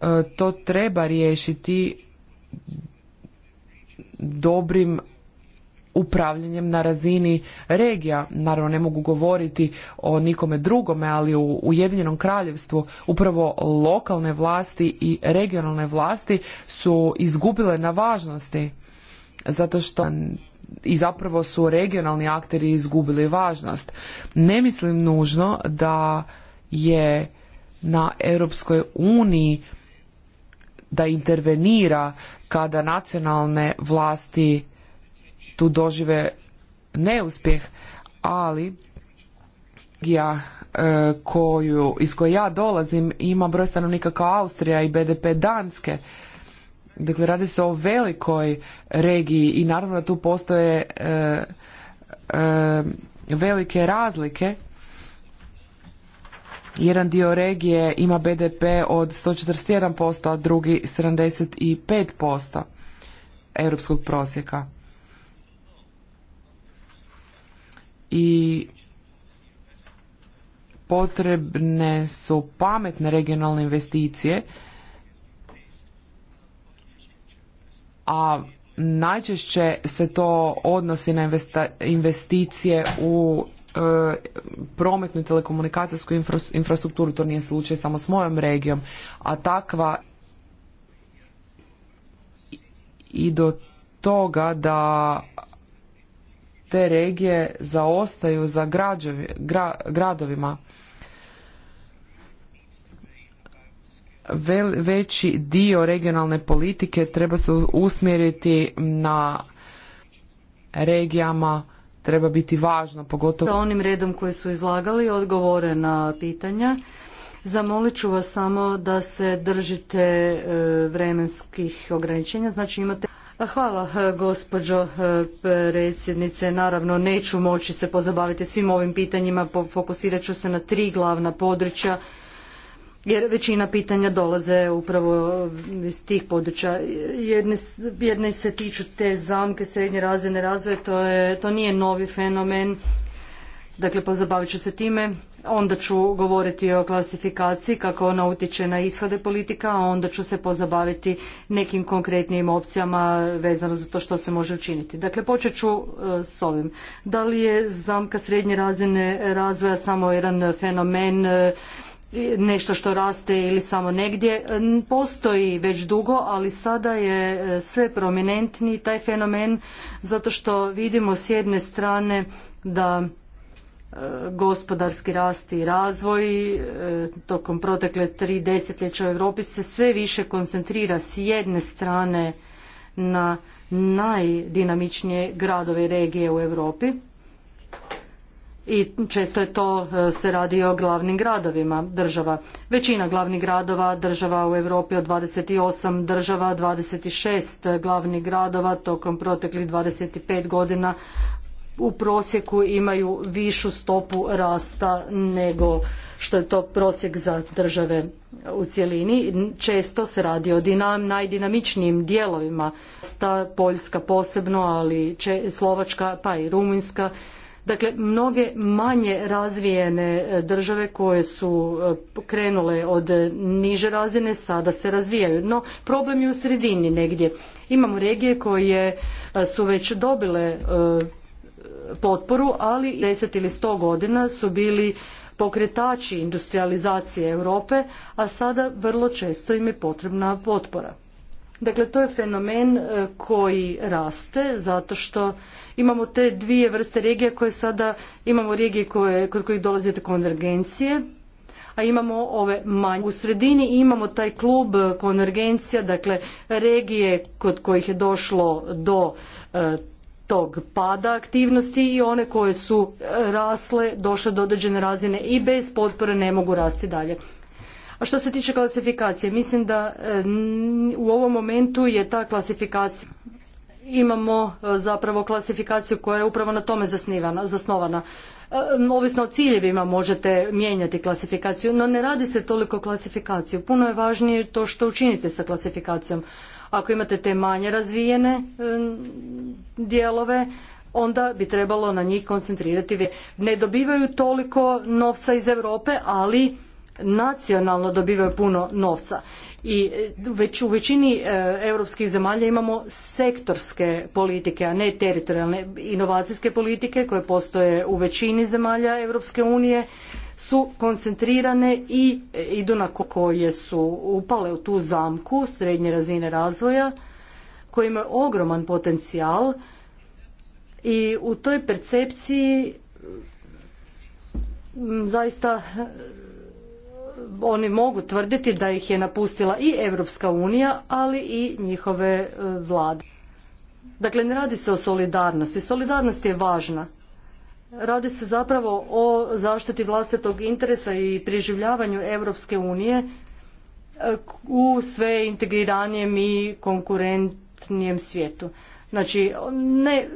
e, to treba riješiti dobrim upravljanjem na razini regija. Naravno ne mogu govoriti o nikome drugome, ali u Ujedinjenom kraljevstvu upravo lokalne vlasti i regionalne vlasti su izgubile na važnosti zato što i zapravo su regionalni akteri izgubili važnost. Ne mislim nužno da je na Europskoj uniji da intervenira kada nacionalne vlasti tu dožive neuspjeh, ali ja e, koju, iz koje ja dolazim ima broj stanovnika kao Austrija i BDP Danske. Dakle, radi se o velikoj regiji i naravno tu postoje e, e, velike razlike. Jedan dio regije ima BDP od 141%, a drugi 75% europskog prosjeka. i potrebne su pametne regionalne investicije, a najčešće se to odnosi na investicije u e, prometnu i telekomunikacijsku infrastrukturu, to nije slučaj samo s mojom regijom, a takva i do toga da te regije zaostaju za građevi, gra, gradovima. veći dio regionalne politike treba se usmjeriti na regijama treba biti važno, pogotovo... onim redom koji su izlagali odgovore na pitanja. Zamolit ću vas samo da se držite e, vremenskih ograničenja, znači imate... Hvala e, gospođo e, predsjednice. Naravno neću moći se pozabaviti svim ovim pitanjima, fokusirat ću se na tri glavna područja jer većina pitanja dolaze upravo e, iz tih područja. Jedne, se tiču te zamke srednje razine razvoja, to, to nije novi fenomen, Dakle, pozabavit ću se time. Onda ću govoriti o klasifikaciji, kako ona utječe na ishode politika, a onda ću se pozabaviti nekim konkretnijim opcijama vezano za to što se može učiniti. Dakle, počet ću e, s ovim. Da li je zamka srednje razine razvoja samo jedan fenomen e, nešto što raste ili samo negdje. E, postoji već dugo, ali sada je sve prominentniji taj fenomen zato što vidimo s jedne strane da gospodarski rast i razvoj e, tokom protekle tri desetljeća u Europi se sve više koncentrira s jedne strane na najdinamičnije gradove i regije u Europi i često je to e, se radi o glavnim gradovima država. Većina glavnih gradova država u Europi od 28 država, 26 glavnih gradova tokom proteklih 25 godina u prosjeku imaju višu stopu rasta nego što je to prosjek za države u cjelini. Često se radi o najdinamičnijim dijelovima. Sta Poljska posebno, ali Če, Slovačka pa i Rumunjska. Dakle, mnoge manje razvijene e, države koje su e, krenule od niže razine sada se razvijaju. No, problem je u sredini negdje. Imamo regije koje e, su već dobile potporu, ali 10 ili sto godina su bili pokretači industrializacije Europe, a sada vrlo često im je potrebna potpora. Dakle, to je fenomen e, koji raste zato što imamo te dvije vrste regija koje sada imamo regije koje, kod kojih dolazi do konvergencije, a imamo ove manje. U sredini imamo taj klub e, konvergencija, dakle regije kod kojih je došlo do e, tog pada aktivnosti i one koje su e, rasle, došle do određene razine i bez potpore ne mogu rasti dalje. A što se tiče klasifikacije, mislim da e, u ovom momentu je ta klasifikacija imamo e, zapravo klasifikaciju koja je upravo na tome zasnovana. Ovisno o ciljevima možete mijenjati klasifikaciju, no ne radi se toliko o klasifikaciju. Puno je važnije to što učinite sa klasifikacijom. Ako imate te manje razvijene e, dijelove, onda bi trebalo na njih koncentrirati. Ne dobivaju toliko novca iz Europe, ali nacionalno dobivaju puno novca. I e, već u većini e, europskih zemalja imamo sektorske politike, a ne teritorijalne inovacijske politike koje postoje u većini zemalja Europske unije su koncentrirane i e, idu na koje su upale u tu zamku srednje razine razvoja koji imaju ogroman potencijal i u toj percepciji zaista oni mogu tvrditi da ih je napustila i Europska unija, ali i njihove e, vlade. Dakle, ne radi se o solidarnosti. Solidarnost je važna, Radi se zapravo o zaštiti vlastitog interesa i priživljavanju Europske unije e, u sve integriranijem i konkurentnijem svijetu. Znači, ne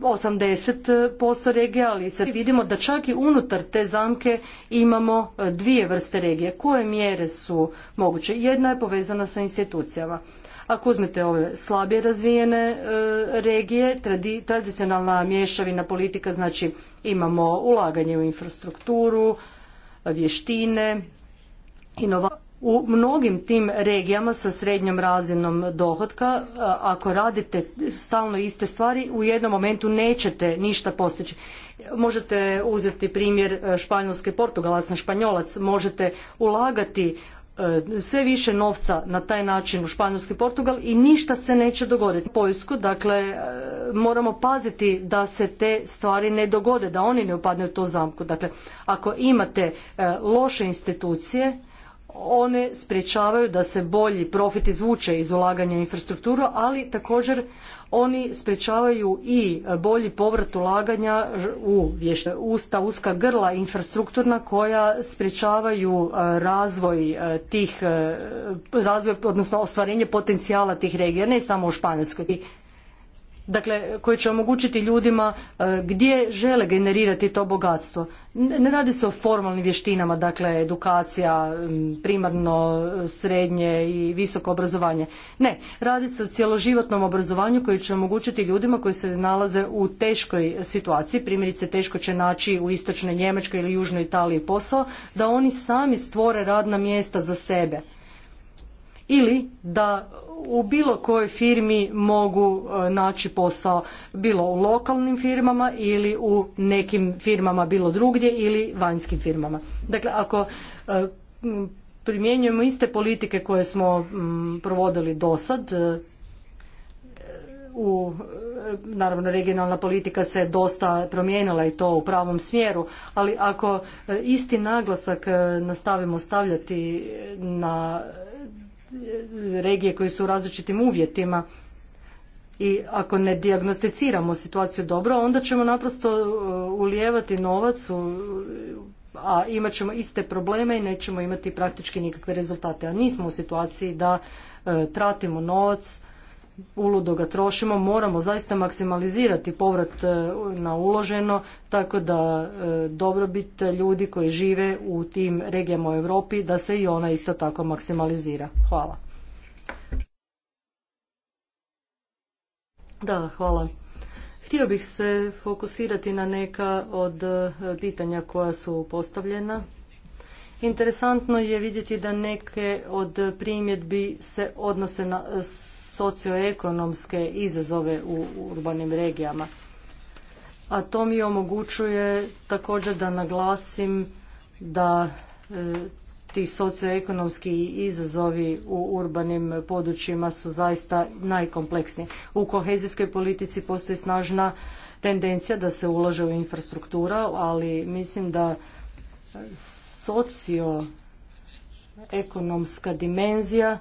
80% regija, ali sad vidimo da čak i unutar te zamke imamo e, dvije vrste regije. Koje mjere su moguće? Jedna je povezana sa institucijama. Ako uzmete ove slabije razvijene e, regije, tradicionalna mješavina politika, znači imamo ulaganje u infrastrukturu, vještine, inovacije. U mnogim tim regijama sa srednjom razinom dohotka, e, ako radite stalno iste stvari, u jednom momentu nećete ništa postići. Možete uzeti primjer e, Španjolske Portugala, sam Španjolac, možete ulagati E, sve više novca na taj način u Španjolski Portugal i ništa se neće dogoditi. Poljsku, dakle, e, moramo paziti da se te stvari ne dogode, da oni ne upadnu u to zamku. Dakle, ako imate e, loše institucije, one sprječavaju da se bolji profit izvuče iz ulaganja u infrastrukturu, ali također oni sprečavaju i bolji povrat ulaganja u vješta, usta, uska grla infrastrukturna koja sprečavaju e, razvoj e, tih, e, razvoj, odnosno ostvarenje potencijala tih regija, ne samo u Španjolskoj dakle koji će omogućiti ljudima e, gdje žele generirati to bogatstvo. Ne radi se o formalnim vještinama, dakle edukacija, primarno, e, srednje i visoko obrazovanje. Ne, radi se o cjeloživotnom obrazovanju koji će omogućiti ljudima koji se nalaze u teškoj situaciji, primjerice teško će naći u istočnoj Njemačkoj ili južnoj Italiji posao, da oni sami stvore radna mjesta za sebe ili da u bilo kojoj firmi mogu e, naći posao bilo u lokalnim firmama ili u nekim firmama bilo drugdje ili vanjskim firmama. Dakle, ako e, primjenjujemo iste politike koje smo provodili do sad, e, u, naravno regionalna politika se dosta promijenila i to u pravom smjeru, ali ako isti naglasak nastavimo stavljati na regije koje su u različitim uvjetima i ako ne dijagnosticiramo situaciju dobro, onda ćemo naprosto e, ulijevati novac, a imat ćemo iste probleme i nećemo imati praktički nikakve rezultate. A nismo u situaciji da e, tratimo novac uludo ga trošimo, moramo zaista maksimalizirati povrat e, na uloženo, tako da e, dobrobit ljudi koji žive u tim regijama u Europi, da se i ona isto tako maksimalizira. Hvala. Da, hvala. Htio bih se fokusirati na neka od e, pitanja koja su postavljena. Interesantno je vidjeti da neke od primjedbi se odnose na socioekonomske izazove u urbanim regijama. A to mi omogućuje također da naglasim da e, ti socioekonomski izazovi u urbanim područjima su zaista najkompleksniji. U kohezijskoj politici postoji snažna tendencija da se ulaže u infrastruktura, ali mislim da socioekonomska dimenzija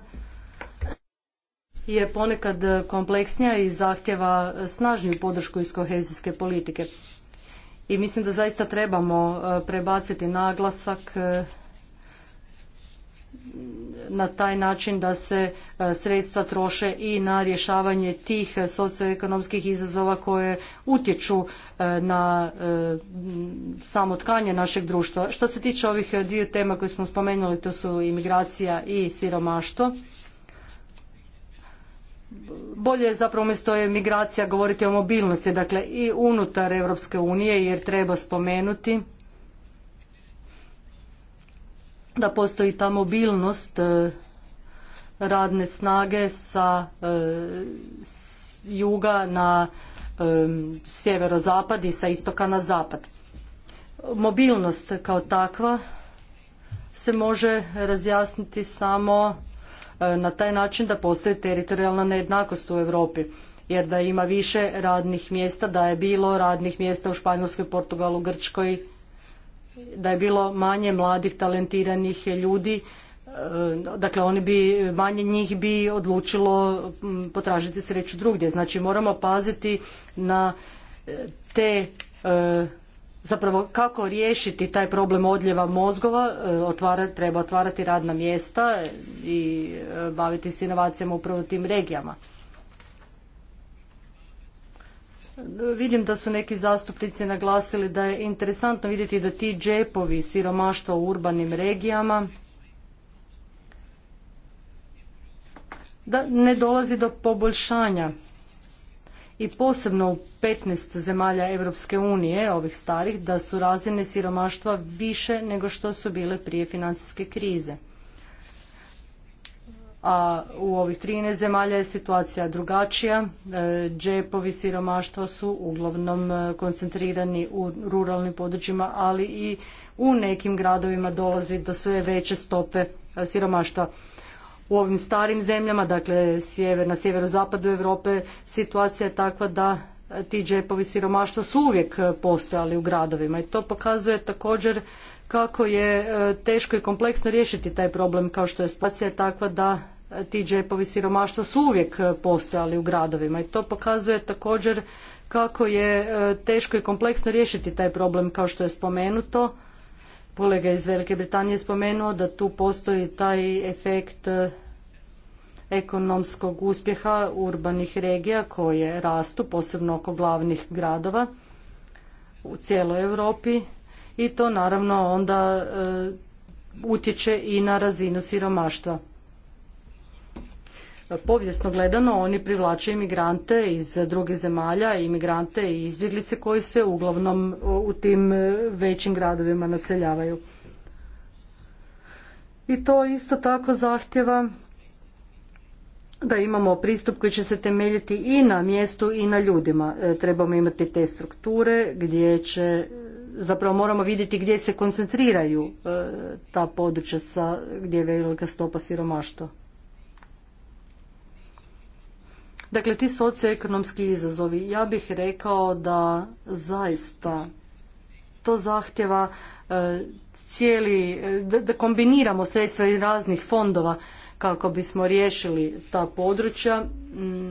je ponekad kompleksnija i zahtjeva snažniju podršku iz kohezijske politike. I mislim da zaista trebamo e, prebaciti naglasak e, na taj način da se e, sredstva troše i na rješavanje tih socioekonomskih izazova koje utječu na samo tkanje našeg društva. Što se tiče ovih dvije tema koje smo spomenuli, to su imigracija i siromaštvo bolje je zapravo umjesto migracija govoriti o mobilnosti, dakle i unutar Europske unije jer treba spomenuti da postoji ta mobilnost e, radne snage sa e, juga na e, sjeverozapad i sa istoka na zapad. Mobilnost kao takva se može razjasniti samo E, na taj način da postoji teritorijalna nejednakost u Europi jer da ima više radnih mjesta, da je bilo radnih mjesta u Španjolskoj, Portugalu, Grčkoj, da je bilo manje mladih talentiranih ljudi, e, dakle oni bi, manje njih bi odlučilo potražiti sreću drugdje. Znači moramo paziti na e, te zapravo kako riješiti taj problem odljeva mozgova, e, otvara, treba otvarati radna mjesta i e, baviti se inovacijama upravo u tim regijama. Vidim da su neki zastupnici naglasili da je interesantno vidjeti da ti džepovi siromaštva u urbanim regijama da ne dolazi do poboljšanja i posebno u 15 zemalja Europske unije, ovih starih, da su razine siromaštva više nego što su bile prije financijske krize. A u ovih 13 zemalja je situacija drugačija. E, džepovi siromaštva su uglavnom e, koncentrirani u ruralnim područjima, ali i u nekim gradovima dolazi do sve veće stope e, siromaštva u ovim starim zemljama, dakle sjever, na sjeverozapadu Europe situacija je takva da e, ti džepovi siromaštva su uvijek e, postojali u gradovima i to pokazuje također kako je e, teško i kompleksno riješiti taj problem kao što je situacija takva da ti džepovi siromaštva su uvijek postojali u gradovima i to pokazuje također kako je teško i kompleksno riješiti taj problem kao što je spomenuto. Kolega iz Velike Britanije je spomenuo da tu postoji taj efekt ekonomskog uspjeha urbanih regija koje rastu, posebno oko glavnih gradova u cijeloj Europi i to naravno onda e, utječe i na razinu siromaštva. Povijesno gledano oni privlače imigrante iz drugih zemalja, imigrante i izbjeglice koji se uglavnom e, u tim e, većim gradovima naseljavaju. I to isto tako zahtjeva da imamo pristup koji će se temeljiti i na mjestu i na ljudima. E, trebamo imati te strukture gdje će zapravo moramo vidjeti gdje se koncentriraju e, ta područja sa gdje je velika stopa siromaštva. Dakle, ti socioekonomski izazovi, ja bih rekao da zaista to zahtjeva e, cijeli, da kombiniramo sredstva iz raznih fondova kako bismo riješili ta područja mm,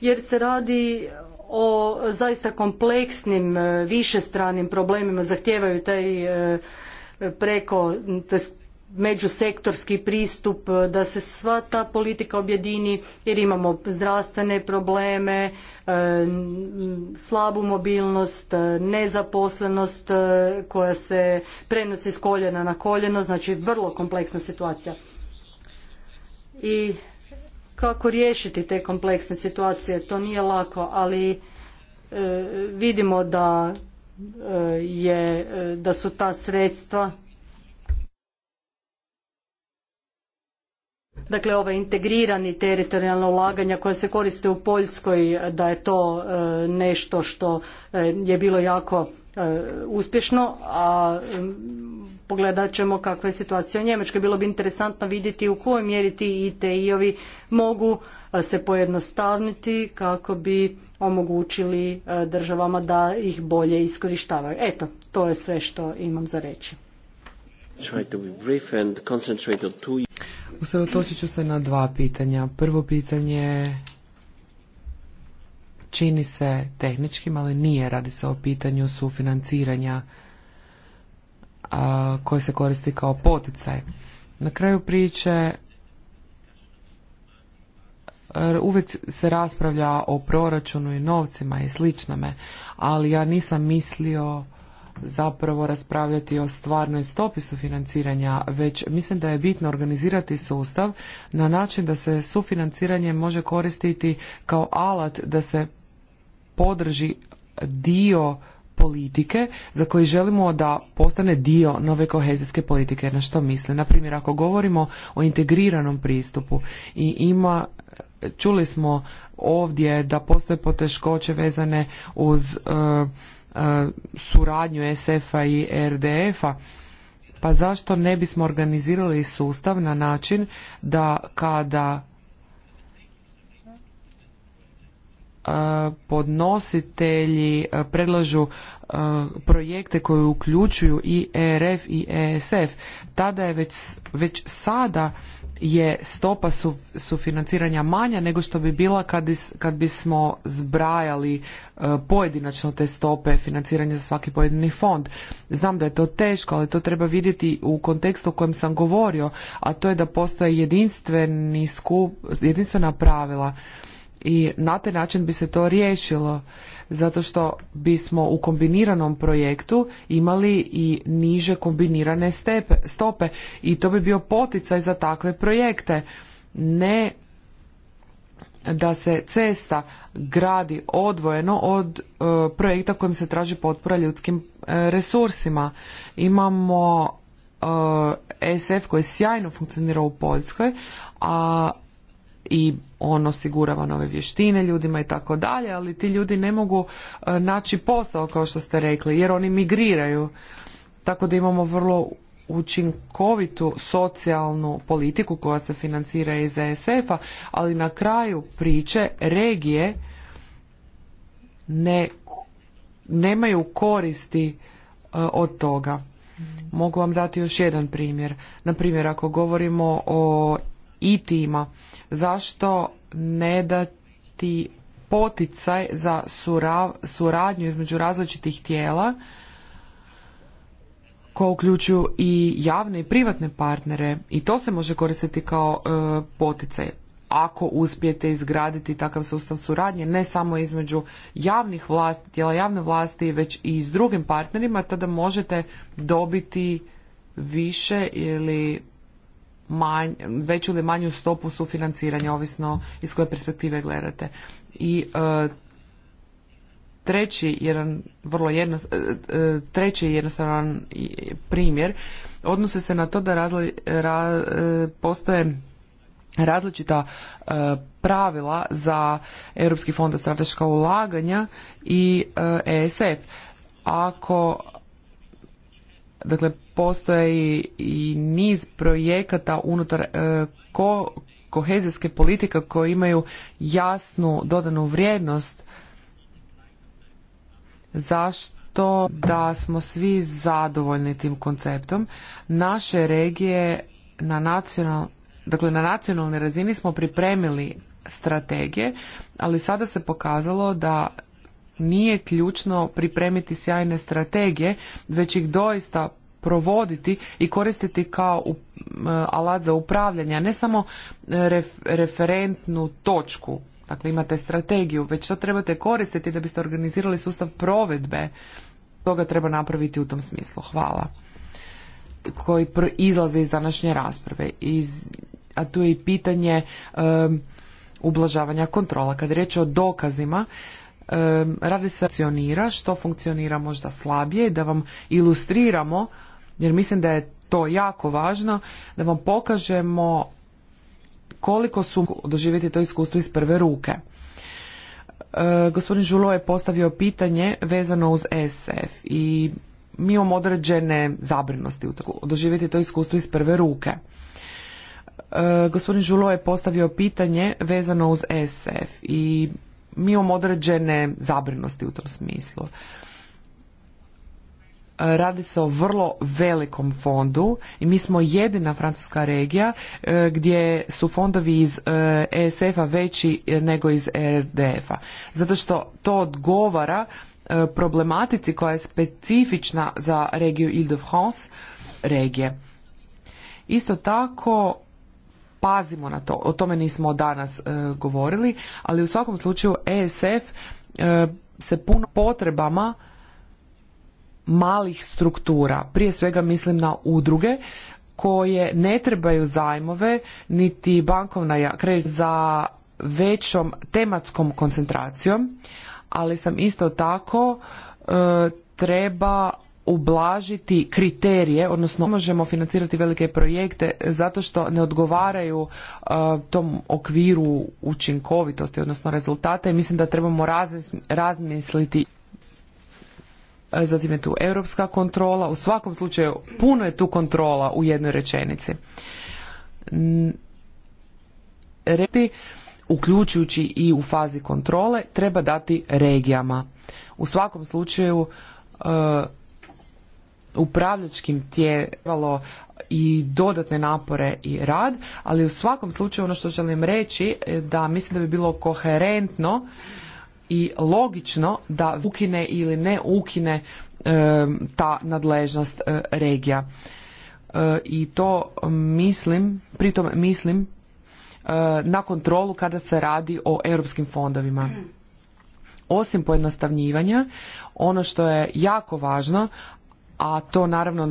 jer se radi o zaista kompleksnim e, višestranim problemima zahtijevaju taj e, preko međusektorski pristup e, da se sva ta politika objedini jer imamo zdravstvene probleme, slabu mobilnost, nezaposlenost koja se prenosi s koljena na koljeno, znači vrlo kompleksna situacija i kako riješiti te kompleksne situacije. To nije lako, ali e, vidimo da e, je e, da su ta sredstva dakle ova integrirani teritorijalna ulaganja koja se koriste u Poljskoj da je to nešto što je bilo jako uspješno a pogledat ćemo kakva je situacija u Njemačkoj. Bilo bi interesantno vidjeti u kojoj mjeri ti ITI-ovi mogu e, se pojednostavniti kako bi omogućili e, državama da ih bolje iskorištavaju. Eto, to je sve što imam za reći. Usredotočit ću se na dva pitanja. Prvo pitanje čini se tehničkim, ali nije. Radi se o pitanju sufinanciranja a, koji se koristi kao poticaj. Na kraju priče e, uvijek se raspravlja o proračunu i novcima i sličnome, ali ja nisam mislio zapravo raspravljati o stvarnoj stopi sufinanciranja, već mislim da je bitno organizirati sustav na način da se sufinanciranje može koristiti kao alat da se podrži dio politike za koji želimo da postane dio nove kohezijske politike. Na što mislim? Na ako govorimo o integriranom pristupu i ima čuli smo ovdje da postoje poteškoće vezane uz uh, uh, suradnju SF-a i RDF-a pa zašto ne bismo organizirali sustav na način da kada podnositelji predlažu projekte koji uključuju i ERF i ESF, tada je već, već sada je stopa sufinanciranja manja nego što bi bila kad, kad bismo zbrajali pojedinačno te stope financiranja za svaki pojedini fond. Znam da je to teško, ali to treba vidjeti u kontekstu o kojem sam govorio, a to je da postoje jedinstveni skup, jedinstvena pravila i na taj način bi se to riješilo zato što bismo u kombiniranom projektu imali i niže kombinirane stope i to bi bio poticaj za takve projekte ne da se cesta gradi odvojeno od e, projekta kojim se traži potpora ljudskim e, resursima imamo e, SF koji sjajno funkcionira u Poljskoj a i on osigurava nove vještine ljudima i tako dalje, ali ti ljudi ne mogu e, naći posao kao što ste rekli jer oni migriraju. Tako da imamo vrlo učinkovitu socijalnu politiku koja se financira iz ESF-a, ali na kraju priče regije ne, nemaju koristi e, od toga. Mogu vam dati još jedan primjer. Na primjer, ako govorimo o i tima. Zašto ne dati poticaj za suradnju između različitih tijela ko uključuju i javne i privatne partnere i to se može koristiti kao e, poticaj ako uspijete izgraditi takav sustav suradnje ne samo između javnih vlasti, tijela javne vlasti već i s drugim partnerima tada možete dobiti više ili manj, veću ili manju stopu sufinanciranja, ovisno iz koje perspektive gledate. I e, treći jedan vrlo jednost, e, e, treći jednostavan primjer odnose se na to da postoje različita pravila za Europski fond za strateška ulaganja i e, ESF. Ako dakle postoje i, niz projekata unutar e, kohezijske politike koje imaju jasnu dodanu vrijednost zašto da smo svi zadovoljni tim konceptom naše regije na nacional, dakle na nacionalnoj razini smo pripremili strategije ali sada se pokazalo da nije ključno pripremiti sjajne strategije već ih doista provoditi i koristiti kao eh, alat za upravljanje, a ne samo eh, referentnu točku. Dakle, imate strategiju, već to trebate koristiti da biste organizirali sustav provedbe. Toga treba napraviti u tom smislu. Hvala. Koji izlaze iz današnje rasprave. Iz, a tu je i pitanje um, ublažavanja kontrola. Kad je riječ o dokazima, radi se funkcionira, što funkcionira možda slabije, da vam ilustriramo jer mislim da je to jako važno da vam pokažemo koliko su doživjeti to iskustvo iz prve ruke. E, gospodin Žulo je postavio pitanje vezano uz SF i mi imamo određene zabrinosti u tako doživjeti to iskustvo iz prve ruke. E, gospodin Žulo je postavio pitanje vezano uz SF i mi imamo određene zabrinosti u tom smislu. Radi se o vrlo velikom fondu i mi smo jedina francuska regija e, gdje su fondovi iz ESF-a e veći nego iz RDF-a. E Zato što to odgovara problematici koja je specifična za regiju Ile-de-France regije. Isto tako pazimo na to. O tome nismo danas govorili, ali u svakom slučaju ESF se puno potrebama malih struktura. Prije svega mislim na udruge koje ne trebaju zajmove niti bankovna kredit za većom tematskom koncentracijom, ali sam isto tako e, treba ublažiti kriterije, odnosno možemo financirati velike projekte zato što ne odgovaraju e, tom okviru učinkovitosti, odnosno rezultata i mislim da trebamo razmisliti E, zatim je tu europska kontrola, u svakom slučaju puno je tu kontrola u jednoj rečenici. Reti, uključujući i u fazi kontrole, treba dati regijama. U svakom slučaju e, upravljačkim tijelo i dodatne napore i rad, ali u svakom slučaju ono što želim reći da mislim da bi bilo koherentno i logično da ukine ili ne ukine ta nadležnost e, regija. E, I to mislim, pritom mislim e, na kontrolu kada se radi o europskim fondovima. Osim pojednostavnjivanja, ono što je jako važno, a to naravno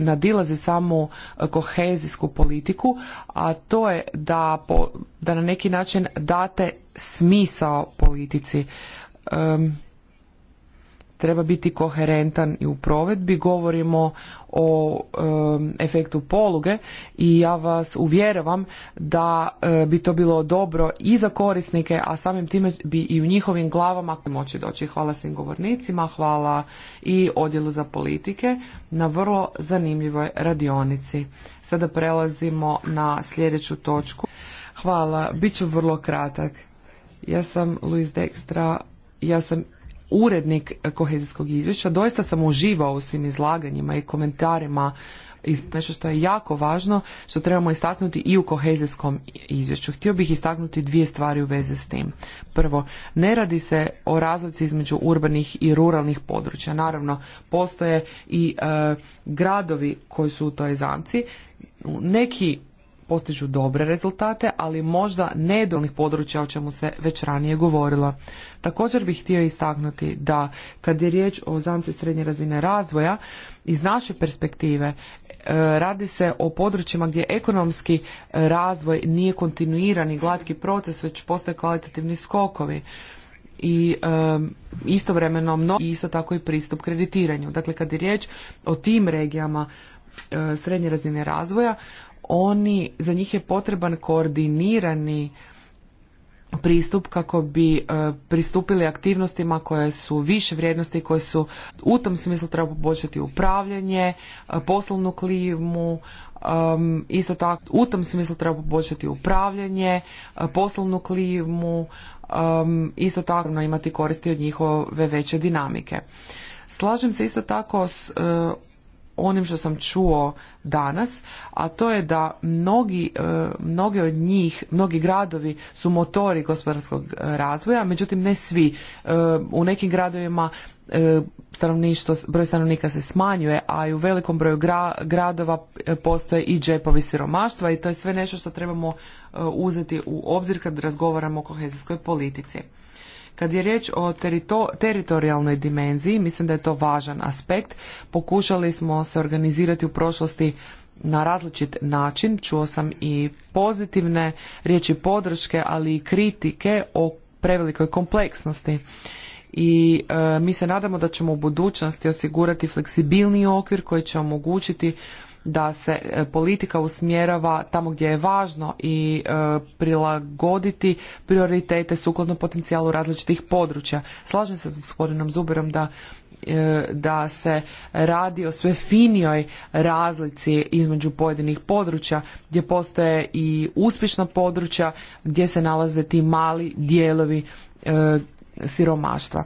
nadilazi samo e, kohezijsku politiku, a to je da, po, da na neki način date smisao politici treba biti koherentan i u provedbi. Govorimo o efektu poluge i ja vas uvjeravam da e, bi to bilo dobro i za korisnike, a samim time bi i u njihovim glavama moći doći. Hvala svim govornicima, hvala i odjelu za politike na vrlo zanimljivoj radionici. Sada prelazimo na sljedeću točku. Hvala, bit ću vrlo kratak. Ja sam Luis Dextra, ja sam urednik kohezijskog izvješća, doista sam uživao u svim izlaganjima i komentarima nešto što je jako važno, što trebamo istaknuti i u kohezijskom izvješću. Htio bih istaknuti dvije stvari u vezi s tim. Prvo, ne radi se o razlici između urbanih i ruralnih područja. Naravno, postoje i e, gradovi koji su u toj zamci. Neki postižu dobre rezultate, ali možda onih područja o čemu se već ranije govorilo. Također bih htio istaknuti da kad je riječ o zamci srednje razine razvoja, iz naše perspektive e, radi se o područjima gdje ekonomski e, razvoj nije kontinuirani glatki proces, već postoje kvalitativni skokovi i e, istovremeno mnogo i isto tako i pristup kreditiranju. Dakle, kad je riječ o tim regijama srednje razine razvoja, oni, za njih je potreban koordinirani pristup kako bi e, pristupili aktivnostima koje su više vrijednosti koje su u tom smislu treba poboljšati upravljanje, e, poslovnu klimu, isto tako u tom smislu treba poboljšati upravljanje, e, poslovnu klimu, isto tako imati koristi od njihove veće dinamike. Slažem se isto tako s onim što sam čuo danas, a to je da mnogi, e, mnogi od njih, mnogi gradovi su motori gospodarskog e, razvoja, međutim ne svi. E, u nekim gradovima stanovništvo, broj stanovnika se smanjuje, a i u velikom broju gradova postoje i džepovi siromaštva i to je sve nešto što trebamo uzeti u obzir kad razgovaramo o kohezijskoj politici. Kad je riječ o teritorijalnoj dimenziji, mislim da je to važan aspekt. Pokušali smo se organizirati u prošlosti na različit način. Čuo sam i pozitivne riječi podrške, ali i kritike o prevelikoj kompleksnosti. I e, mi se nadamo da ćemo u budućnosti osigurati fleksibilni okvir koji će omogućiti da se e, politika usmjerava tamo gdje je važno i e, prilagoditi prioritete sukladno potencijalu različitih područja. Slažem se s gospodinom Zuberom da e, da se radi o sve finijoj razlici između pojedinih područja gdje postoje i uspješna područja gdje se nalaze ti mali dijelovi siromaštva.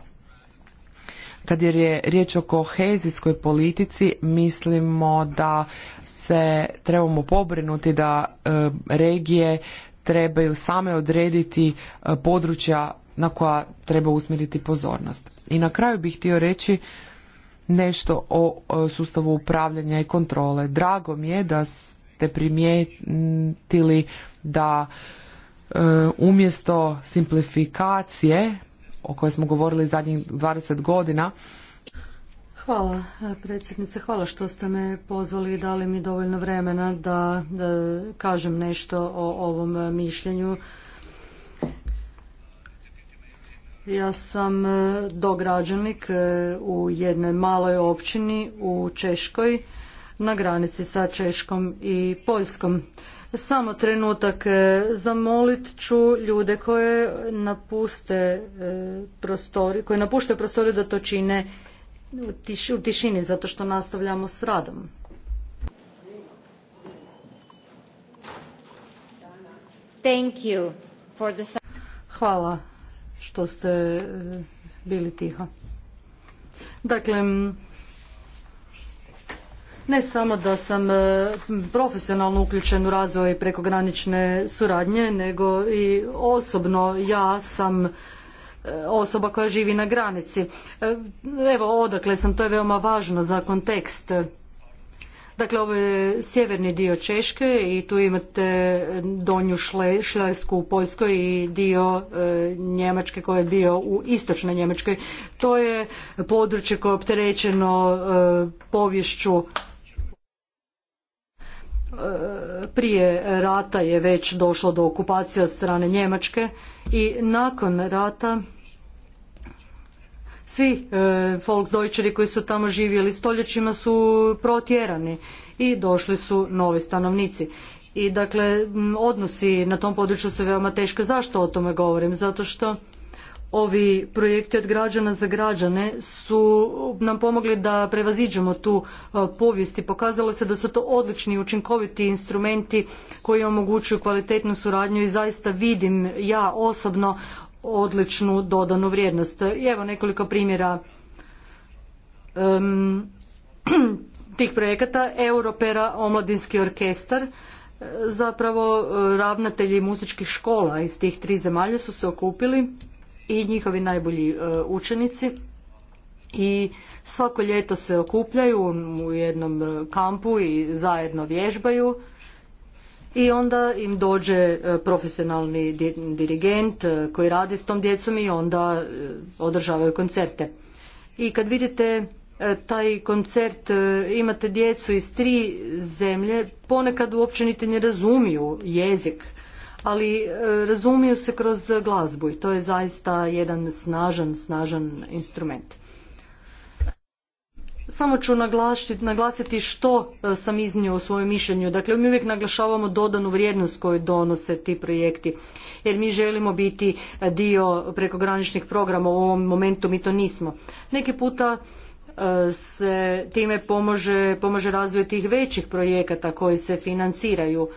Kad je riječ o kohezijskoj politici, mislimo da se trebamo pobrinuti da e, regije trebaju same odrediti e, područja na koja treba usmjeriti pozornost. I na kraju bih htio reći nešto o sustavu upravljanja i kontrole. Drago mi je da ste primijetili da e, umjesto simplifikacije o kojoj smo govorili zadnjih 20 godina. Hvala eh, predsjednice, hvala što ste me pozvali i dali mi dovoljno vremena da, da kažem nešto o ovom eh, mišljenju. Ja sam eh, dograđenik u jednoj maloj općini u Češkoj na granici sa Češkom i Poljskom. Samo trenutak, e, zamolit ću ljude koje napuste e, prostori, koje napuštaju prostori da to čine u tišini, zato što nastavljamo s radom. Thank you for the... Hvala što ste e, bili tiho. Dakle, ne samo da sam e, profesionalno uključen u razvoj prekogranične suradnje, nego i osobno ja sam e, osoba koja živi na granici. E, evo odakle sam, to je veoma važno za kontekst. Dakle, ovo je sjeverni dio Češke i tu imate Donju Šlesku u Poljskoj i dio Njemačke koji je bio u istočnoj Njemačkoj. To je područje koje je opterećeno prije rata je već došlo do okupacije od strane Njemačke i nakon rata svi e, Volksdeutscheri koji su tamo živjeli stoljećima su protjerani i došli su novi stanovnici. I dakle, odnosi na tom području su veoma teške. Zašto o tome govorim? Zato što ovi projekti od građana za građane su nam pomogli da prevaziđemo tu e, povijest i pokazalo se da su to odlični i učinkoviti instrumenti koji omogućuju kvalitetnu suradnju i zaista vidim ja osobno odličnu dodanu vrijednost. I evo nekoliko primjera *clears throat* tih projekata. Europera, Omladinski orkestar, e, zapravo e, ravnatelji muzičkih škola iz tih tri zemalja su se okupili i njihovi najbolji e, učenici i svako ljeto se okupljaju u jednom e, kampu i zajedno vježbaju i onda im dođe e, profesionalni dirigent koji radi s tom djecom i onda održavaju koncerte. I kad vidite taj koncert imate djecu iz tri zemlje, ponekad uopće niti ne razumiju jezik ali e, razumiju se kroz glazbu i to je zaista jedan snažan, snažan instrument. Samo ću naglasiti, naglasiti što e, sam iznio u svojem mišljenju. Dakle, mi uvijek naglašavamo dodanu vrijednost koju donose ti projekti, jer mi želimo biti dio prekograničnih programa. U ovom momentu mi to nismo. Neki puta e, se time pomože, pomože razvoju tih većih projekata koji se financiraju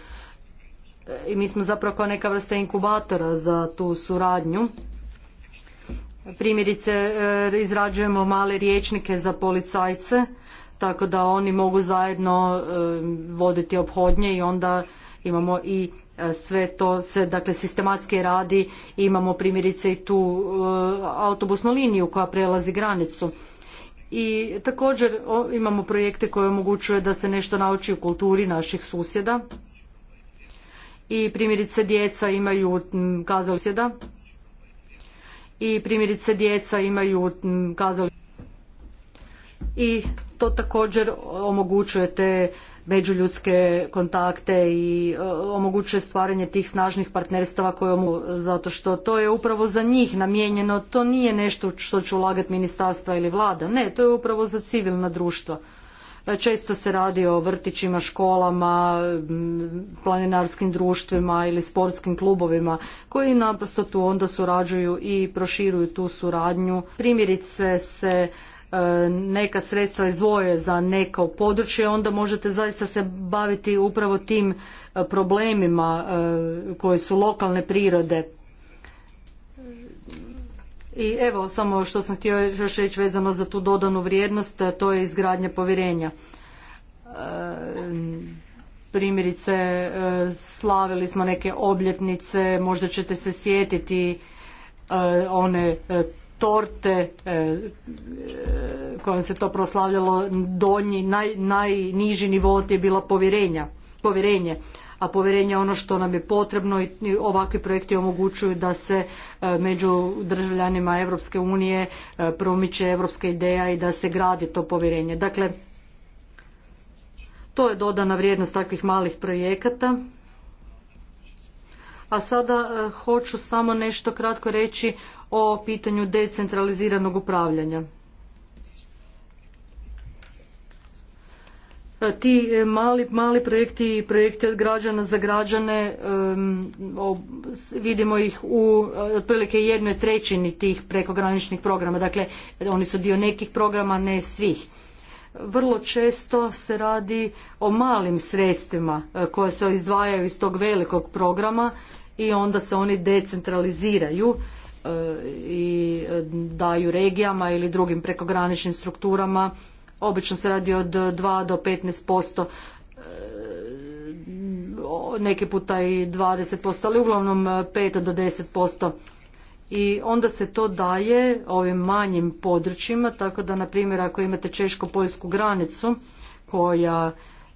i mi smo zapravo kao neka vrsta inkubatora za tu suradnju. Primjerice, e, izrađujemo male riječnike za policajce, tako da oni mogu zajedno e, voditi obhodnje i onda imamo i e, sve to se dakle sistematski radi imamo primjerice i tu autobusnu liniju koja prelazi granicu i također imamo projekte koje omogućuje da se nešto nauči u kulturi naših susjeda i primjerice djeca imaju kazali da i primjerice djeca imaju kazali i to također omogućuje te međuljudske kontakte i e, omogućuje stvaranje tih snažnih partnerstava koje zato što to je upravo za njih namijenjeno, to nije nešto što će ulagati ministarstva ili vlada, ne, to je upravo za civilna društva. Često se radi o vrtićima, školama, planinarskim društvima ili sportskim klubovima koji naprosto tu onda surađuju i proširuju tu suradnju. Primjerice se e, neka sredstva izvoje za neko područje, onda možete zaista se baviti upravo tim e, problemima e, koji su lokalne prirode i evo, samo što sam htio još reći vezano za tu dodanu vrijednost, to je izgradnja povjerenja. E, primjerice, e, slavili smo neke obljetnice, možda ćete se sjetiti e, one torte kojom se to proslavljalo, donji, naj, najniži nivo je bila povjerenja, povjerenje a povjerenje je ono što nam je potrebno i ovakvi projekti omogućuju da se e, među državljanima Europske unije e, promiče europska ideja i da se gradi to povjerenje. Dakle, to je dodana vrijednost takvih malih projekata. A sada e, hoću samo nešto kratko reći o pitanju decentraliziranog upravljanja. E, ti mali, mali projekti i projekti od građana za građane vidimo ih u e, otprilike jednoj trećini tih prekograničnih programa. Dakle, oni su dio nekih programa, ne svih. Vrlo često se radi o malim sredstvima e, koja se izdvajaju iz tog velikog programa i onda se oni decentraliziraju i daju regijama ili drugim prekograničnim strukturama Obično se radi od 2 do 15%, e, neki puta i 20%, ali uglavnom 5 e, do 10%. I onda se to daje ovim manjim područjima, tako da, na primjer, ako imate češko-poljsku granicu, koja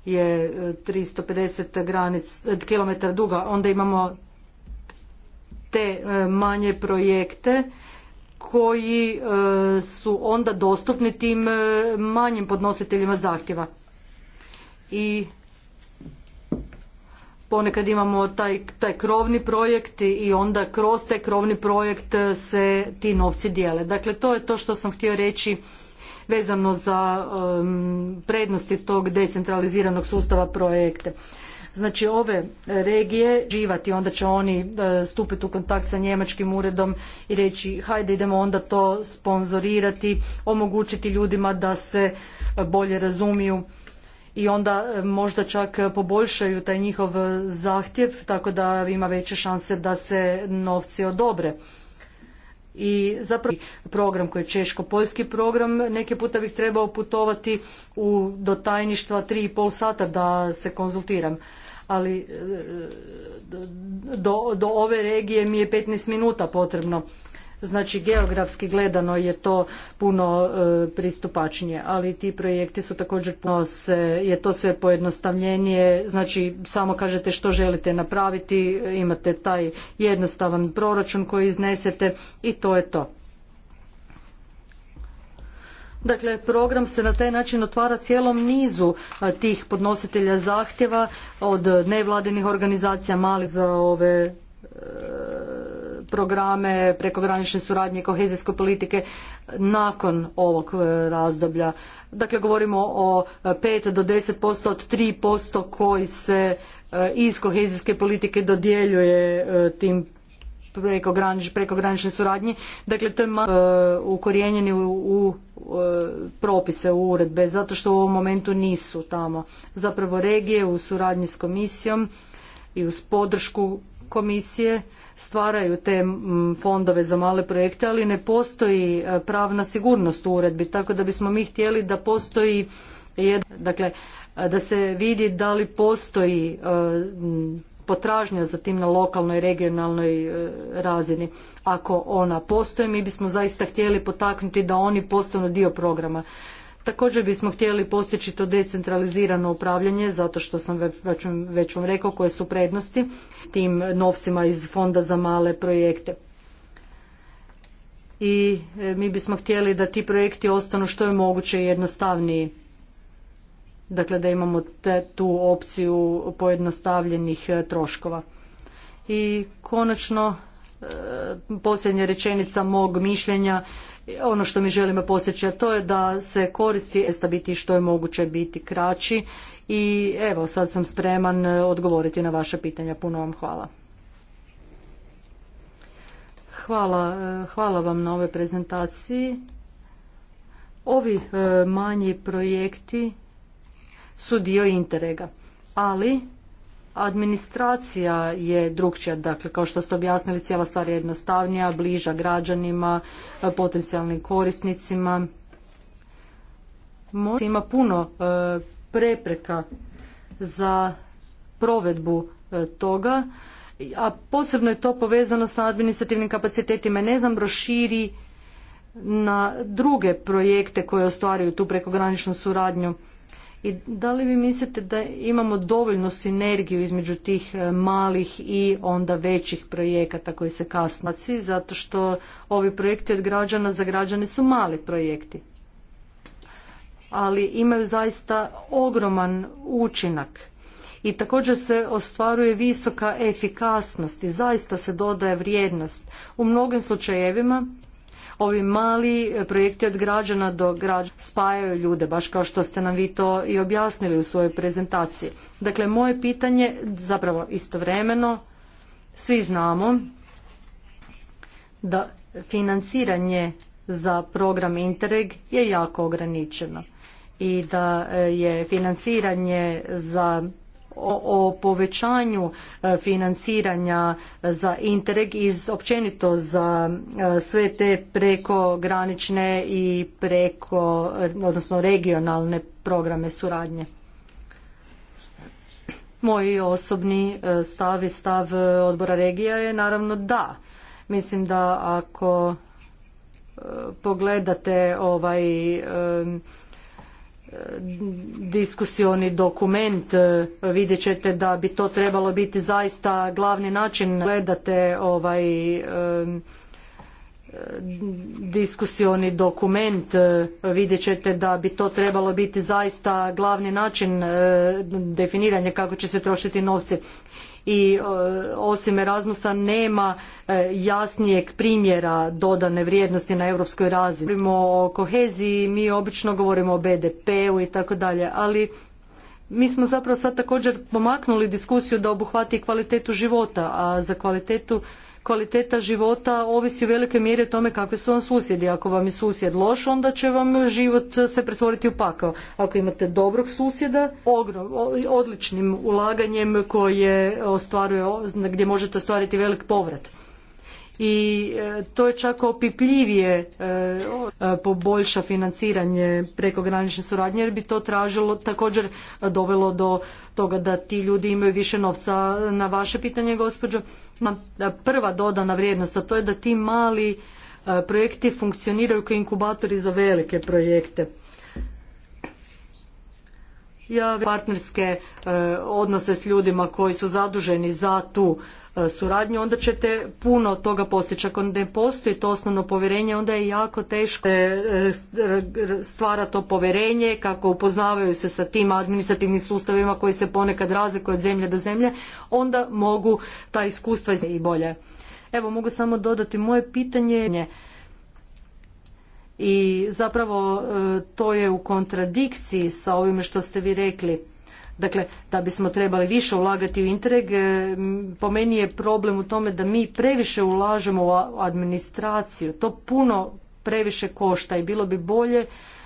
je 350 granic, km duga, onda imamo te e, manje projekte koji e, su onda dostupni tim e, manjim podnositeljima zahtjeva. I ponekad imamo taj, taj krovni projekt i onda kroz taj krovni projekt e, se ti novci dijele. Dakle, to je to što sam htio reći vezano za prednosti tog decentraliziranog sustava projekte. Znači ove e, regije živati, onda će oni e, stupiti u kontakt sa njemačkim uredom i reći hajde idemo onda to sponzorirati, omogućiti ljudima da se e, bolje razumiju i onda možda čak poboljšaju taj njihov zahtjev tako da ima veće šanse da se novci odobre. I zapravo program koji je češko-poljski program, neke puta bih trebao putovati u, do tajništva tri i pol sata da se konzultiram ali e, e, do, do ove regije mi je 15 minuta potrebno. Znači geografski gledano je to puno e, pristupačnije, ali ti projekti su također puno se, je to sve pojednostavljenije, znači samo kažete što želite napraviti, imate taj jednostavan proračun koji iznesete i to je to. Dakle, program se na taj način otvara cijelom nizu tih podnositelja zahtjeva od nevladinih organizacija malih za ove e, programe prekogranične suradnje i kohezijske politike nakon ovog e, razdoblja. Dakle, govorimo o 5 e, do 10% od 3% koji se iz kohezijske politike dodjeljuje tim prekogranične preko suradnje. Dakle, to je malo e, ukorijenjeni u, e, propise, u uredbe, zato što u ovom momentu nisu tamo. Zapravo regije u suradnji s komisijom i uz podršku komisije stvaraju te fondove za male projekte, ali ne postoji e, pravna sigurnost u uredbi, tako da bismo mi htjeli da postoji, jedan... dakle, da se vidi da li postoji potražnja za tim na lokalnoj i regionalnoj e, razini. Ako ona postoji, mi bismo zaista htjeli potaknuti da oni postanu dio programa. Također bismo htjeli postići to decentralizirano upravljanje, zato što sam već vam rekao koje su prednosti tim novcima iz Fonda za male projekte. I e, mi bismo htjeli da ti projekti ostanu što je moguće jednostavniji dakle da imamo te, tu opciju pojednostavljenih e, troškova. I konačno e, posljednja rečenica mog mišljenja ono što mi želimo posjeći a to je da se koristi ESTA biti što je moguće biti kraći i evo sad sam spreman e, odgovoriti na vaše pitanja. Puno vam hvala. Hvala, hvala vam na ove prezentaciji. Ovi manji projekti su dio interega. Ali administracija je drugčija, dakle kao što ste objasnili cijela stvar je jednostavnija, bliža građanima, potencijalnim korisnicima. Možda ima puno e, prepreka za provedbu e, toga, a posebno je to povezano sa administrativnim kapacitetima. Ne znam, broširi na druge projekte koje ostvaruju tu prekograničnu suradnju i da li vi mislite da imamo dovoljnu sinergiju između tih e, malih i onda većih projekata koji se kasnaci, zato što ovi projekti od građana za građane su mali projekti. Ali imaju zaista ogroman učinak. I također se ostvaruje visoka efikasnost i zaista se dodaje vrijednost. U mnogim slučajevima Ovi mali projekti od građana do građana spajaju ljude, baš kao što ste nam vi to i objasnili u svojoj prezentaciji. Dakle, moje pitanje, zapravo istovremeno, svi znamo da financiranje za program Interreg je jako ograničeno i da je financiranje za o, povećanju e, financiranja za Interreg i općenito za e, sve te prekogranične i preko, odnosno regionalne programe suradnje. Moj osobni e, stav i stav odbora regija je naravno da. Mislim da ako pogledate ovaj diskusioni dokument vidjet ćete da bi to trebalo biti zaista glavni način gledate ovaj diskusioni dokument vidjet ćete da bi to trebalo biti zaista glavni način definiranja kako će se trošiti novci i e, osim Erasmusa nema e, jasnijeg primjera dodane vrijednosti na europskoj razini. Govorimo o koheziji, mi obično govorimo o BDP-u i tako dalje, ali mi smo zapravo sad također pomaknuli diskusiju da obuhvati kvalitetu života, a za kvalitetu kvaliteta života ovisi u velikoj mjeri o tome kakvi su vam susjedi. Ako vam je susjed loš, onda će vam život se pretvoriti u pakao. Ako imate dobrog susjeda, ogrom, odličnim ulaganjem koje ostvaruje, gdje možete ostvariti velik povrat i e, to je čak opipljivije e, e, poboljša financiranje prekogranične suradnje jer bi to tražilo također dovelo do toga da ti ljudi imaju više novca. Na vaše pitanje gospođo, prva dodana vrijednost, a to je da ti mali projekti funkcioniraju kao inkubatori za velike projekte. Ja partnerske odnose s ljudima koji su zaduženi za tu E, suradnju, onda ćete puno toga postići. Ako ne postoji to osnovno povjerenje, onda je jako teško e, e, stvara to povjerenje, kako upoznavaju se sa tim administrativnim sustavima koji se ponekad razlikuju od zemlje do zemlje, onda mogu ta iskustva i bolje. Evo, mogu samo dodati moje pitanje i zapravo to je u kontradikciji sa ovime što ste vi rekli Dakle, da bismo trebali više ulagati u intereg, e, po meni je problem u tome da mi previše ulažemo u administraciju. To puno previše košta i bilo bi bolje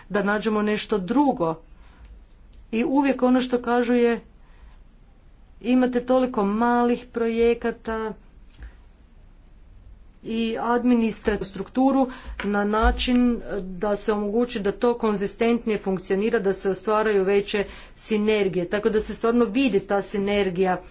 da nađemo nešto drugo. I uvijek ono što kažu je imate toliko malih projekata, i administrativnu strukturu na način eh, da se omogući da to konzistentnije funkcionira, da se ostvaraju veće sinergije. Tako da se stvarno vidi ta sinergija